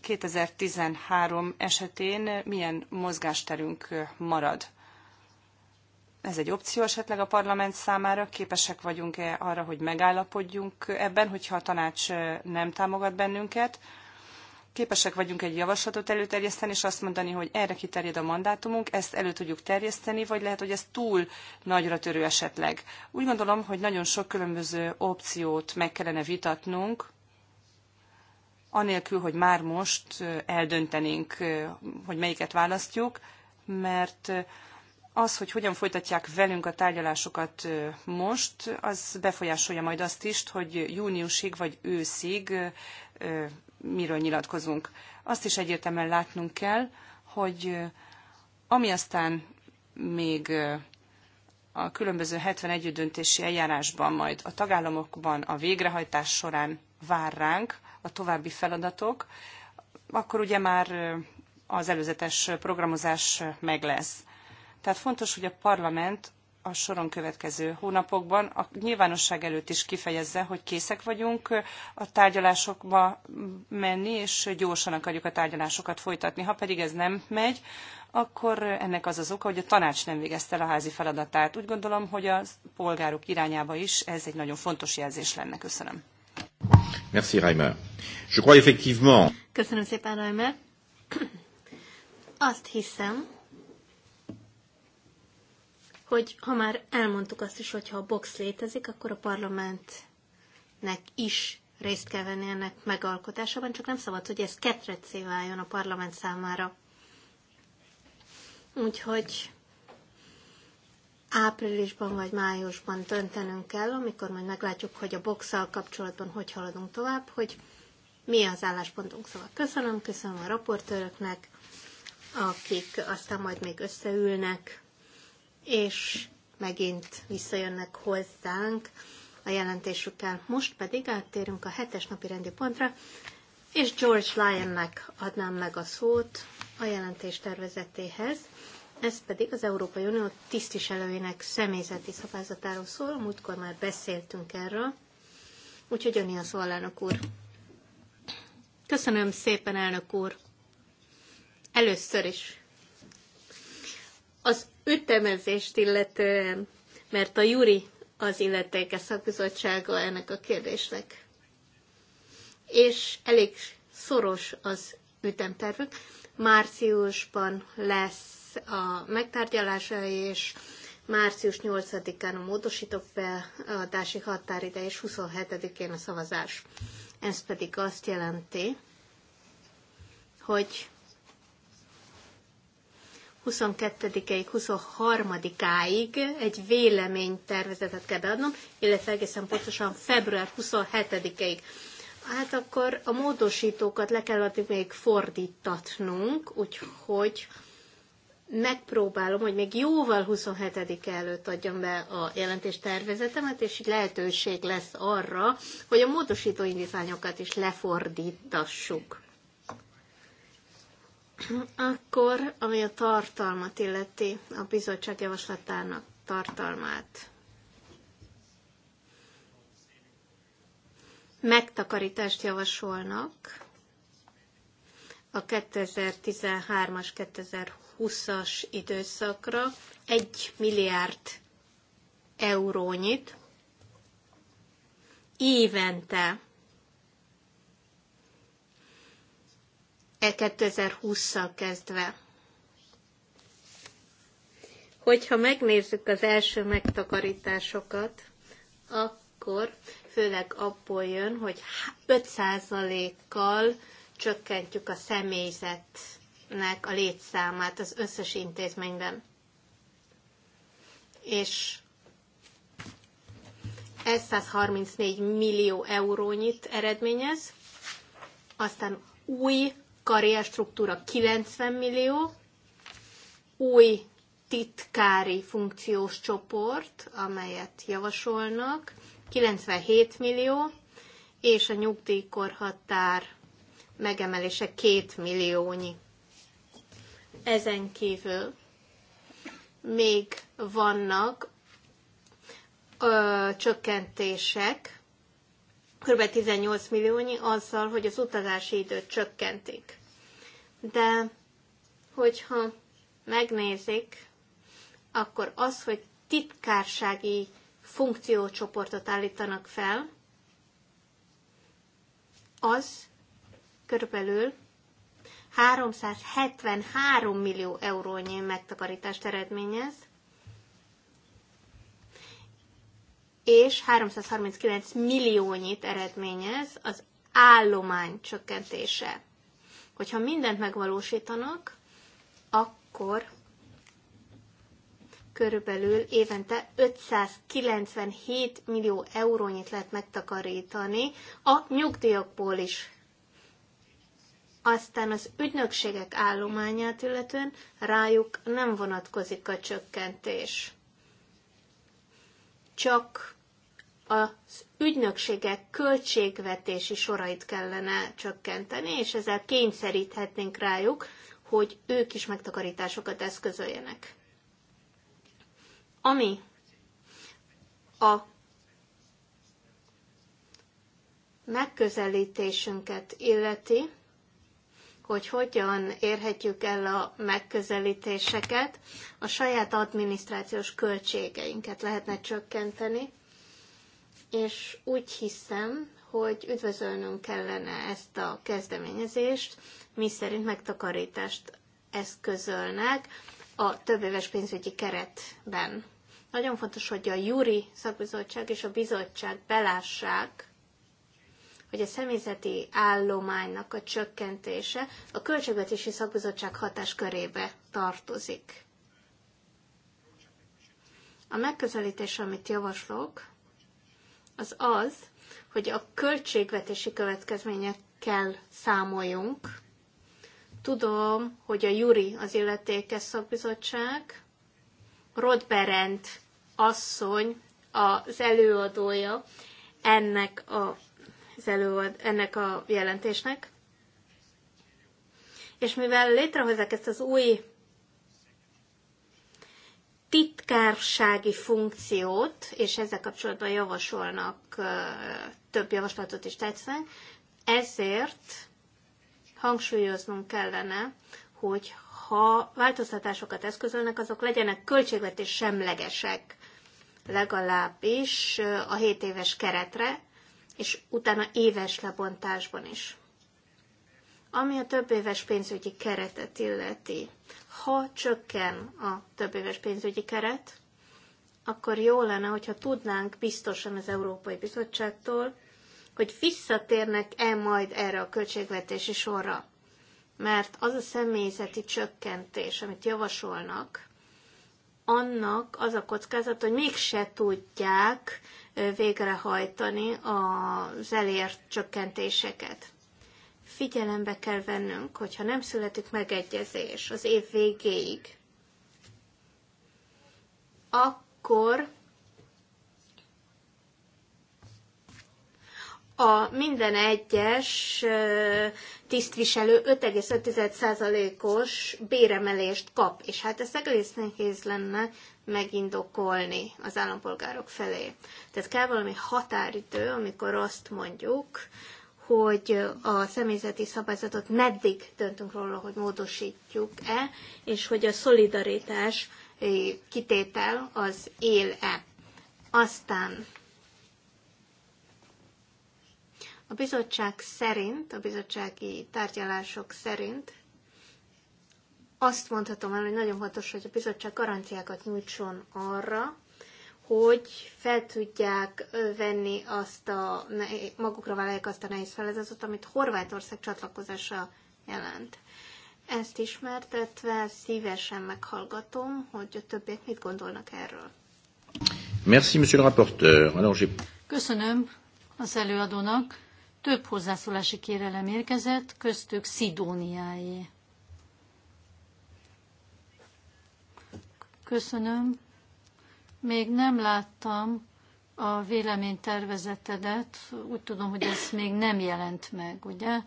2013 esetén milyen mozgásterünk marad. Ez egy opció esetleg a parlament számára, képesek vagyunk-e arra, hogy megállapodjunk ebben, hogyha a tanács nem támogat bennünket, képesek vagyunk egy javaslatot előterjeszteni, és azt mondani, hogy erre kiterjed a mandátumunk, ezt elő tudjuk terjeszteni, vagy lehet, hogy ez túl nagyra törő esetleg. Úgy gondolom, hogy nagyon sok különböző opciót meg kellene vitatnunk, anélkül, hogy már most eldöntenénk, hogy melyiket választjuk, mert az, hogy hogyan folytatják velünk a tárgyalásokat most, az befolyásolja majd azt is, hogy júniusig vagy őszig miről nyilatkozunk. Azt is egyértelműen látnunk kell, hogy ami aztán még a különböző 71 döntési eljárásban, majd a tagállamokban a végrehajtás során vár ránk, a további feladatok, akkor ugye már az előzetes programozás meg lesz. Tehát fontos, hogy a parlament a soron következő hónapokban a nyilvánosság előtt is kifejezze, hogy készek vagyunk a tárgyalásokba menni, és gyorsan akarjuk a tárgyalásokat folytatni. Ha pedig ez nem megy, akkor ennek az az oka, hogy a tanács nem végezte el a házi feladatát. Úgy gondolom, hogy a polgárok irányába is ez egy nagyon fontos jelzés lenne. Köszönöm. Merci, Reimer. Je crois effectivement... Köszönöm szépen, Reimer. Azt hiszem, hogy ha már elmondtuk azt is, hogyha a box létezik, akkor a parlamentnek is részt kell venni ennek megalkotásában, csak nem szabad, hogy ez ketrecé váljon a parlament számára. Úgyhogy áprilisban vagy májusban döntenünk kell, amikor majd meglátjuk, hogy a boxsal kapcsolatban hogy haladunk tovább, hogy mi az álláspontunk. Szóval köszönöm, köszönöm a raportőröknek, akik aztán majd még összeülnek, és megint visszajönnek hozzánk a jelentésükkel. Most pedig áttérünk a hetes napi rendi pontra, és George Lyonnek adnám meg a szót a jelentés tervezetéhez. Ez pedig az Európai Unió tisztviselőinek személyzeti szabályzatáról szól, múltkor már beszéltünk erről, úgyhogy jönni a szó, elnök úr. Köszönöm szépen, elnök úr. Először is az ütemezést illetően, mert a Juri az illetéke szakbizottsága ennek a kérdésnek. És elég szoros az ütemtervük. Márciusban lesz a megtárgyalása, és március 8-án a módosítók beadási határide, és 27-én a szavazás. Ez pedig azt jelenti, hogy 22-ig, 23-áig egy véleménytervezetet kell beadnom, illetve egészen pontosan február 27-ig. Hát akkor a módosítókat le kell adni még fordítatnunk, úgyhogy megpróbálom, hogy még jóval 27-e előtt adjam be a jelentéstervezetemet, és lehetőség lesz arra, hogy a módosító indítványokat is lefordítassuk. Akkor, ami a tartalmat illeti, a bizottság javaslatának tartalmát. Megtakarítást javasolnak a 2013-as, 2020-as időszakra 1 milliárd eurónyit évente e 2020-szal kezdve. Hogyha megnézzük az első megtakarításokat, akkor főleg abból jön, hogy 5%-kal csökkentjük a személyzet nőknek a létszámát az összes intézményben. És 134 millió eurónyit eredményez, aztán új karrierstruktúra 90 millió, új titkári funkciós csoport, amelyet javasolnak, 97 millió, és a nyugdíjkorhatár megemelése 2 milliónyi. Ezen kívül még vannak ö, csökkentések, kb. 18 milliónyi, azzal, hogy az utazási időt csökkentik. De hogyha megnézik, akkor az, hogy titkársági funkciócsoportot állítanak fel, az körülbelül 373 millió eurónyi megtakarítást eredményez, és 339 milliónyit eredményez az állomány csökkentése. Hogyha mindent megvalósítanak, akkor körülbelül évente 597 millió eurónyit lehet megtakarítani a nyugdíjakból is Aztán az ügynökségek állományát illetően rájuk nem vonatkozik a csökkentés. Csak az ügynökségek költségvetési sorait kellene csökkenteni, és ezzel kényszeríthetnénk rájuk, hogy ők is megtakarításokat eszközöljenek. Ami a megközelítésünket illeti, hogy hogyan érhetjük el a megközelítéseket, a saját adminisztrációs költségeinket lehetne csökkenteni, és úgy hiszem, hogy üdvözölnünk kellene ezt a kezdeményezést, mi szerint megtakarítást eszközölnek a éves pénzügyi keretben. Nagyon fontos, hogy a júri szakbizottság és a bizottság belássák, hogy a személyzeti állománynak a csökkentése a Költségvetési Szakbizottság hatáskörébe tartozik. A megközelítés, amit javaslok, az az, hogy a költségvetési következményekkel számoljunk. Tudom, hogy a Juri az illetékes szakbizottság, Rodberend asszony az előadója ennek a az előad, ennek a jelentésnek. És mivel létrehozzák ezt az új titkársági funkciót, és ezzel kapcsolatban javasolnak több javaslatot is tetszenek, ezért hangsúlyoznunk kellene, hogy ha változtatásokat eszközölnek, azok legyenek költségvetés semlegesek legalábbis a 7 éves keretre, és utána éves lebontásban is. Ami a több éves pénzügyi keretet illeti, ha csökken a több éves pénzügyi keret, akkor jó lenne, hogyha tudnánk biztosan az Európai Bizottságtól, hogy visszatérnek-e majd erre a költségvetési sorra. Mert az a személyzeti csökkentés, amit javasolnak, annak az a kockázat, hogy mégse tudják végrehajtani az elért csökkentéseket. Figyelembe kell vennünk, hogyha nem születik megegyezés az év végéig, akkor a minden egyes tisztviselő 5,5%-os béremelést kap, és hát ezt egész nehéz lenne megindokolni az állampolgárok felé. Tehát kell valami határidő, amikor azt mondjuk, hogy a személyzeti szabályzatot meddig döntünk róla, hogy módosítjuk-e, és hogy a szolidaritás kitétel az él-e. Aztán A bizottság szerint, a bizottsági tárgyalások szerint azt mondhatom el, hogy nagyon fontos, hogy a bizottság garanciákat nyújtson arra, hogy fel tudják venni azt a, magukra vállalják azt a nehéz feladatot, amit Horvátország csatlakozása jelent. Ezt ismertetve szívesen meghallgatom, hogy a többiek mit gondolnak erről. Merci, monsieur le rapporteur. Alors, Köszönöm az előadónak. Több hozzászólási kérelem érkezett, köztük Szidóniáé. Köszönöm. Még nem láttam a véleménytervezetedet, úgy tudom, hogy ez még nem jelent meg, ugye?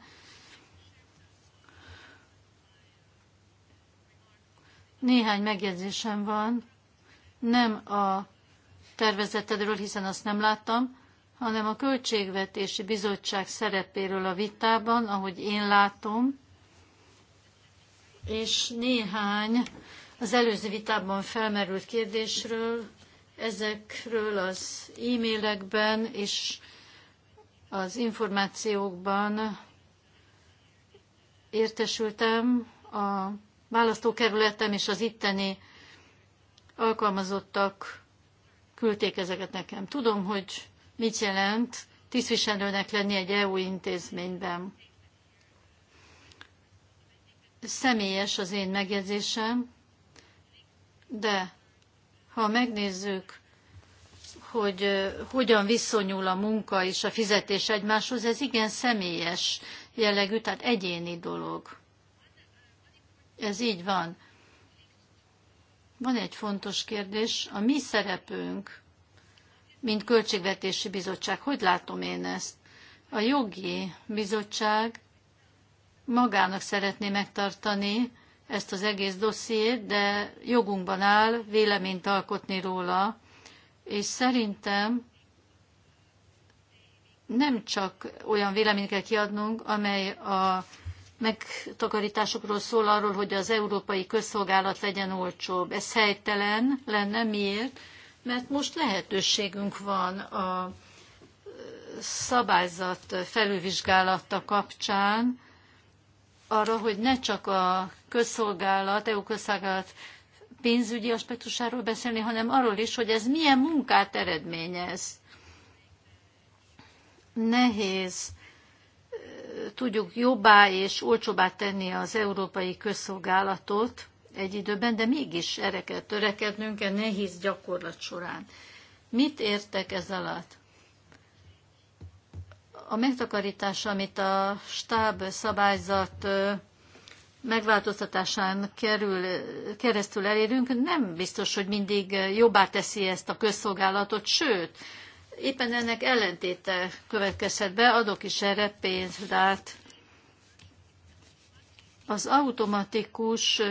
Néhány megjegyzésem van, nem a tervezetedről, hiszen azt nem láttam, hanem a Költségvetési Bizottság szerepéről a vitában, ahogy én látom, és néhány az előző vitában felmerült kérdésről, ezekről az e-mailekben és az információkban értesültem a választókerületem és az itteni alkalmazottak küldték ezeket nekem. Tudom, hogy mit jelent tisztviselőnek lenni egy EU intézményben. Személyes az én megjegyzésem, de ha megnézzük, hogy hogyan viszonyul a munka és a fizetés egymáshoz, ez igen személyes jellegű, tehát egyéni dolog. Ez így van. Van egy fontos kérdés, a mi szerepünk mint költségvetési bizottság. Hogy látom én ezt? A jogi bizottság magának szeretné megtartani ezt az egész dossziét, de jogunkban áll véleményt alkotni róla, és szerintem nem csak olyan véleményt kell kiadnunk, amely a megtakarításokról szól arról, hogy az európai közszolgálat legyen olcsóbb. Ez helytelen lenne. Miért? mert most lehetőségünk van a szabályzat felülvizsgálata kapcsán arra, hogy ne csak a közszolgálat, EU közszolgálat pénzügyi aspektusáról beszélni, hanem arról is, hogy ez milyen munkát eredményez. Nehéz tudjuk jobbá és olcsóbbá tenni az európai közszolgálatot, egy időben, de mégis erre kell törekednünk a nehéz gyakorlat során. Mit értek ez alatt? A megtakarítás, amit a stáb szabályzat megváltoztatásán kerül, keresztül elérünk, nem biztos, hogy mindig jobbá teszi ezt a közszolgálatot, sőt, éppen ennek ellentéte következhet be, adok is erre példát. Az automatikus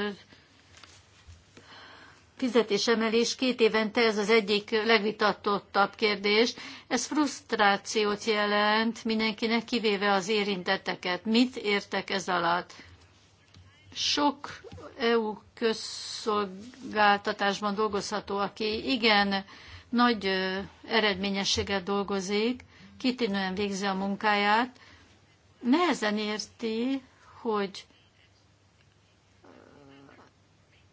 fizetésemelés két évente ez az egyik legvitatottabb kérdés. Ez frusztrációt jelent mindenkinek, kivéve az érintetteket. Mit értek ez alatt? Sok EU közszolgáltatásban dolgozható, aki igen nagy eredményességet dolgozik, kitűnően végzi a munkáját, nehezen érti, hogy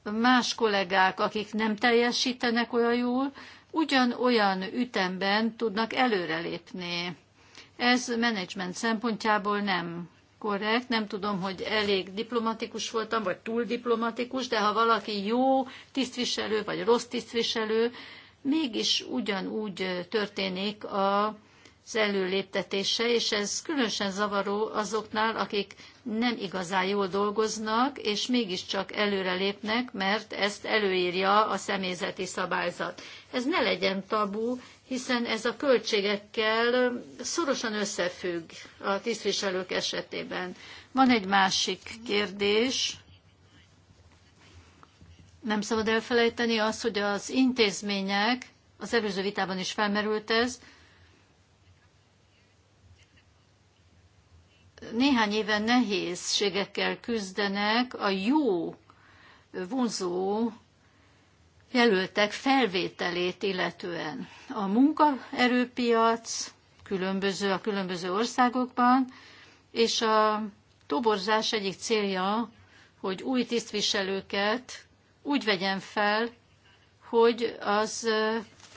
más kollégák, akik nem teljesítenek olyan jól, ugyanolyan ütemben tudnak előrelépni. Ez menedzsment szempontjából nem korrekt, nem tudom, hogy elég diplomatikus voltam, vagy túl diplomatikus, de ha valaki jó tisztviselő, vagy rossz tisztviselő, mégis ugyanúgy történik a az előléptetése, és ez különösen zavaró azoknál, akik nem igazán jól dolgoznak, és mégiscsak előre lépnek, mert ezt előírja a személyzeti szabályzat. Ez ne legyen tabu, hiszen ez a költségekkel szorosan összefügg a tisztviselők esetében. Van egy másik kérdés. Nem szabad elfelejteni azt, hogy az intézmények, az előző vitában is felmerült ez, néhány éve nehézségekkel küzdenek a jó vonzó jelöltek felvételét illetően. A munkaerőpiac különböző a különböző országokban, és a toborzás egyik célja, hogy új tisztviselőket úgy vegyen fel, hogy az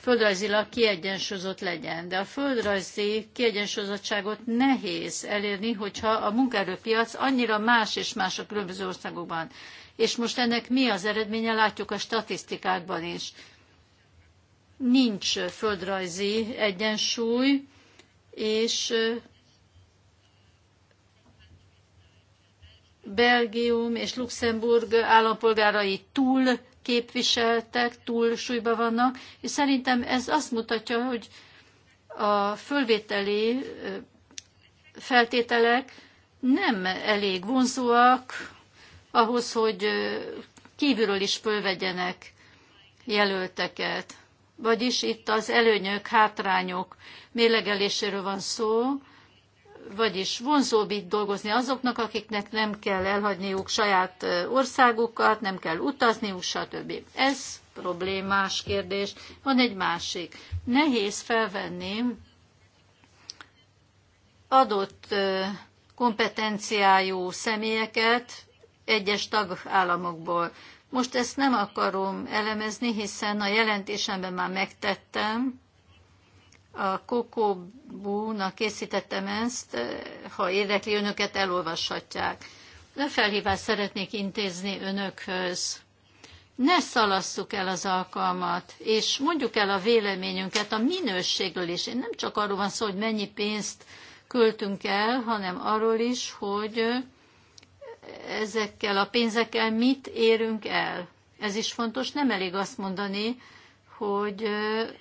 földrajzilag kiegyensúlyozott legyen. De a földrajzi kiegyensúlyozottságot nehéz elérni, hogyha a munkaerőpiac annyira más és más a különböző országokban. És most ennek mi az eredménye, látjuk a statisztikákban is. Nincs földrajzi egyensúly, és Belgium és Luxemburg állampolgárai túl képviseltek, túlsúlyban vannak, és szerintem ez azt mutatja, hogy a fölvételi feltételek nem elég vonzóak ahhoz, hogy kívülről is fölvegyenek jelölteket. Vagyis itt az előnyök, hátrányok mélegeléséről van szó, vagyis vonzóbbit dolgozni azoknak, akiknek nem kell elhagyniuk saját országukat, nem kell utazniuk, stb. Ez problémás kérdés. Van egy másik. Nehéz felvenni adott kompetenciájú személyeket egyes tagállamokból. Most ezt nem akarom elemezni, hiszen a jelentésemben már megtettem, a Kokóbúnak készített emenzt, ha érdekli önöket, elolvashatják. De felhívást szeretnék intézni önökhöz. Ne szalasszuk el az alkalmat, és mondjuk el a véleményünket a minőségről is. Én nem csak arról van szó, hogy mennyi pénzt költünk el, hanem arról is, hogy ezekkel a pénzekkel mit érünk el. Ez is fontos, nem elég azt mondani, hogy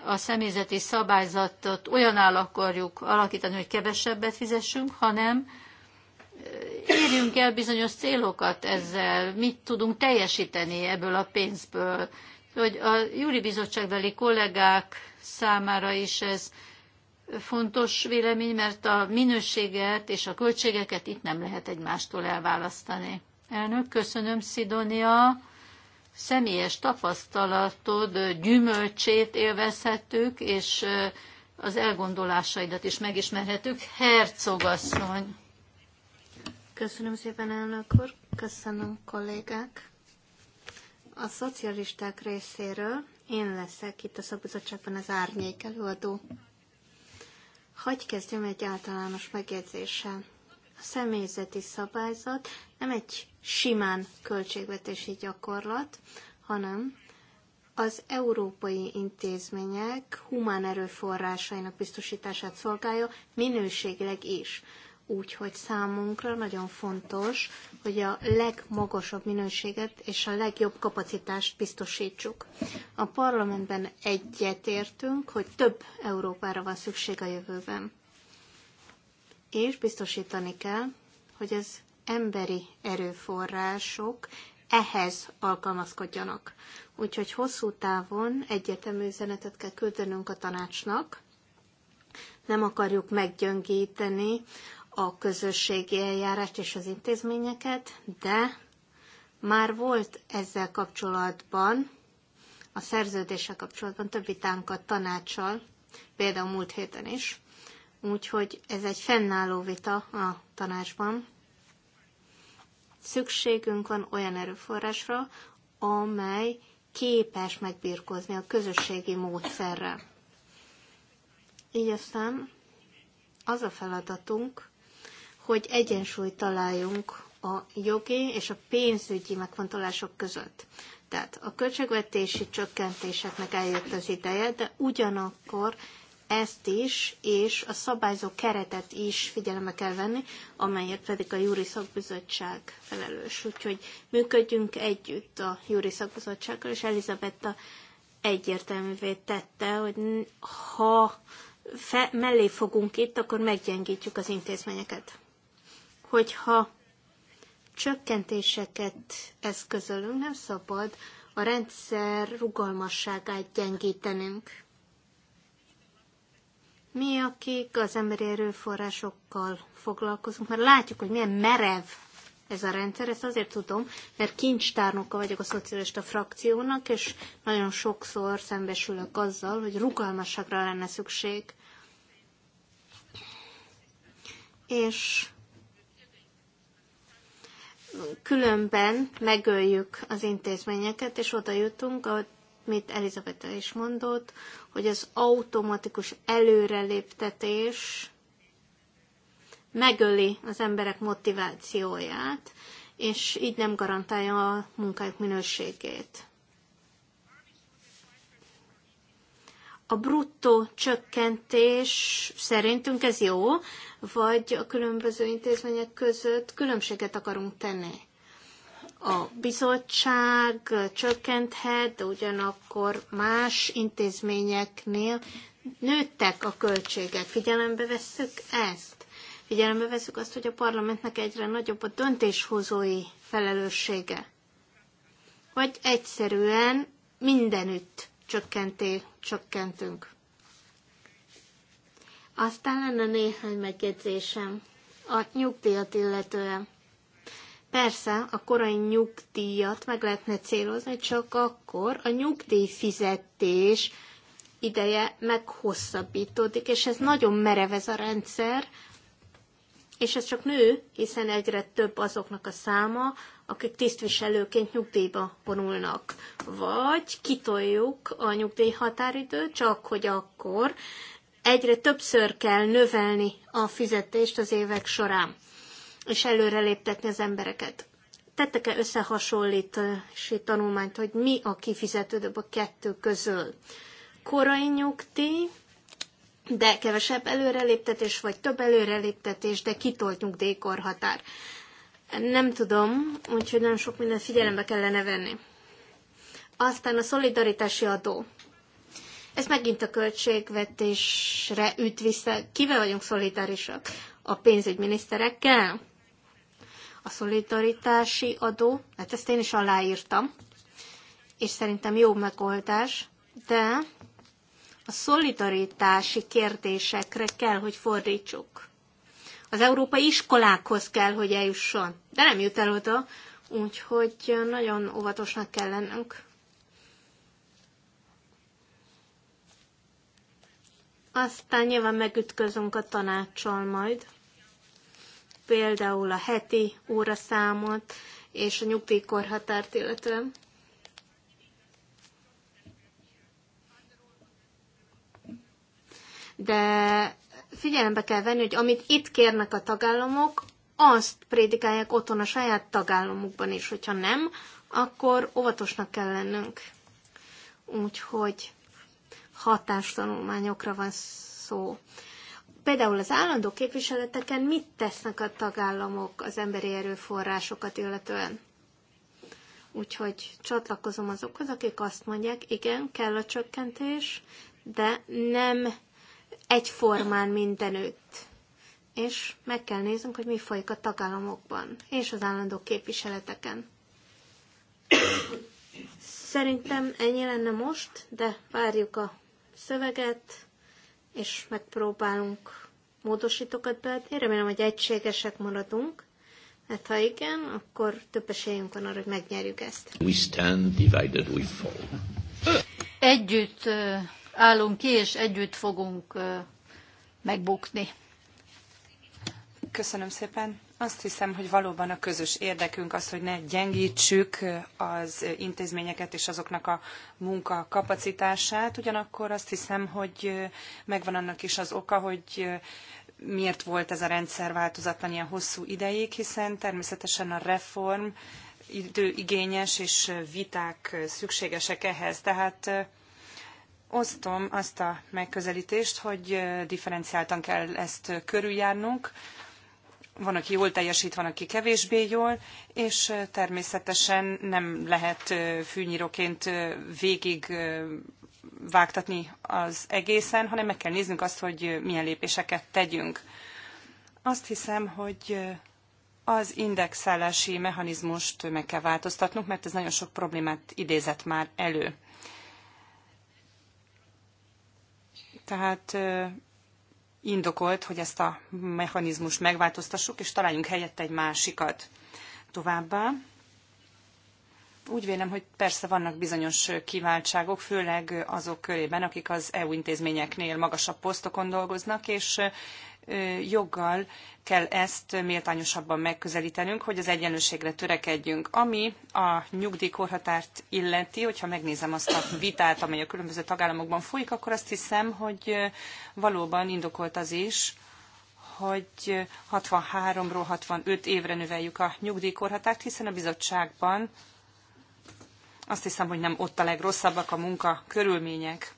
a személyzeti szabályzatot olyan áll akarjuk alakítani, hogy kevesebbet fizessünk, hanem érjünk el bizonyos célokat ezzel, mit tudunk teljesíteni ebből a pénzből, hogy a júli bizottságbeli kollégák számára is ez fontos vélemény, mert a minőséget és a költségeket itt nem lehet egymástól elválasztani. Elnök, köszönöm, Szidonia személyes tapasztalatod gyümölcsét élvezhetők, és az elgondolásaidat is megismerhetők. Hercogasszony. Köszönöm szépen, elnök úr. Köszönöm, kollégák. A szocialisták részéről én leszek itt a szakbizottságban az árnyék előadó. Hagy kezdjem egy általános megjegyzéssel személyzeti szabályzat nem egy simán költségvetési gyakorlat, hanem az európai intézmények humán erőforrásainak biztosítását szolgálja minőségileg is. Úgyhogy számunkra nagyon fontos, hogy a legmagasabb minőséget és a legjobb kapacitást biztosítsuk. A parlamentben egyetértünk, hogy több Európára van szükség a jövőben és biztosítani kell, hogy az emberi erőforrások ehhez alkalmazkodjanak. Úgyhogy hosszú távon egyetemű üzenetet kell küldenünk a tanácsnak. Nem akarjuk meggyöngíteni a közösségi eljárást és az intézményeket, de már volt ezzel kapcsolatban, a szerződéssel kapcsolatban több vitánk a tanácssal, például múlt héten is, Úgyhogy ez egy fennálló vita a tanácsban. Szükségünk van olyan erőforrásra, amely képes megbírkozni a közösségi módszerrel. Így aztán az a feladatunk, hogy egyensúlyt találjunk a jogi és a pénzügyi megfontolások között. Tehát a költségvetési csökkentéseknek eljött az ideje, de ugyanakkor ezt is, és a szabályzó keretet is figyelembe kell venni, amelyet pedig a Júri Szakbizottság felelős. Úgyhogy működjünk együtt a Júri Szakbizottsággal, és Elizabetta egyértelművé tette, hogy ha fe, mellé fogunk itt, akkor meggyengítjük az intézményeket. Hogyha csökkentéseket eszközölünk, nem szabad a rendszer rugalmasságát gyengítenünk mi, akik az emberi erőforrásokkal foglalkozunk, mert látjuk, hogy milyen merev ez a rendszer, ezt azért tudom, mert kincstárnoka vagyok a szocialista frakciónak, és nagyon sokszor szembesülök azzal, hogy rugalmasságra lenne szükség. És különben megöljük az intézményeket, és oda jutunk, amit Elizabeth is mondott, hogy az automatikus előreléptetés megöli az emberek motivációját, és így nem garantálja a munkájuk minőségét. A bruttó csökkentés szerintünk ez jó, vagy a különböző intézmények között különbséget akarunk tenni? a bizottság csökkenthet, de ugyanakkor más intézményeknél nőttek a költségek. Figyelembe vesszük ezt. Figyelembe vesszük azt, hogy a parlamentnek egyre nagyobb a döntéshozói felelőssége. Vagy egyszerűen mindenütt csökkenté, csökkentünk. Aztán lenne néhány megjegyzésem a nyugdíjat illetően. Persze, a korai nyugdíjat meg lehetne célozni, csak akkor a nyugdíjfizetés ideje meghosszabbítódik, és ez nagyon merev ez a rendszer, és ez csak nő, hiszen egyre több azoknak a száma, akik tisztviselőként nyugdíjba vonulnak. Vagy kitoljuk a nyugdíjhatáridőt, csak hogy akkor egyre többször kell növelni a fizetést az évek során és előreléptetni az embereket. Tettek-e összehasonlítási tanulmányt, hogy mi a kifizetődőbb a kettő közül? Korai nyugdíj, de kevesebb előreléptetés, vagy több előreléptetés, de kitolt nyugdíjkorhatár. Nem tudom, úgyhogy nem sok minden figyelembe kellene venni. Aztán a szolidaritási adó. Ez megint a költségvetésre üt vissza. Kivel vagyunk szolidárisak? A pénzügyminiszterekkel? a szolidaritási adó, hát ezt én is aláírtam, és szerintem jó megoldás, de a szolidaritási kérdésekre kell, hogy fordítsuk. Az európai iskolákhoz kell, hogy eljusson, de nem jut el oda, úgyhogy nagyon óvatosnak kell lennünk. Aztán nyilván megütközünk a tanácsal majd például a heti óraszámot és a nyugdíjkorhatárt illetően. De figyelembe kell venni, hogy amit itt kérnek a tagállamok, azt prédikálják otthon a saját tagállamukban is. Hogyha nem, akkor óvatosnak kell lennünk. Úgyhogy hatástanulmányokra van szó. Például az állandó képviseleteken mit tesznek a tagállamok az emberi erőforrásokat illetően? Úgyhogy csatlakozom azokhoz, akik azt mondják, igen, kell a csökkentés, de nem egyformán mindenütt. És meg kell néznünk, hogy mi folyik a tagállamokban és az állandó képviseleteken. Szerintem ennyi lenne most, de várjuk a szöveget és megpróbálunk módosítókat beadni. Remélem, hogy egységesek maradunk, mert ha igen, akkor több esélyünk van arra, hogy megnyerjük ezt. We stand divided, we fall. Együtt állunk ki, és együtt fogunk megbukni. Köszönöm szépen. Azt hiszem, hogy valóban a közös érdekünk az, hogy ne gyengítsük az intézményeket és azoknak a munkakapacitását. Ugyanakkor azt hiszem, hogy megvan annak is az oka, hogy miért volt ez a rendszer változatlan ilyen hosszú ideig, hiszen természetesen a reform időigényes és viták szükségesek ehhez. Tehát osztom azt a megközelítést, hogy differenciáltan kell ezt körüljárnunk van, aki jól teljesít, van, aki kevésbé jól, és természetesen nem lehet fűnyíróként végig vágtatni az egészen, hanem meg kell néznünk azt, hogy milyen lépéseket tegyünk. Azt hiszem, hogy az indexálási mechanizmust meg kell változtatnunk, mert ez nagyon sok problémát idézett már elő. Tehát indokolt, hogy ezt a mechanizmust megváltoztassuk, és találjunk helyette egy másikat. Továbbá úgy vélem, hogy persze vannak bizonyos kiváltságok, főleg azok körében, akik az EU intézményeknél magasabb posztokon dolgoznak, és joggal kell ezt méltányosabban megközelítenünk, hogy az egyenlőségre törekedjünk. Ami a nyugdíjkorhatárt illeti, hogyha megnézem azt a vitát, amely a különböző tagállamokban folyik, akkor azt hiszem, hogy valóban indokolt az is, hogy 63-ról 65 évre növeljük a nyugdíjkorhatárt, hiszen a bizottságban azt hiszem, hogy nem ott a legrosszabbak a munka körülmények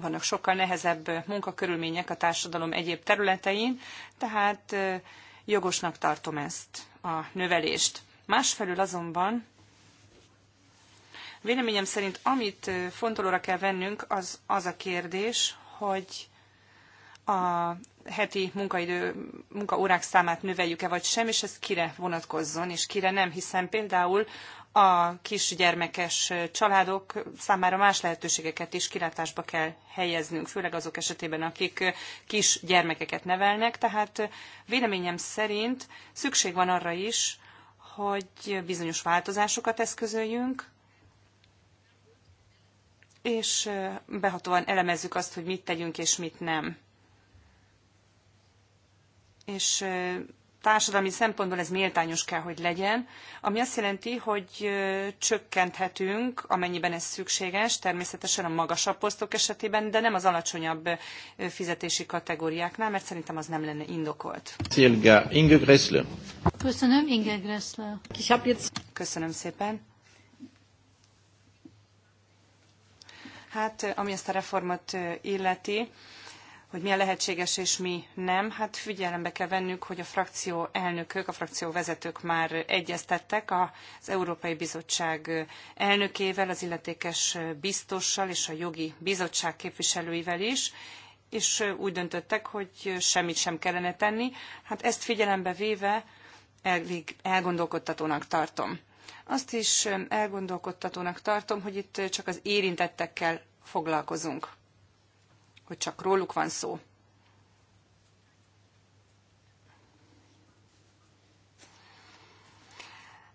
vannak sokkal nehezebb munkakörülmények a társadalom egyéb területein, tehát jogosnak tartom ezt a növelést. Másfelül azonban véleményem szerint amit fontolóra kell vennünk, az az a kérdés, hogy a heti munkaidő, munkaórák számát növeljük-e vagy sem, és ez kire vonatkozzon, és kire nem, hiszen például a kisgyermekes családok számára más lehetőségeket is kilátásba kell helyeznünk, főleg azok esetében, akik kis gyermekeket nevelnek. Tehát véleményem szerint szükség van arra is, hogy bizonyos változásokat eszközöljünk, és behatóan elemezzük azt, hogy mit tegyünk és mit nem. És társadalmi szempontból ez méltányos kell, hogy legyen, ami azt jelenti, hogy csökkenthetünk, amennyiben ez szükséges, természetesen a magasabb posztok esetében, de nem az alacsonyabb fizetési kategóriáknál, mert szerintem az nem lenne indokolt. Szilga, Inge Gressler. Köszönöm, Inge Gressler. Köszönöm szépen. Hát, ami ezt a reformot illeti, hogy mi a lehetséges és mi nem. Hát figyelembe kell vennünk, hogy a frakció elnökök, a frakció vezetők már egyeztettek az Európai Bizottság elnökével, az illetékes biztossal és a jogi bizottság képviselőivel is, és úgy döntöttek, hogy semmit sem kellene tenni. Hát ezt figyelembe véve elég elgondolkodtatónak tartom. Azt is elgondolkodtatónak tartom, hogy itt csak az érintettekkel foglalkozunk hogy csak róluk van szó.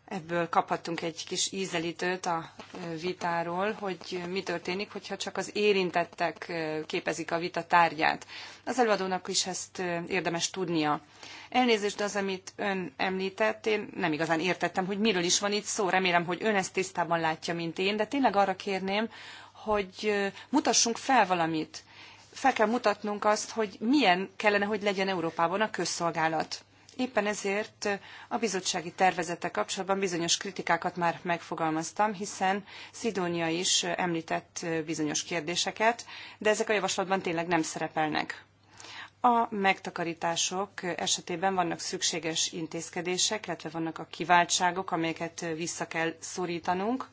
Ebből kaphattunk egy kis ízelítőt a e, vitáról, hogy e, mi történik, hogyha csak az érintettek e, képezik a vita tárgyát. Az előadónak is ezt érdemes tudnia. Elnézést, de az, amit ön említett, én nem igazán értettem, hogy miről is van itt szó. Remélem, hogy ön ezt tisztában látja, mint én, de tényleg arra kérném, hogy mutassunk fel valamit fel kell mutatnunk azt, hogy milyen kellene, hogy legyen Európában a közszolgálat. Éppen ezért a bizottsági tervezete kapcsolatban bizonyos kritikákat már megfogalmaztam, hiszen Szidónia is említett bizonyos kérdéseket, de ezek a javaslatban tényleg nem szerepelnek. A megtakarítások esetében vannak szükséges intézkedések, illetve vannak a kiváltságok, amelyeket vissza kell szorítanunk.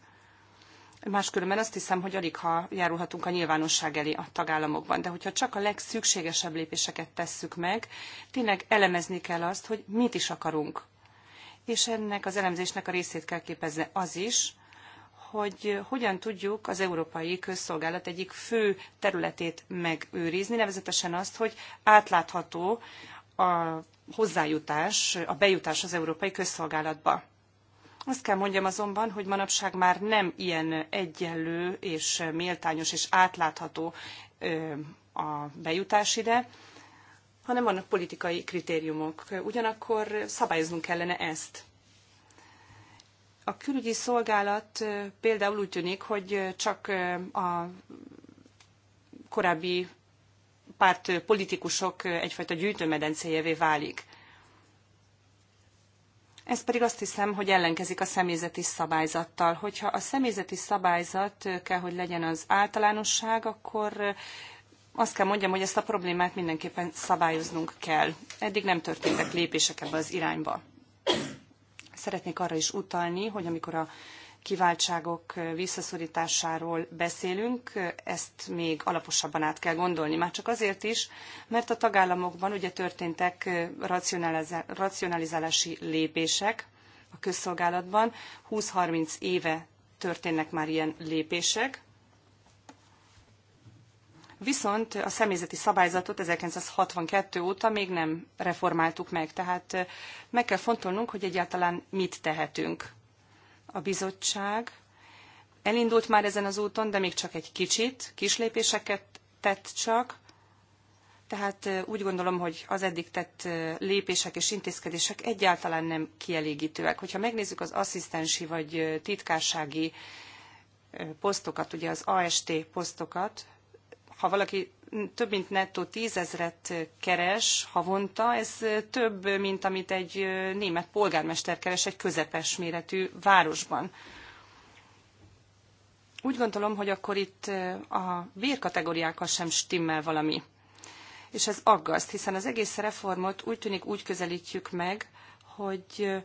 Máskülönben azt hiszem, hogy alig ha járulhatunk a nyilvánosság elé a tagállamokban, de hogyha csak a legszükségesebb lépéseket tesszük meg, tényleg elemezni kell azt, hogy mit is akarunk. És ennek az elemzésnek a részét kell képezni az is, hogy hogyan tudjuk az európai közszolgálat egyik fő területét megőrizni, nevezetesen azt, hogy átlátható a hozzájutás, a bejutás az európai közszolgálatba. Azt kell mondjam azonban, hogy manapság már nem ilyen egyenlő és méltányos és átlátható a bejutás ide, hanem vannak politikai kritériumok. Ugyanakkor szabályoznunk kellene ezt. A külügyi szolgálat például úgy tűnik, hogy csak a korábbi párt politikusok egyfajta gyűjtőmedencéjévé válik. Ez pedig azt hiszem, hogy ellenkezik a személyzeti szabályzattal. Hogyha a személyzeti szabályzat kell, hogy legyen az általánosság, akkor eh, azt kell mondjam, hogy ezt a problémát mindenképpen szabályoznunk kell. Eddig nem történtek lépések ebbe az irányba. Szeretnék arra is utalni, hogy amikor a kiváltságok visszaszorításáról beszélünk, ezt még alaposabban át kell gondolni. Már csak azért is, mert a tagállamokban ugye történtek racionalizálási lépések a közszolgálatban. 20-30 éve történnek már ilyen lépések. Viszont a személyzeti szabályzatot 1962 óta még nem reformáltuk meg, tehát meg kell fontolnunk, hogy egyáltalán mit tehetünk a bizottság elindult már ezen az úton, de még csak egy kicsit, kislépéseket tett csak, tehát úgy gondolom, hogy az eddig tett lépések és intézkedések egyáltalán nem kielégítőek. Hogyha megnézzük az asszisztensi vagy titkársági posztokat, ugye az AST posztokat, ha valaki több mint nettó tízezret keres havonta, ez több, mint amit egy német polgármester keres egy közepes méretű városban. Úgy gondolom, hogy akkor itt a bérkategóriákkal sem stimmel valami. És ez aggaszt, hiszen az egész reformot úgy tűnik úgy közelítjük meg, hogy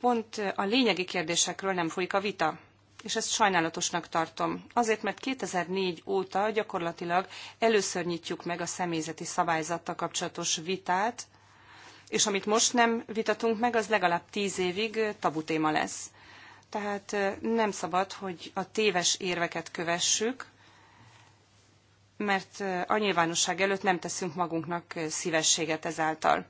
pont a lényegi kérdésekről nem folyik a vita és ezt sajnálatosnak tartom. Azért, mert 2004 óta gyakorlatilag először nyitjuk meg a személyzeti szabályzattal kapcsolatos vitát, és amit most nem vitatunk meg, az legalább tíz évig tabu téma lesz. Tehát nem szabad, hogy a téves érveket kövessük, mert a nyilvánosság előtt nem teszünk magunknak szívességet ezáltal.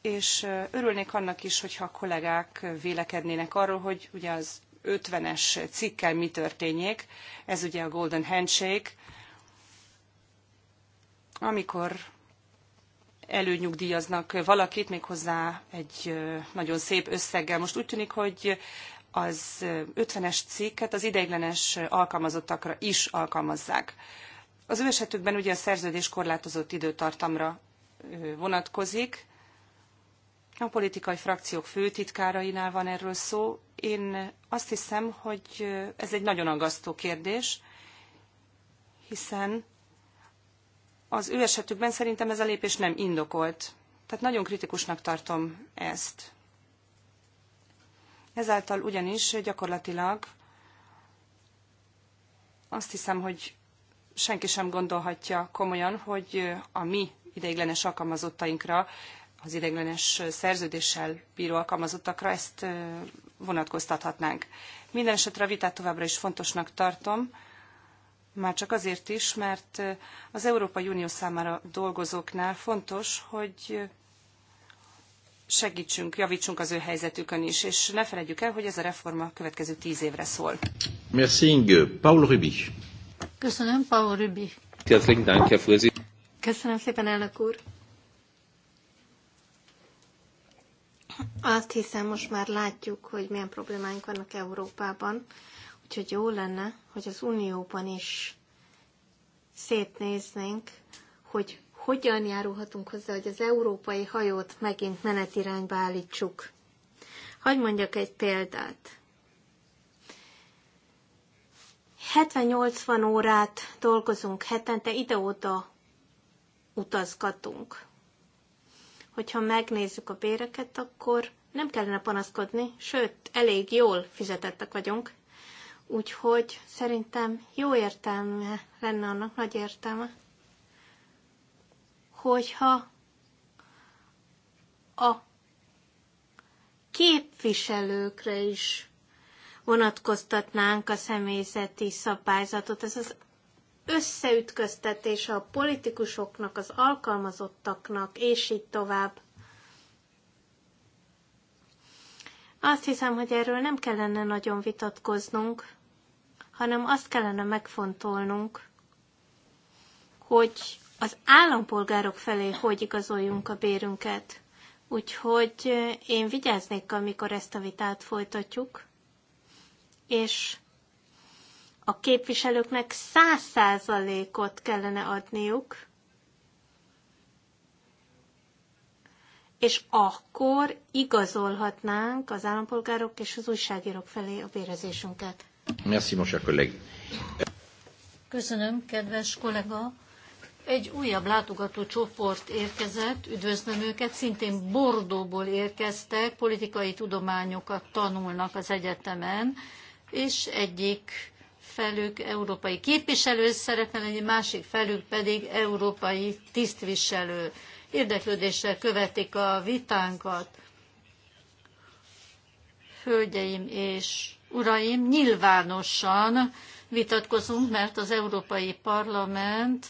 És örülnék annak is, hogyha a kollégák vélekednének arról, hogy ugye az 50-es cikkel mi történjék, ez ugye a Golden Handshake, amikor előnyugdíjaznak valakit, méghozzá egy nagyon szép összeggel. Most úgy tűnik, hogy az 50-es cikket az ideiglenes alkalmazottakra is alkalmazzák. Az ő esetükben ugye a szerződés korlátozott időtartamra vonatkozik, a politikai frakciók főtitkárainál van erről szó. Én azt hiszem, hogy ez egy nagyon aggasztó kérdés, hiszen az ő esetükben szerintem ez a lépés nem indokolt. Tehát nagyon kritikusnak tartom ezt. Ezáltal ugyanis gyakorlatilag azt hiszem, hogy senki sem gondolhatja komolyan, hogy a mi ideiglenes alkalmazottainkra az ideiglenes szerződéssel bíró alkalmazottakra ezt vonatkoztathatnánk. Minden esetre a vitát továbbra is fontosnak tartom, már csak azért is, mert az Európai Unió számára dolgozóknál fontos, hogy segítsünk, javítsunk az ő helyzetükön is, és ne felejtjük el, hogy ez a reforma következő tíz évre szól. Merci Inge. Paul Rübi. Köszönöm, Paul Rübi. Köszönöm szépen, elnök úr. Azt hiszem, most már látjuk, hogy milyen problémáink vannak Európában, úgyhogy jó lenne, hogy az Unióban is szétnéznénk, hogy hogyan járulhatunk hozzá, hogy az európai hajót megint menetirányba állítsuk. Hagy mondjak egy példát. 70-80 órát dolgozunk hetente, ide-oda utazgatunk hogyha megnézzük a béreket, akkor nem kellene panaszkodni, sőt, elég jól fizetettek vagyunk. Úgyhogy szerintem jó értelme lenne annak, nagy értelme, hogyha a képviselőkre is vonatkoztatnánk a személyzeti szabályzatot. Ez az összeütköztetése a politikusoknak, az alkalmazottaknak, és így tovább. Azt hiszem, hogy erről nem kellene nagyon vitatkoznunk, hanem azt kellene megfontolnunk, hogy az állampolgárok felé hogy igazoljunk a bérünket. Úgyhogy én vigyáznék, amikor ezt a vitát folytatjuk, és a képviselőknek száz százalékot kellene adniuk, és akkor igazolhatnánk az állampolgárok és az újságírók felé a vérezésünket. Merci, mon cher Köszönöm, kedves kollega. Egy újabb látogató csoport érkezett, üdvözlöm őket, szintén Bordóból érkeztek, politikai tudományokat tanulnak az egyetemen, és egyik felük európai képviselő szeretne lenni, másik felük pedig európai tisztviselő. Érdeklődéssel követik a vitánkat. Hölgyeim és uraim, nyilvánosan vitatkozunk, mert az Európai Parlament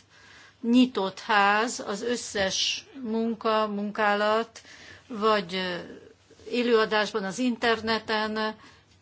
nyitott ház, az összes munka, munkálat, vagy élőadásban az interneten,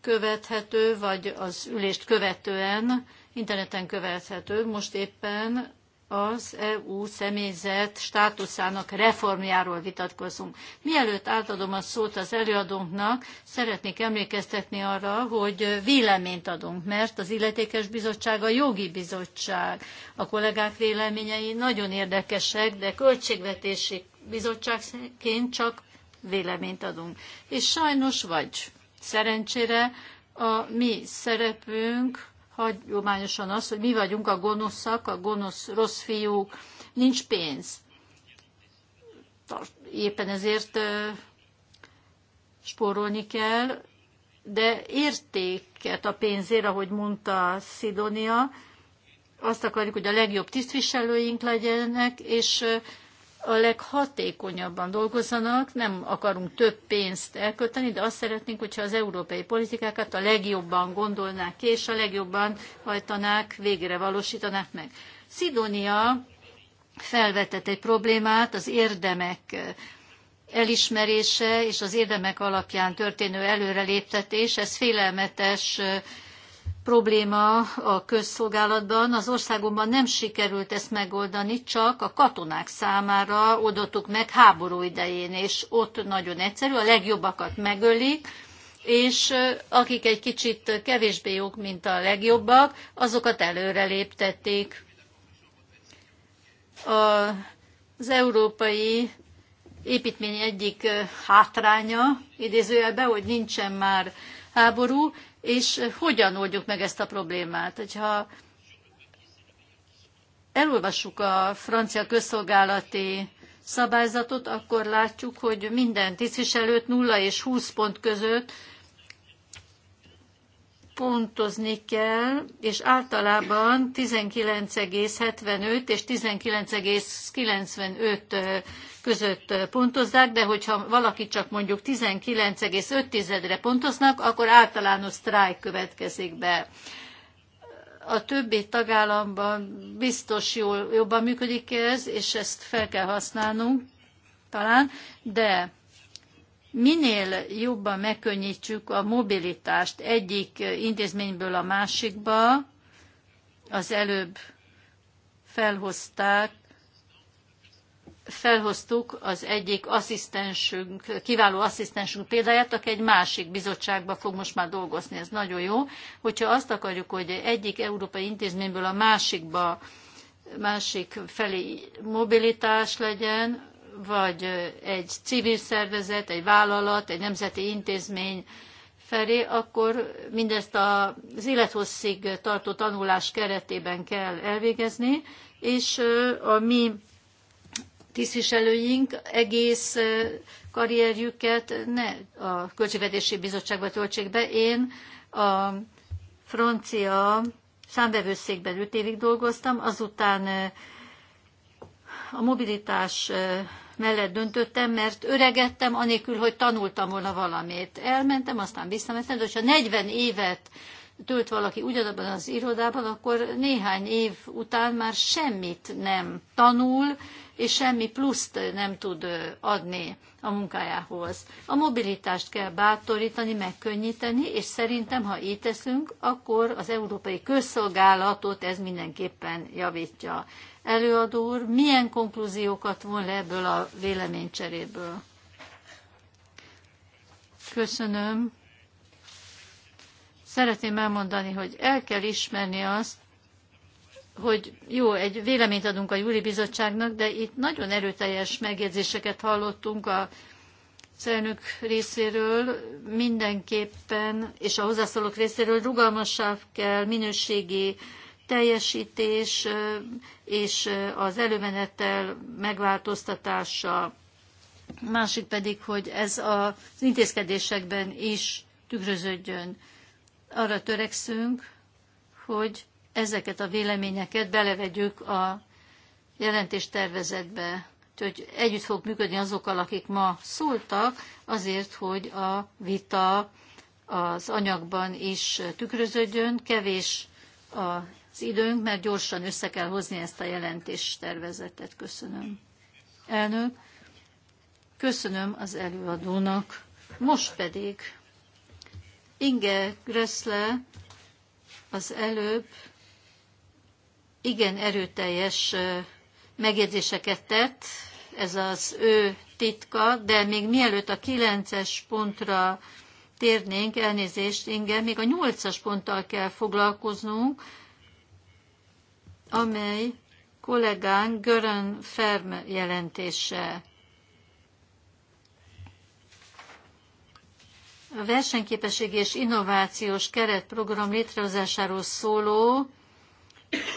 követhető, vagy az ülést követően interneten követhető. Most éppen az EU személyzet státuszának reformjáról vitatkozunk. Mielőtt átadom a szót az előadónknak, szeretnék emlékeztetni arra, hogy véleményt adunk, mert az illetékes bizottság a jogi bizottság. A kollégák véleményei nagyon érdekesek, de költségvetési bizottságként csak véleményt adunk. És sajnos vagy Szerencsére a mi szerepünk hagyományosan az, hogy mi vagyunk a gonoszak, a gonosz rossz fiúk, nincs pénz. Éppen ezért spórolni kell, de értéket a pénzért, ahogy mondta Szidonia, azt akarjuk, hogy a legjobb tisztviselőink legyenek, és a leghatékonyabban dolgozzanak, nem akarunk több pénzt elkölteni, de azt szeretnénk, hogyha az európai politikákat a legjobban gondolnák ki, és a legjobban hajtanák, végre valósítanák meg. Szidónia felvetett egy problémát, az érdemek elismerése és az érdemek alapján történő előreléptetés, ez félelmetes probléma a közszolgálatban. Az országomban nem sikerült ezt megoldani, csak a katonák számára oldottuk meg háború idején, és ott nagyon egyszerű, a legjobbakat megölik, és akik egy kicsit kevésbé jók, mint a legjobbak, azokat előre léptették. Az európai építmény egyik hátránya, idézőjelben, hogy nincsen már háború, és hogyan oldjuk meg ezt a problémát. Hogyha elolvassuk a francia közszolgálati szabályzatot, akkor látjuk, hogy minden tisztviselőt 0 és 20 pont között pontozni kell, és általában 19,75 és 19,95 között pontozzák, de hogyha valaki csak mondjuk 19,5-re pontoznak, akkor általános sztrájk következik be. A többi tagállamban biztos jól, jobban működik ez, és ezt fel kell használnunk talán, de minél jobban megkönnyítsük a mobilitást egyik intézményből a másikba, az előbb felhozták, felhoztuk az egyik asszisztensünk, kiváló asszisztensünk példáját, aki egy másik bizottságba fog most már dolgozni. Ez nagyon jó. Hogyha azt akarjuk, hogy egyik európai intézményből a másikba, másik felé mobilitás legyen, vagy egy civil szervezet, egy vállalat, egy nemzeti intézmény felé, akkor mindezt az élethosszig tartó tanulás keretében kell elvégezni, és a mi tisztviselőink egész karrierjüket ne a Költségvetési Bizottságba töltsék be. Én a francia számvevőszékben 5 évig dolgoztam, azután a mobilitás mellett döntöttem, mert öregettem, anélkül, hogy tanultam volna valamit. Elmentem, aztán visszamentem, de hogyha 40 évet tölt valaki ugyanabban az irodában, akkor néhány év után már semmit nem tanul, és semmi pluszt nem tud adni a munkájához. A mobilitást kell bátorítani, megkönnyíteni, és szerintem, ha így teszünk, akkor az európai közszolgálatot ez mindenképpen javítja előadó úr milyen konklúziókat von le ebből a véleménycseréből. Köszönöm. Szeretném elmondani, hogy el kell ismerni azt, hogy jó, egy véleményt adunk a Júli Bizottságnak, de itt nagyon erőteljes megjegyzéseket hallottunk a elnök részéről mindenképpen, és a hozzászólók részéről rugalmasság kell, minőségi teljesítés, és az előmenetel megváltoztatása, másik pedig, hogy ez az intézkedésekben is tükröződjön. Arra törekszünk, hogy ezeket a véleményeket belevegyük a jelentéstervezetbe. Úgyhogy együtt fog működni azokkal, akik ma szóltak, azért, hogy a vita az anyagban is tükröződjön. Kevés a az időnk, mert gyorsan össze kell hozni ezt a jelentés tervezetet. Köszönöm. Elnök, köszönöm az előadónak. Most pedig Inge Grössle az előbb igen erőteljes megjegyzéseket tett, ez az ő titka, de még mielőtt a kilences pontra térnénk, elnézést, Inge, még a nyolcas ponttal kell foglalkoznunk, amely kollégánk Görön Ferm jelentése. A versenyképesség és innovációs keretprogram létrehozásáról szóló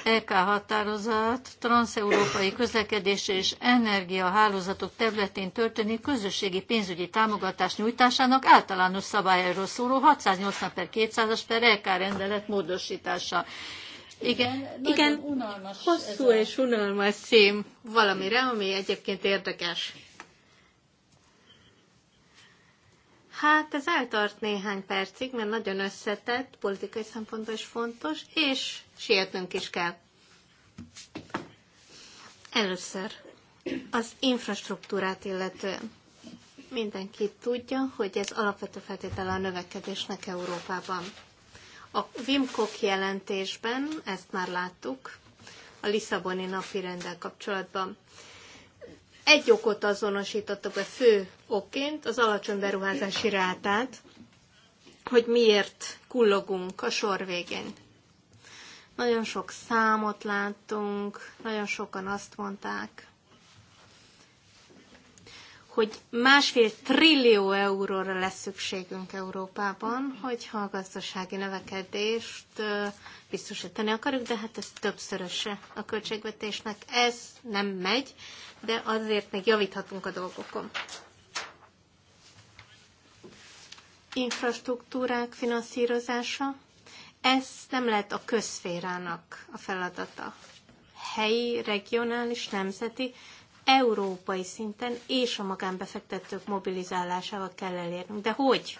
EK határozat transeurópai közlekedés és energiahálózatok területén történő közösségi pénzügyi támogatás nyújtásának általános szabályairól szóló 680 per 200-as per EK rendelet módosítása. Igen, Igen unalmas hosszú ez a... unalmas szém valamire, ami egyébként érdekes. Hát ez eltart néhány percig, mert nagyon összetett, politikai szempontból is fontos, és sietnünk is kell. Először az infrastruktúrát illetően. Mindenki tudja, hogy ez alapvető feltétele a növekedésnek Európában. A Vimkok jelentésben, ezt már láttuk, a Lisszaboni napi rendel kapcsolatban. Egy okot azonosítottak a fő okként, az alacsony beruházási rátát, hogy miért kullogunk a sor végén. Nagyon sok számot láttunk, nagyon sokan azt mondták, hogy másfél trillió euróra lesz szükségünk Európában, hogyha a gazdasági növekedést biztosítani akarjuk, de hát ez többszöröse a költségvetésnek. Ez nem megy, de azért még javíthatunk a dolgokon. Infrastruktúrák finanszírozása. Ez nem lehet a közférának a feladata. Helyi, regionális, nemzeti európai szinten és a magánbefektetők mobilizálásával kell elérnünk. De hogy?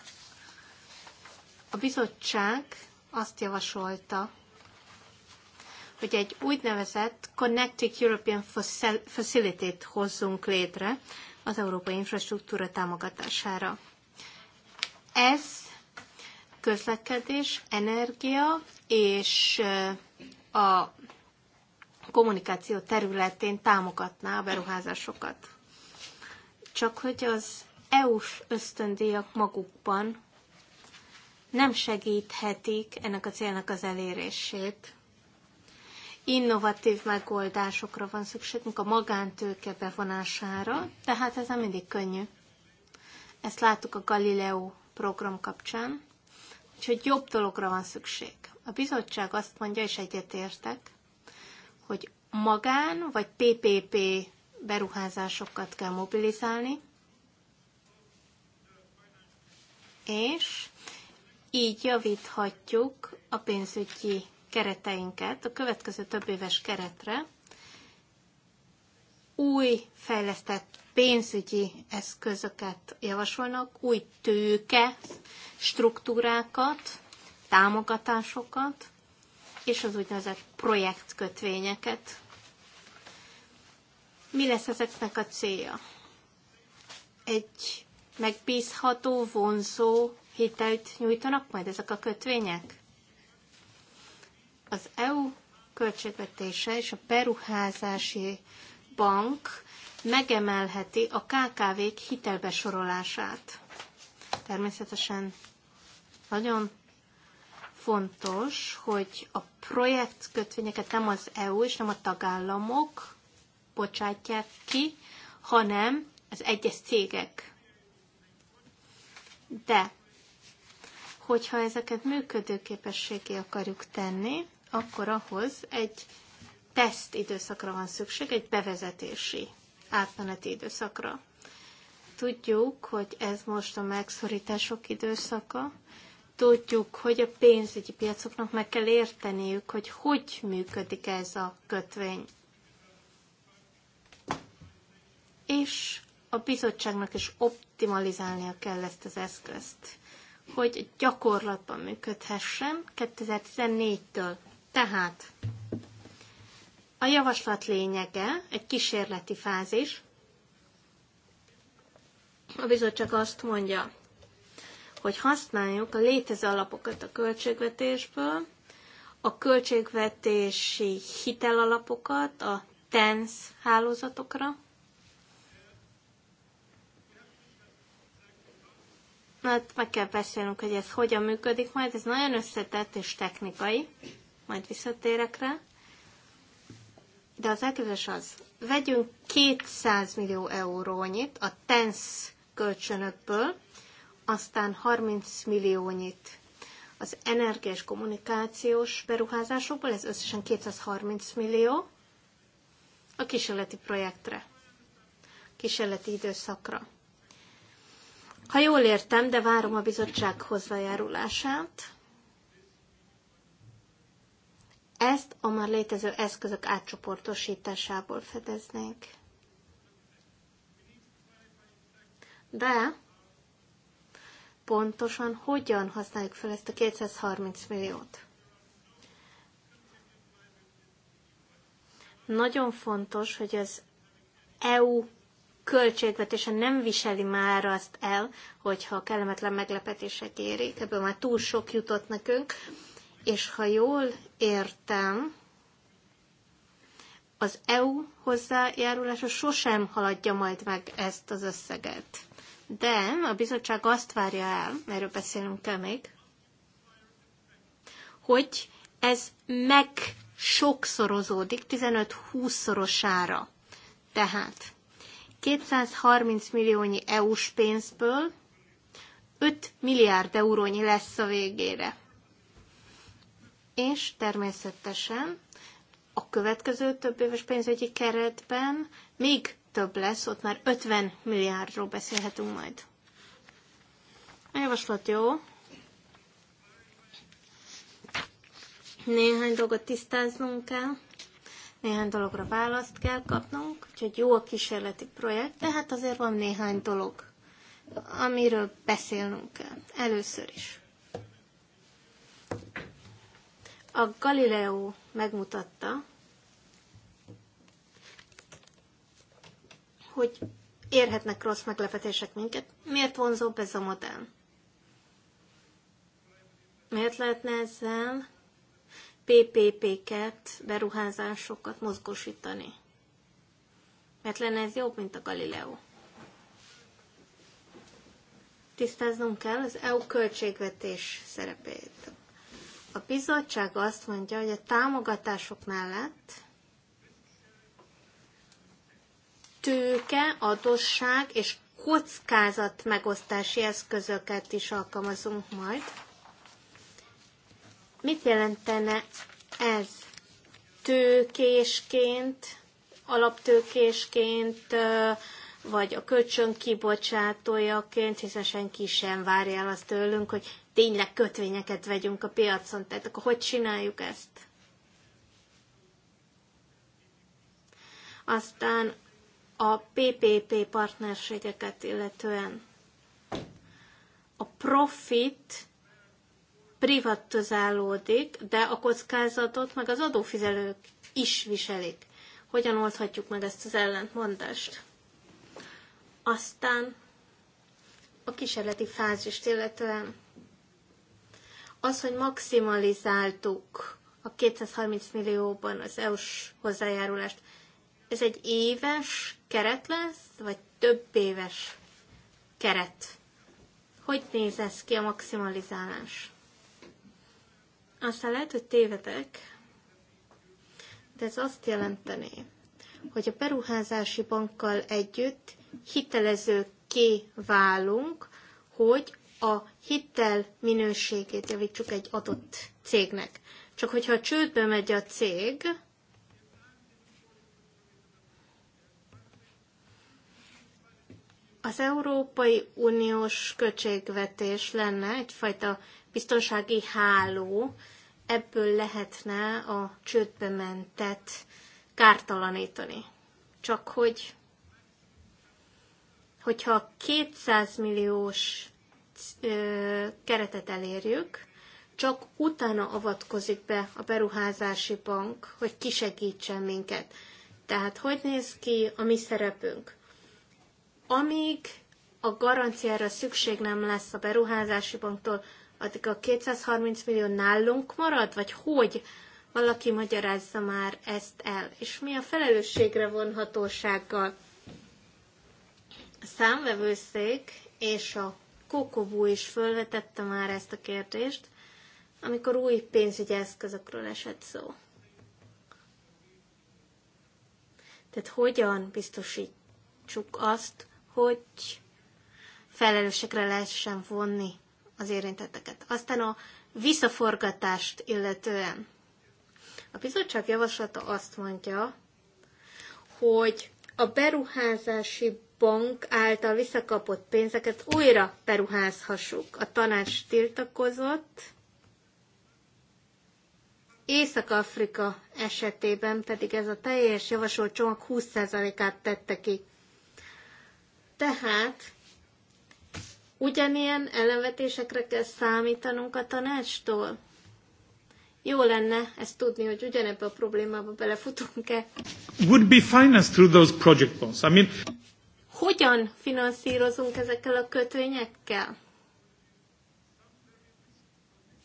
A bizottság azt javasolta, hogy egy úgynevezett Connected European Facility-t hozzunk létre az európai infrastruktúra támogatására. Ez közlekedés, energia és a kommunikáció területén támogatná a beruházásokat. Csak hogy az EU-s ösztöndíjak magukban nem segíthetik ennek a célnak az elérését. Innovatív megoldásokra van szükségünk a magántőke bevonására, tehát ez nem mindig könnyű. Ezt láttuk a Galileo program kapcsán, úgyhogy jobb dologra van szükség. A bizottság azt mondja, és egyetértek, hogy magán vagy PPP beruházásokat kell mobilizálni, és így javíthatjuk a pénzügyi kereteinket a következő több éves keretre. Új fejlesztett pénzügyi eszközöket javasolnak, új tőke struktúrákat, támogatásokat, és az úgynevezett projektkötvényeket. Mi lesz ezeknek a célja? Egy megbízható, vonzó hitelt nyújtanak majd ezek a kötvények? Az EU költségvetése és a beruházási bank megemelheti a KKV-k hitelbesorolását. Természetesen nagyon fontos, hogy a projektkötvényeket nem az EU és nem a tagállamok bocsátják ki, hanem az egyes cégek. De, hogyha ezeket működőképességé akarjuk tenni, akkor ahhoz egy teszt időszakra van szükség, egy bevezetési átmeneti időszakra. Tudjuk, hogy ez most a megszorítások időszaka, tudjuk, hogy a pénzügyi piacoknak meg kell érteniük, hogy hogy működik ez a kötvény. És a bizottságnak is optimalizálnia kell ezt az eszközt, hogy gyakorlatban működhessen 2014-től. Tehát a javaslat lényege egy kísérleti fázis. A bizottság azt mondja, hogy használjuk a létező alapokat a költségvetésből, a költségvetési hitelalapokat a TENS hálózatokra. Hát meg kell beszélnünk, hogy ez hogyan működik majd, ez nagyon összetett és technikai, majd visszatérek rá. De az elképzelés az, vegyünk 200 millió eurónyit a TENS kölcsönökből, aztán 30 milliónyit az energiás kommunikációs beruházásokból, ez összesen 230 millió, a kísérleti projektre, kísérleti időszakra. Ha jól értem, de várom a bizottság hozzájárulását, ezt a már létező eszközök átcsoportosításából fedeznénk. De pontosan hogyan használjuk fel ezt a 230 milliót. Nagyon fontos, hogy az EU költségvetése nem viseli már azt el, hogyha kellemetlen meglepetések érik, ebből már túl sok jutott nekünk, és ha jól értem, az EU hozzájárulása sosem haladja majd meg ezt az összeget de a bizottság azt várja el, erről beszélünk kell még, hogy ez meg sokszorozódik 15-20 szorosára. Tehát 230 milliónyi EU-s pénzből 5 milliárd eurónyi lesz a végére. És természetesen a következő több éves pénzügyi keretben még több lesz, ott már 50 milliárdról beszélhetünk majd. A javaslat jó. Néhány dolgot tisztáznunk kell, néhány dologra választ kell kapnunk, úgyhogy jó a kísérleti projekt, de hát azért van néhány dolog, amiről beszélnünk kell. Először is. A Galileo megmutatta, hogy érhetnek rossz meglepetések minket. Miért vonzóbb ez a modell? Miért lehetne ezzel PPP-ket, beruházásokat mozgósítani? Mert lenne ez jobb, mint a Galileo. Tisztáznunk kell az EU költségvetés szerepét. A bizottság azt mondja, hogy a támogatások mellett tőke, adosság és kockázat megosztási eszközöket is alkalmazunk majd. Mit jelentene ez? Tőkésként, alaptőkésként, vagy a kölcsön kibocsátójaként, hiszen senki sem várja el azt tőlünk, hogy tényleg kötvényeket vegyünk a piacon. Tehát akkor hogy csináljuk ezt? Aztán a PPP partnerségeket illetően. A profit privatizálódik, de a kockázatot meg az adófizelők is viselik. Hogyan oldhatjuk meg ezt az ellentmondást? Aztán a kísérleti fázist illetően az, hogy maximalizáltuk a 230 millióban az EU-s hozzájárulást, Ez egy éves keret lesz, vagy több éves keret? Hogy néz ez ki a maximalizálás? Aztán lehet, hogy tévedek, de ez azt jelenteni, hogy a beruházási bankkal együtt hitelezőké válunk, hogy a hitel minőségét javítsuk egy adott cégnek. Csak hogyha a csődbe megy a cég, Az Európai Uniós költségvetés lenne egyfajta biztonsági háló, ebből lehetne a csődbe mentet kártalanítani. Csak hogy, hogyha 200 milliós keretet elérjük, csak utána avatkozik be a beruházási bank, hogy kisegítsen minket. Tehát hogy néz ki a mi szerepünk? Amíg a garanciára szükség nem lesz a beruházási banktól, addig a 230 millió nálunk marad, vagy hogy? Valaki magyarázza már ezt el. És mi a felelősségre vonhatósággal? A számvevőszék és a Kokobú is felvetette már ezt a kérdést, amikor új pénzügyi eszközökről esett szó. Tehát hogyan biztosítsuk azt, hogy felelősekre lehessen vonni az érintetteket. Aztán a visszaforgatást illetően. A bizottság javaslata azt mondja, hogy a beruházási bank által visszakapott pénzeket újra beruházhassuk. A tanács tiltakozott, Észak-Afrika esetében pedig ez a teljes javasolt csomag 20%-át tette ki. Tehát ugyanilyen elevetésekre kell számítanunk a tanácstól. Jó lenne ezt tudni, hogy ugyanebbe a problémába belefutunk-e. Would be financed through those project bonds. I mean... Hogyan finanszírozunk ezekkel a kötvényekkel?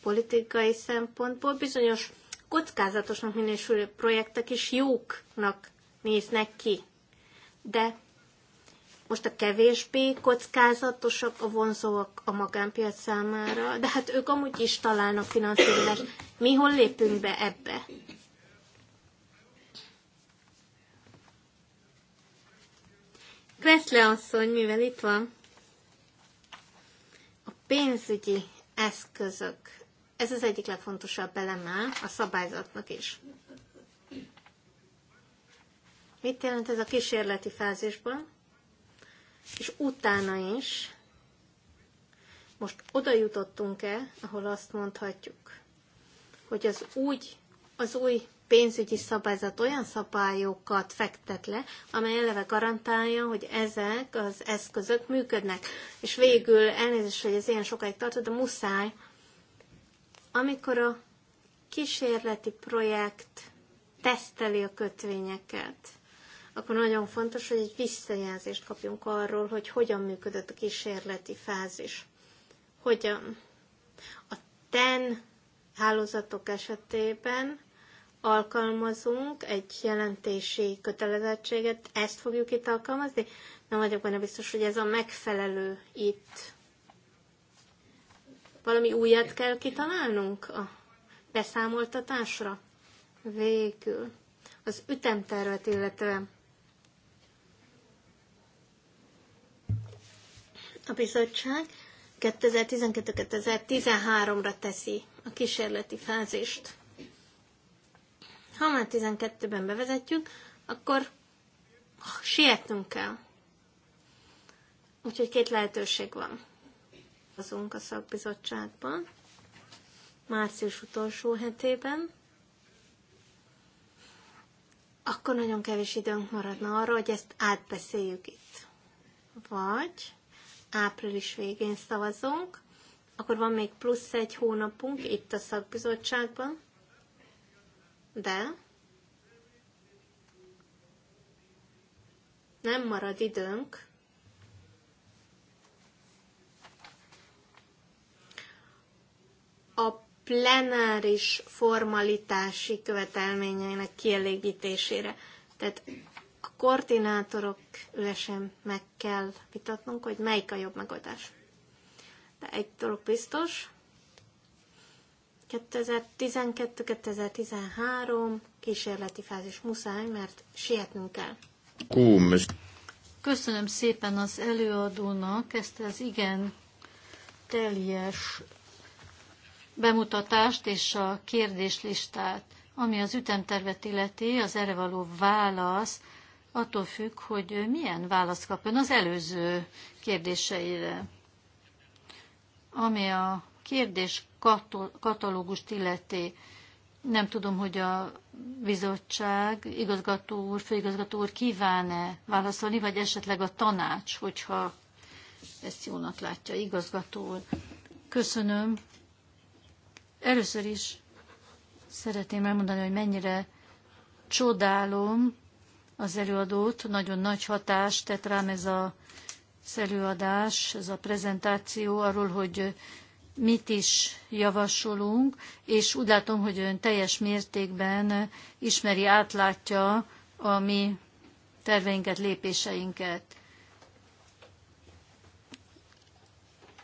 Politikai szempontból bizonyos kockázatosnak minősülő projektek is jóknak néznek ki. De Most a kevésbé kockázatosak, a vonzóak a magánpiac számára, de hát ők amúgy is találnak finanszírozást. Mi hol lépünk be ebbe? Kreszle asszony, mivel itt van, a pénzügyi eszközök, ez az egyik legfontosabb eleme a szabályzatnak is. Mit jelent ez a kísérleti fázisban? és utána is most oda jutottunk-e, ahol azt mondhatjuk, hogy az, úgy, az új pénzügyi szabályzat olyan szabályokat fektet le, amely eleve garantálja, hogy ezek az eszközök működnek. És végül elnézést, hogy ez ilyen sokáig tartott, de muszáj. Amikor a kísérleti projekt teszteli a kötvényeket, akkor nagyon fontos, hogy egy visszajelzést kapjunk arról, hogy hogyan működött a kísérleti fázis. Hogyan a TEN hálózatok esetében alkalmazunk egy jelentési kötelezettséget, ezt fogjuk itt alkalmazni? Nem vagyok benne biztos, hogy ez a megfelelő itt. Valami újat kell kitalálnunk a beszámoltatásra? Végül. Az ütemtervet illetően A bizottság 2012-2013-ra teszi a kísérleti fázist. Ha már 12-ben bevezetjük, akkor sietnünk kell. Úgyhogy két lehetőség van. Azunk a szakbizottságban, március utolsó hetében, akkor nagyon kevés időnk maradna arra, hogy ezt átbeszéljük itt. Vagy április végén szavazunk, akkor van még plusz egy hónapunk itt a szakbizottságban, de nem marad időnk a plenáris formalitási követelményeinek kielégítésére. Tehát koordinátorok ülésén meg kell vitatnunk, hogy melyik a jobb megoldás. De egy dolog biztos, 2012-2013 kísérleti fázis muszáj, mert sietnünk kell. Köszönöm szépen az előadónak ezt az igen teljes bemutatást és a kérdéslistát. Ami az ütemtervet illeti, az erre való válasz attól függ, hogy milyen választ kap ön az előző kérdéseire. Ami a kérdés katalógust illeti, nem tudom, hogy a bizottság, igazgató úr, főigazgató úr kíván-e válaszolni, vagy esetleg a tanács, hogyha ezt jónak látja, igazgató úr. Köszönöm. Először is szeretném elmondani, hogy mennyire csodálom az előadót. Nagyon nagy hatást tett rám ez a előadás, ez a prezentáció arról, hogy mit is javasolunk, és úgy látom, hogy ön teljes mértékben ismeri, átlátja a mi terveinket, lépéseinket.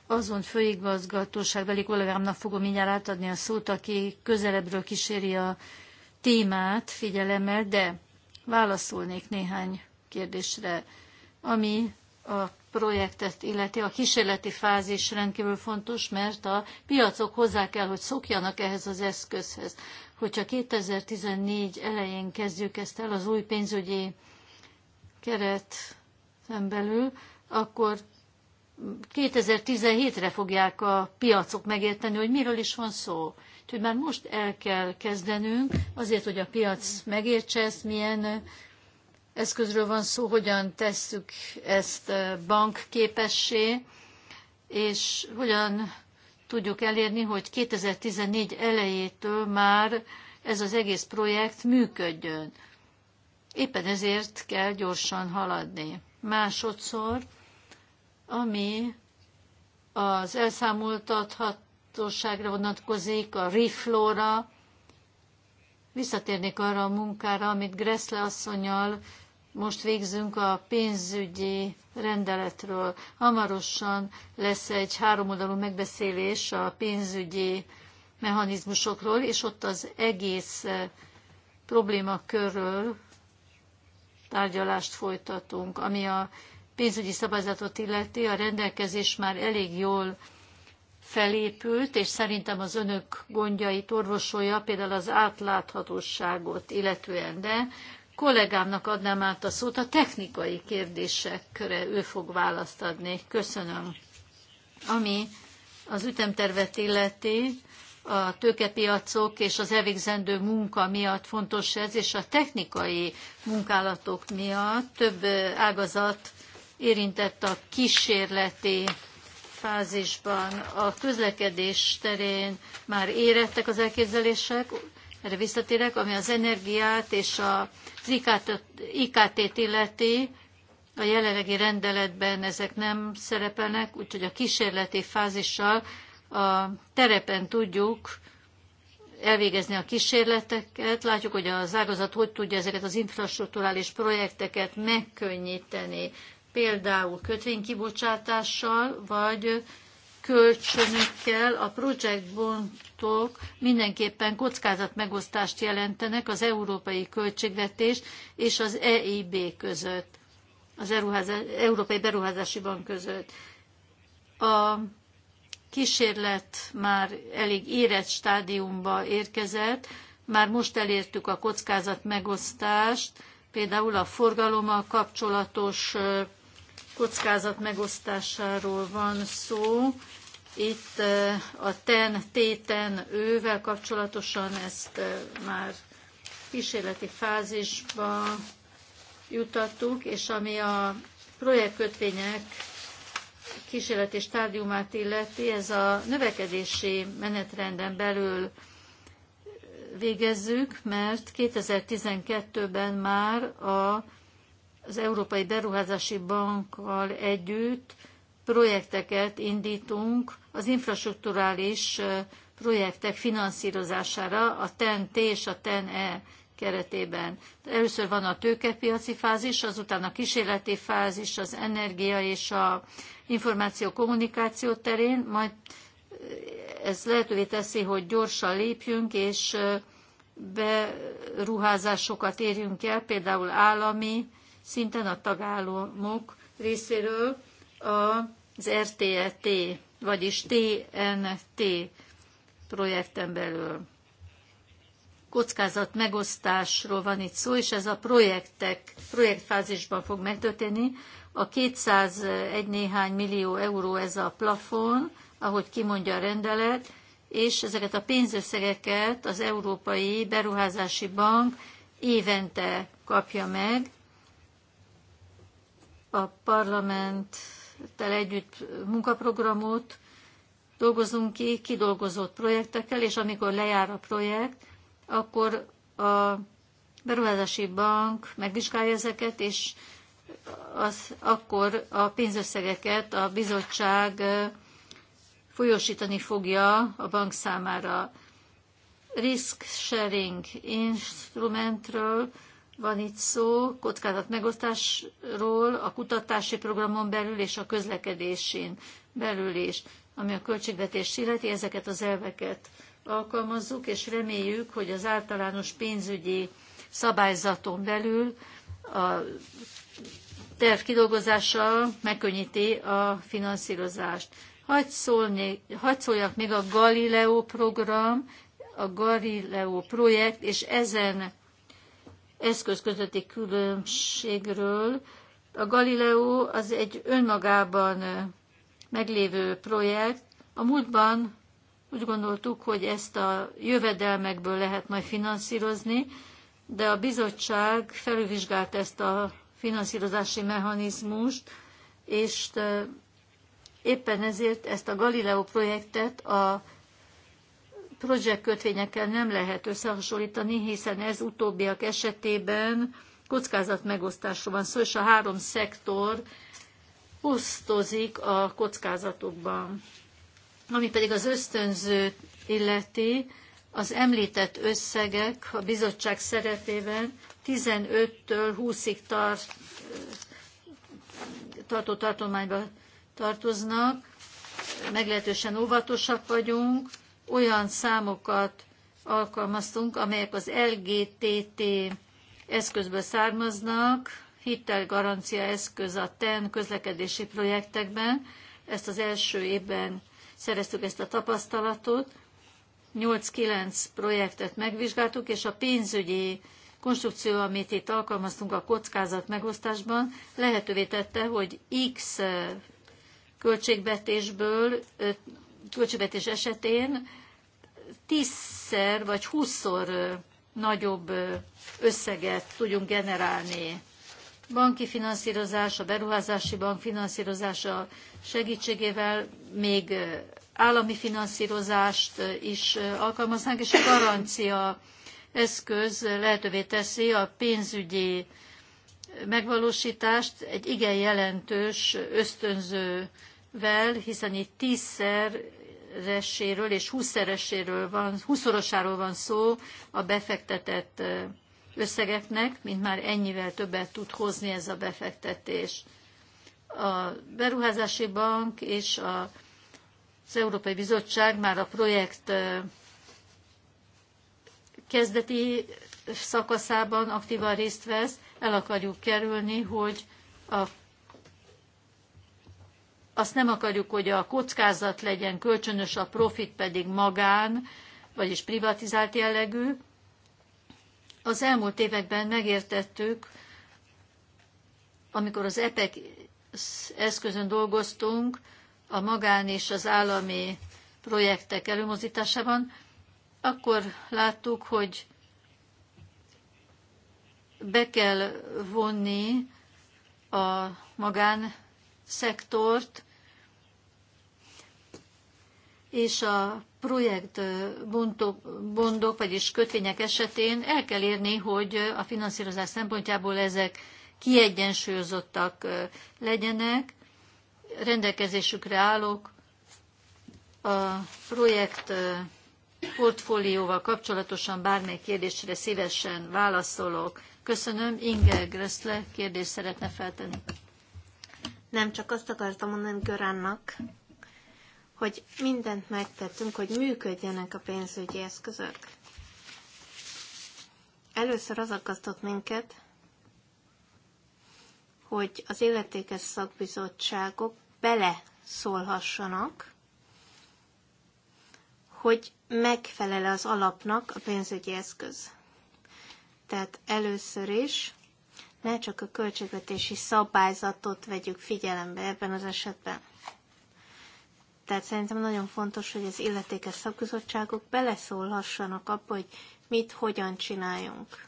azon főigazgatóságbeli kollégámnak fogom mindjárt átadni a szót, aki közelebbről kíséri a témát figyelemmel, de válaszolnék néhány kérdésre, ami a projektet illeti. A kísérleti fázis rendkívül fontos, mert a piacok hozzá kell, hogy szokjanak ehhez az eszközhez. Hogyha 2014 elején kezdjük ezt el az új pénzügyi keret belül, akkor 2017-re fogják a piacok megérteni, hogy miről is van szó. Úgyhogy már most el kell kezdenünk, azért, hogy a piac megértse ezt, milyen eszközről van szó, hogyan tesszük ezt eh, bankképessé, és hogyan tudjuk elérni, hogy 2014 elejétől már ez az egész projekt működjön. Éppen ezért kell gyorsan haladni. Másodszor, ami az elszámoltathat hatóságra vonatkozik, a riflóra. Visszatérnék arra a munkára, amit Gressle asszonyal most végzünk a pénzügyi rendeletről. Hamarosan lesz egy háromoldalú megbeszélés a pénzügyi mechanizmusokról, és ott az egész problémakörről tárgyalást folytatunk. Ami a pénzügyi szabályzatot illeti, a rendelkezés már elég jól felépült, és szerintem az önök gondjait orvosolja, például az átláthatóságot illetően, de kollégámnak adnám át a szót, a technikai kérdések köre ő fog választ adni. Köszönöm. Ami az ütemtervet illeti, a tőkepiacok és az elvégzendő munka miatt fontos ez, és a technikai munkálatok miatt több ágazat érintett a kísérleti fázisban. A közlekedés terén már érettek az elképzelések, erre visszatérek, ami az energiát és az IKT-t illeti, a jelenlegi rendeletben ezek nem szerepelnek, úgyhogy a kísérleti fázissal a terepen tudjuk elvégezni a kísérleteket, látjuk, hogy az ágazat hogy tudja ezeket az infrastruktúrális projekteket megkönnyíteni például kötvénykibocsátással, vagy kölcsönökkel a projektbontok bontok mindenképpen kockázatmegosztást jelentenek az európai költségvetés és az EIB között, az Európai Beruházási Bank között. A kísérlet már elég érett stádiumba érkezett, már most elértük a kockázatmegosztást, például a forgalommal kapcsolatos kockázat megosztásáról van szó. Itt a ten, téten ővel kapcsolatosan ezt már kísérleti fázisba jutattuk, és ami a projektkötvények kísérleti stádiumát illeti, ez a növekedési menetrenden belül végezzük, mert 2012-ben már a az Európai Beruházási Bankkal együtt projekteket indítunk az infrastruktúrális projektek finanszírozására a TEN-T és a TEN-E keretében. Először van a tőkepiaci fázis, azután a kísérleti fázis, az energia és a információ-kommunikáció terén, majd ez lehetővé teszi, hogy gyorsan lépjünk, és beruházásokat érjünk el, például állami szinten a tagállamok részéről az RTET, vagyis TNT projekten belül. Kockázat megosztásról van itt szó, és ez a projektek, projektfázisban fog megtörténni. A 201 néhány millió euró ez a plafon, ahogy kimondja a rendelet, és ezeket a pénzösszegeket az Európai Beruházási Bank évente kapja meg, a parlamenttel együtt munkaprogramot dolgozunk ki, kidolgozott projektekkel, és amikor lejár a projekt, akkor a beruházási bank megvizsgálja ezeket, és az, akkor a pénzösszegeket a bizottság folyósítani fogja a bank számára. Risk sharing instrumentről van itt szó, kockázat megosztásról, a kutatási programon belül és a közlekedésén belül is, ami a költségvetés illeti, ezeket az elveket alkalmazzuk, és reméljük, hogy az általános pénzügyi szabályzaton belül a terv kidolgozása megkönnyíti a finanszírozást. Hagy, szólni, hagy szóljak még a Galileo program, a Galileo projekt, és ezen eszköz közötti különbségről. A Galileo az egy önmagában meglévő projekt. A múltban úgy gondoltuk, hogy ezt a jövedelmekből lehet majd finanszírozni, de a bizottság felülvizsgált ezt a finanszírozási mechanizmust, és éppen ezért ezt a Galileo projektet a projekt kötvényekkel nem lehet összehasonlítani, hiszen ez utóbbiak esetében kockázatmegosztásról van szó, és a három szektor osztozik a kockázatokban. Ami pedig az ösztönzőt illeti, az említett összegek a bizottság szerepében 15-től 20-ig tart, tartó tartományba tartoznak, meglehetősen óvatosak vagyunk, olyan számokat alkalmaztunk, amelyek az LGTT eszközből származnak, hitelgarancia eszköz a TEN közlekedési projektekben. Ezt az első évben szereztük ezt a tapasztalatot. 8-9 projektet megvizsgáltuk, és a pénzügyi konstrukció, amit itt alkalmaztunk a kockázat megosztásban, lehetővé tette, hogy X költségvetésből költségvetés esetén tízszer vagy húszszor nagyobb összeget tudjunk generálni. Banki finanszírozás, a beruházási bank finanszírozása segítségével még állami finanszírozást is alkalmaznánk, és a garancia eszköz lehetővé teszi a pénzügyi megvalósítást egy igen jelentős ösztönző vel, hiszen itt tízszereséről és húszszereséről van, húszorosáról van szó a befektetett összegeknek, mint már ennyivel többet tud hozni ez a befektetés. A Beruházási Bank és a, az Európai Bizottság már a projekt kezdeti szakaszában aktívan részt vesz, el akarjuk kerülni, hogy a Azt nem akarjuk, hogy a kockázat legyen kölcsönös, a profit pedig magán, vagyis privatizált jellegű. Az elmúlt években megértettük, amikor az EPEC eszközön dolgoztunk, a magán és az állami projektek előmozdításában, akkor láttuk, hogy be kell vonni a magánszektort, és a projekt bondok, vagyis kötvények esetén el kell érni, hogy a finanszírozás szempontjából ezek kiegyensúlyozottak legyenek, rendelkezésükre állok a projekt portfólióval kapcsolatosan bármely kérdésre szívesen válaszolok. Köszönöm. Inge Gröszle kérdést szeretne feltenni. Nem csak azt akartam mondani Göránnak, hogy mindent megtettünk, hogy működjenek a pénzügyi eszközök. Először az akasztott minket, hogy az illetékes szakbizottságok bele szólhassanak, hogy megfelel az alapnak a pénzügyi eszköz. Tehát először is ne csak a költségvetési szabályzatot vegyük figyelembe ebben az esetben. Tehát szerintem nagyon fontos, hogy az illetékes szakbizottságok beleszólhassanak abba, hogy mit, hogyan csináljunk.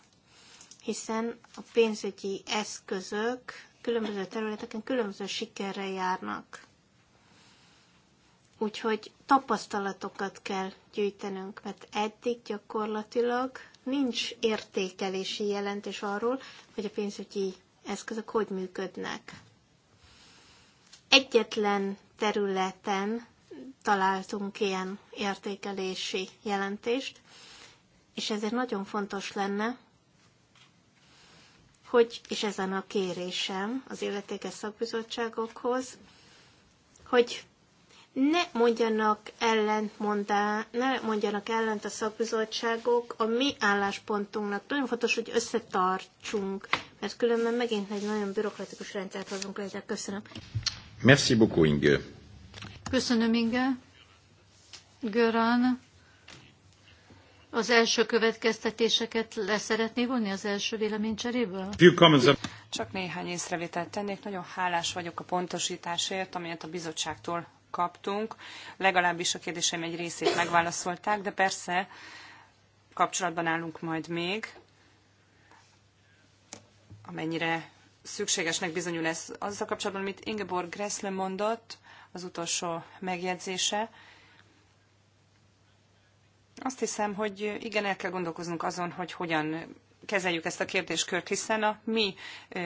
Hiszen a pénzügyi eszközök különböző területeken különböző sikerre járnak. Úgyhogy tapasztalatokat kell gyűjtenünk, mert eddig gyakorlatilag nincs értékelési jelentés arról, hogy a pénzügyi eszközök hogy működnek. Egyetlen területen találtunk ilyen értékelési jelentést, és ezért nagyon fontos lenne, hogy, és ezen a kérésem az illetékes szakbizottságokhoz, hogy ne mondjanak ellent, mondá, ne mondjanak ellent a szakbizottságok a mi álláspontunknak. Nagyon fontos, hogy összetartsunk, mert különben megint egy nagyon bürokratikus rendszert hozunk létre. Köszönöm. Merci beaucoup, Inge. Köszönöm, Inge. Görán, az első következtetéseket leszeretné vonni az első véleménycseréből? Csak néhány észrevételt tennék. Nagyon hálás vagyok a pontosításért, amelyet a bizottságtól kaptunk. Legalábbis a kérdéseim egy részét megválaszolták, de persze kapcsolatban állunk majd még, amennyire szükségesnek bizonyul ez. Azzal kapcsolatban, amit Ingeborg Gressle mondott, az utolsó megjegyzése, azt hiszem, hogy igen, el kell gondolkoznunk azon, hogy hogyan kezeljük ezt a kérdéskört, hiszen a mi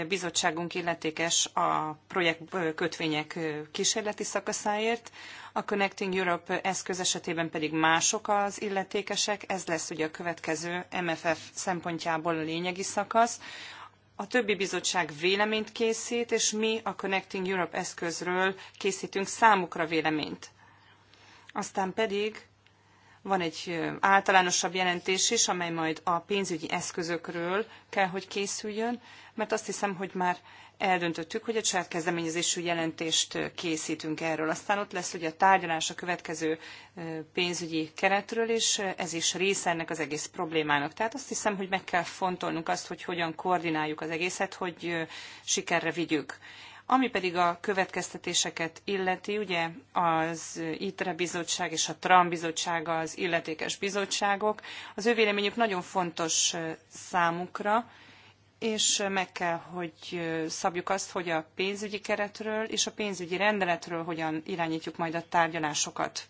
bizottságunk illetékes a projekt kötvények kísérleti szakaszáért, a Connecting Europe eszköz esetében pedig mások az illetékesek, ez lesz ugye a következő MFF szempontjából a lényegi szakasz, a többi bizottság véleményt készít, és mi a Connecting Europe eszközről készítünk számukra véleményt. Aztán pedig van egy általánosabb jelentés is, amely majd a pénzügyi eszközökről kell, hogy készüljön, mert azt hiszem, hogy már eldöntöttük, hogy a saját kezdeményezésű jelentést készítünk erről. Aztán ott lesz ugye a tárgyalás a következő pénzügyi keretről, és ez is része ennek az egész problémának. Tehát azt hiszem, hogy meg kell fontolnunk azt, hogy hogyan koordináljuk az egészet, hogy sikerre vigyük. Ami pedig a következtetéseket illeti, ugye az ITRE bizottság és a TRAM bizottság az illetékes bizottságok, az ő véleményük nagyon fontos számukra, és meg kell, hogy szabjuk azt, hogy a pénzügyi keretről és a pénzügyi rendeletről hogyan irányítjuk majd a tárgyalásokat.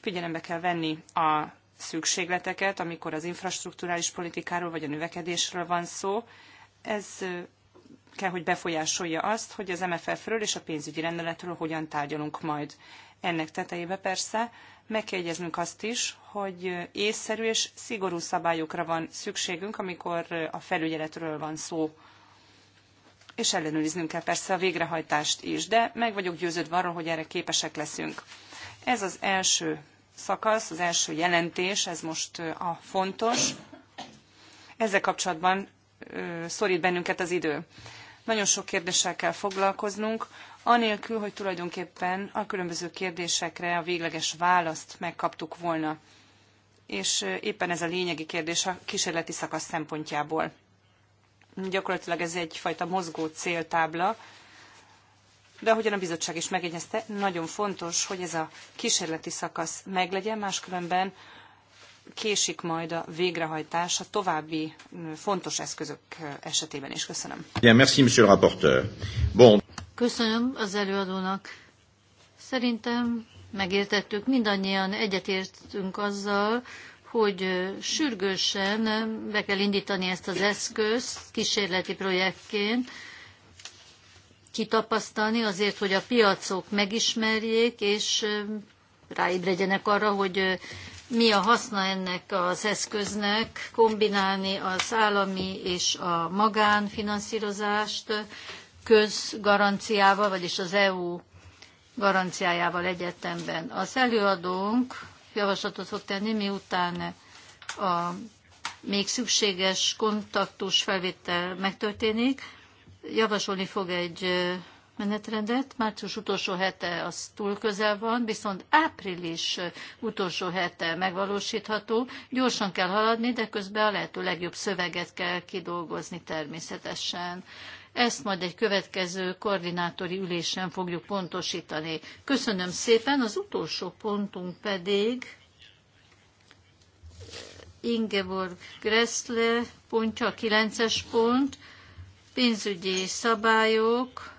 Figyelembe kell venni a szükségleteket, amikor az infrastruktúrális politikáról vagy a növekedésről van szó. Ez kell, hogy befolyásolja azt, hogy az MFF-ről és a pénzügyi rendeletről hogyan tárgyalunk majd. Ennek tetejébe persze megjegyeznünk azt is, hogy észszerű és szigorú szabályokra van szükségünk, amikor a felügyeletről van szó. És ellenőriznünk kell persze a végrehajtást is, de meg vagyok győződve arról, hogy erre képesek leszünk. Ez az első szakasz, az első jelentés, ez most a fontos. Ezzel kapcsolatban szorít bennünket az idő. Nagyon sok kérdéssel kell foglalkoznunk, anélkül, hogy tulajdonképpen a különböző kérdésekre a végleges választ megkaptuk volna. És éppen ez a lényegi kérdés a kísérleti szakasz szempontjából. Gyakorlatilag ez egyfajta mozgó céltábla, de ahogyan a bizottság is megjegyezte, nagyon fontos, hogy ez a kísérleti szakasz meglegyen, máskülönben késik majd a végrehajtás a további mm, fontos eszközök esetében is. Köszönöm. Yeah, merci, monsieur le rapporteur. Bon. Köszönöm az előadónak. Szerintem megértettük, mindannyian egyetértünk azzal, hogy sürgősen be kell indítani ezt az eszközt kísérleti projektként, kitapasztalni azért, hogy a piacok megismerjék, és ráébredjenek arra, hogy mi a haszna ennek az eszköznek kombinálni az állami és a magánfinanszírozást közgaranciával, vagyis az EU garanciájával egyetemben. Az előadónk javaslatot fog tenni, miután a még szükséges kontaktus felvétel megtörténik, javasolni fog egy menetrendet. Március utolsó hete az túl közel van, viszont április utolsó hete megvalósítható. Gyorsan kell haladni, de közben a lehető legjobb szöveget kell kidolgozni természetesen. Ezt majd egy következő koordinátori ülésen fogjuk pontosítani. Köszönöm szépen, az utolsó pontunk pedig Ingeborg Gressle pontja, a 9-es pont, pénzügyi szabályok,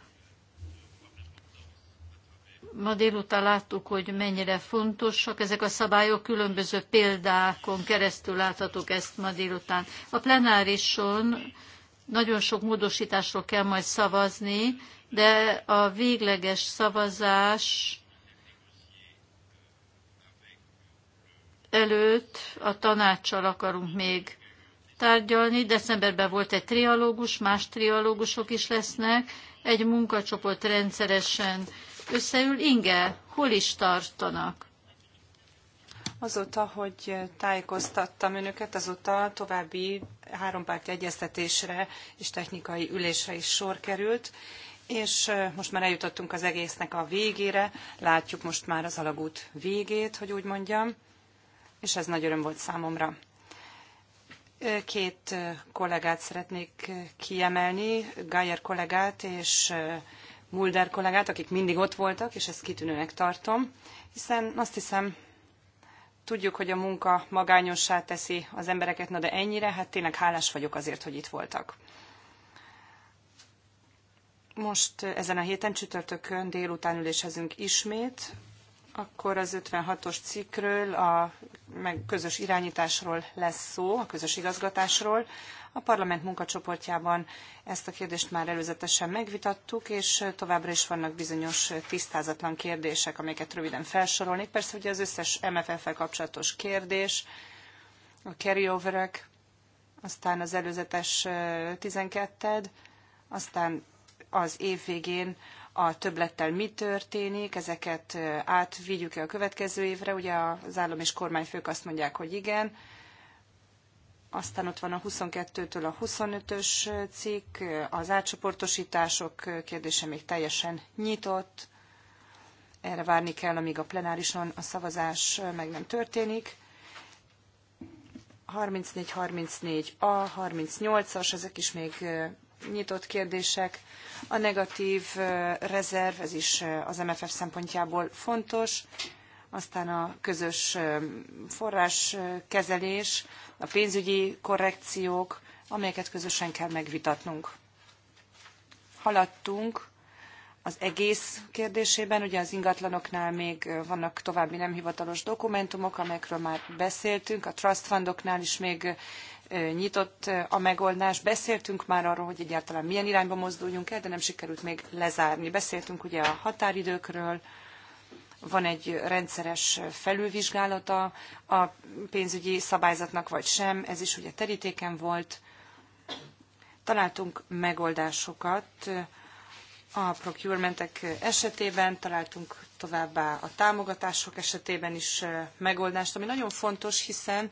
ma délután láttuk, hogy mennyire fontosak ezek a szabályok, különböző példákon keresztül láthatók ezt ma délután. A plenárison nagyon sok módosításról kell majd szavazni, de a végleges szavazás előtt a tanácssal akarunk még tárgyalni. Decemberben volt egy trialógus, más trialógusok is lesznek. Egy munkacsoport rendszeresen összeül inge? Hol is tartanak? Azóta, hogy tájékoztattam önöket, azóta további hárompárti egyeztetésre és technikai ülésre is sor került, és most már eljutottunk az egésznek a végére, látjuk most már az alagút végét, hogy úgy mondjam, és ez nagy öröm volt számomra. Két kollégát szeretnék kiemelni, Gájer kollégát és Mulder kollégát, akik mindig ott voltak, és ezt kitűnőnek tartom, hiszen azt hiszem, tudjuk, hogy a munka magányossá teszi az embereket, na de ennyire, hát tényleg hálás vagyok azért, hogy itt voltak. Most eh, ezen a héten csütörtökön délután ülésezünk ismét, akkor az 56-os cikkről, a meg közös irányításról lesz szó, a közös igazgatásról. A parlament munkacsoportjában ezt a kérdést már előzetesen megvitattuk, és továbbra is vannak bizonyos tisztázatlan kérdések, amelyeket röviden felsorolnék. Persze ugye az összes MFF-fel kapcsolatos kérdés, a carryoverek, aztán az előzetes 12 aztán az év végén a többlettel mi történik, ezeket átvigyük-e a következő évre. Ugye az állam és kormányfők azt mondják, hogy igen. Aztán ott van a 22-től a 25-ös cikk, az átcsoportosítások kérdése még teljesen nyitott. Erre várni kell, amíg a plenárison a szavazás meg nem történik. 34, 34, a 38-as, ezek is még nyitott kérdések. A negatív rezerv, ez is az MFF szempontjából fontos, aztán a közös forráskezelés, a pénzügyi korrekciók, amelyeket közösen kell megvitatnunk. Haladtunk az egész kérdésében, ugye az ingatlanoknál még vannak további nem hivatalos dokumentumok, amelyekről már beszéltünk, a trust fundoknál is még nyitott a megoldás. Beszéltünk már arról, hogy egyáltalán milyen irányba mozduljunk el, de nem sikerült még lezárni. Beszéltünk ugye a határidőkről, van egy rendszeres felülvizsgálata a pénzügyi szabályzatnak, vagy sem. Ez is ugye terítéken volt. Találtunk megoldásokat a procurementek esetében, találtunk továbbá a támogatások esetében is megoldást, ami nagyon fontos, hiszen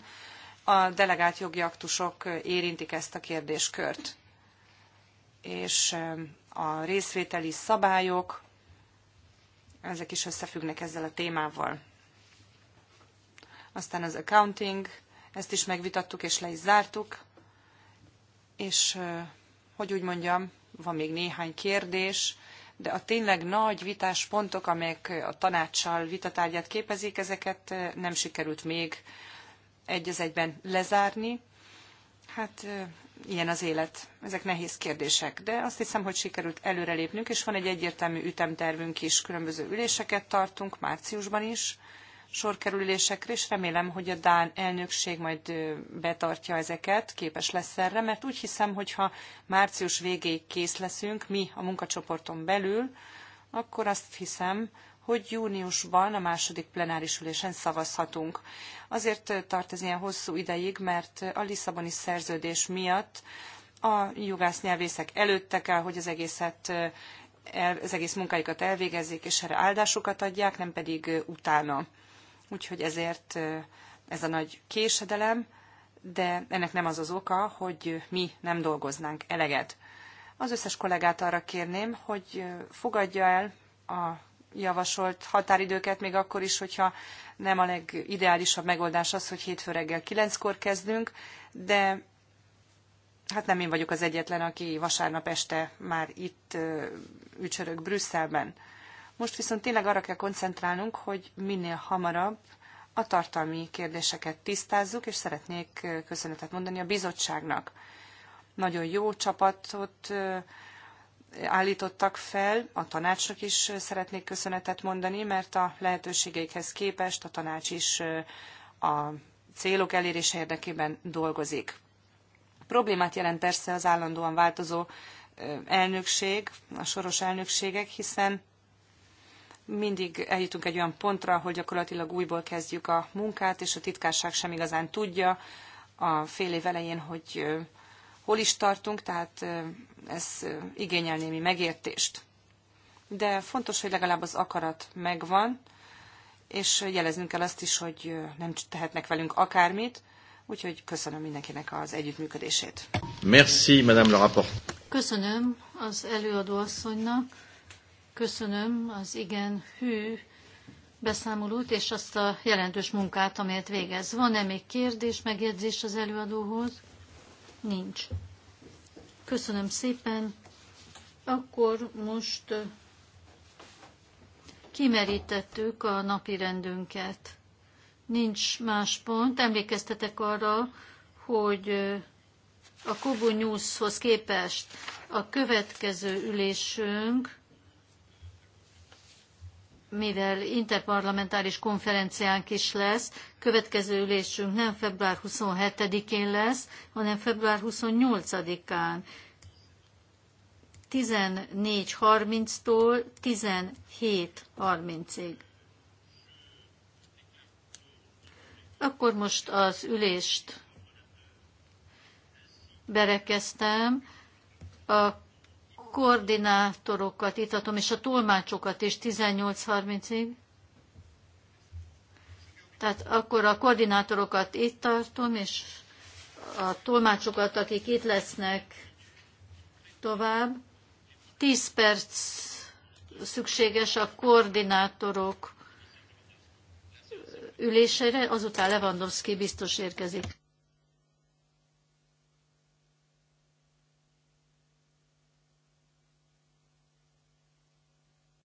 a delegált jogi aktusok érintik ezt a kérdéskört. És eh, a részvételi szabályok, ezek is összefüggnek ezzel a témával. Aztán az accounting, ezt is megvitattuk és le is zártuk, és eh, hogy úgy mondjam, van még néhány kérdés, de a tényleg nagy vitás pontok, amelyek a tanácssal vitatárgyát képezik, ezeket eh, nem sikerült még egy az egyben lezárni. Hát ilyen az élet. Ezek nehéz kérdések, de azt hiszem, hogy sikerült előrelépnünk, és van egy egyértelmű ütemtervünk is. Különböző üléseket tartunk márciusban is, sorkerülésekre, és remélem, hogy a Dán elnökség majd betartja ezeket, képes lesz erre, mert úgy hiszem, hogy ha március végéig kész leszünk, mi a munkacsoporton belül, akkor azt hiszem, hogy júniusban a második plenáris ülésen szavazhatunk. Azért tart ez ilyen hosszú ideig, mert a Lisszaboni szerződés miatt a jogásznyelvészek előtte kell, hogy az egészet el, az egész munkáikat elvégezzék, és erre áldásukat adják, nem pedig utána. Úgyhogy ezért ez a nagy késedelem, de ennek nem az az oka, hogy mi nem dolgoznánk eleget. Az összes kollégát arra kérném, hogy fogadja el a javasolt határidőket, még akkor is, hogyha nem a legideálisabb megoldás az, hogy hétfő reggel kilenckor kezdünk, de hát nem én vagyok az egyetlen, aki vasárnap este már itt ücsörök Brüsszelben. Most viszont tényleg arra kell koncentrálnunk, hogy minél hamarabb a tartalmi kérdéseket tisztázzuk, és szeretnék köszönetet mondani a bizottságnak. Nagyon jó csapatot állítottak fel. A tanácsnak is szeretnék köszönetet mondani, mert a lehetőségeikhez képest a tanács is a célok elérése érdekében dolgozik. Problémát jelent persze az állandóan változó elnökség, a soros elnökségek, hiszen mindig eljutunk egy olyan pontra, hogy gyakorlatilag újból kezdjük a munkát, és a titkárság sem igazán tudja a fél év elején, hogy hol is tartunk, tehát ez igényel némi megértést. De fontos, hogy legalább az akarat megvan, és jeleznünk kell azt is, hogy nem tehetnek velünk akármit, úgyhogy köszönöm mindenkinek az együttműködését. Merci, Madame la rapport. Köszönöm az előadó asszonynak, köszönöm az igen hű beszámolót és azt a jelentős munkát, amelyet végez. Van-e még kérdés, megjegyzés az előadóhoz? Nincs. Köszönöm szépen. Akkor most kimerítettük a napi rendünket. Nincs más pont. Emlékeztetek arra, hogy a Kubu News-hoz képest a következő ülésünk mivel interparlamentáris konferenciánk is lesz, következő ülésünk nem február 27-én lesz, hanem február 28-án. 14.30-tól 17.30-ig. Akkor most az ülést berekeztem. A koordinátorokat itatom, és a tolmácsokat is 18 30 ig Tehát akkor a koordinátorokat itt tartom, és a tolmácsokat, akik itt lesznek tovább. 10 perc szükséges a koordinátorok ülésére, azután Lewandowski biztos érkezik.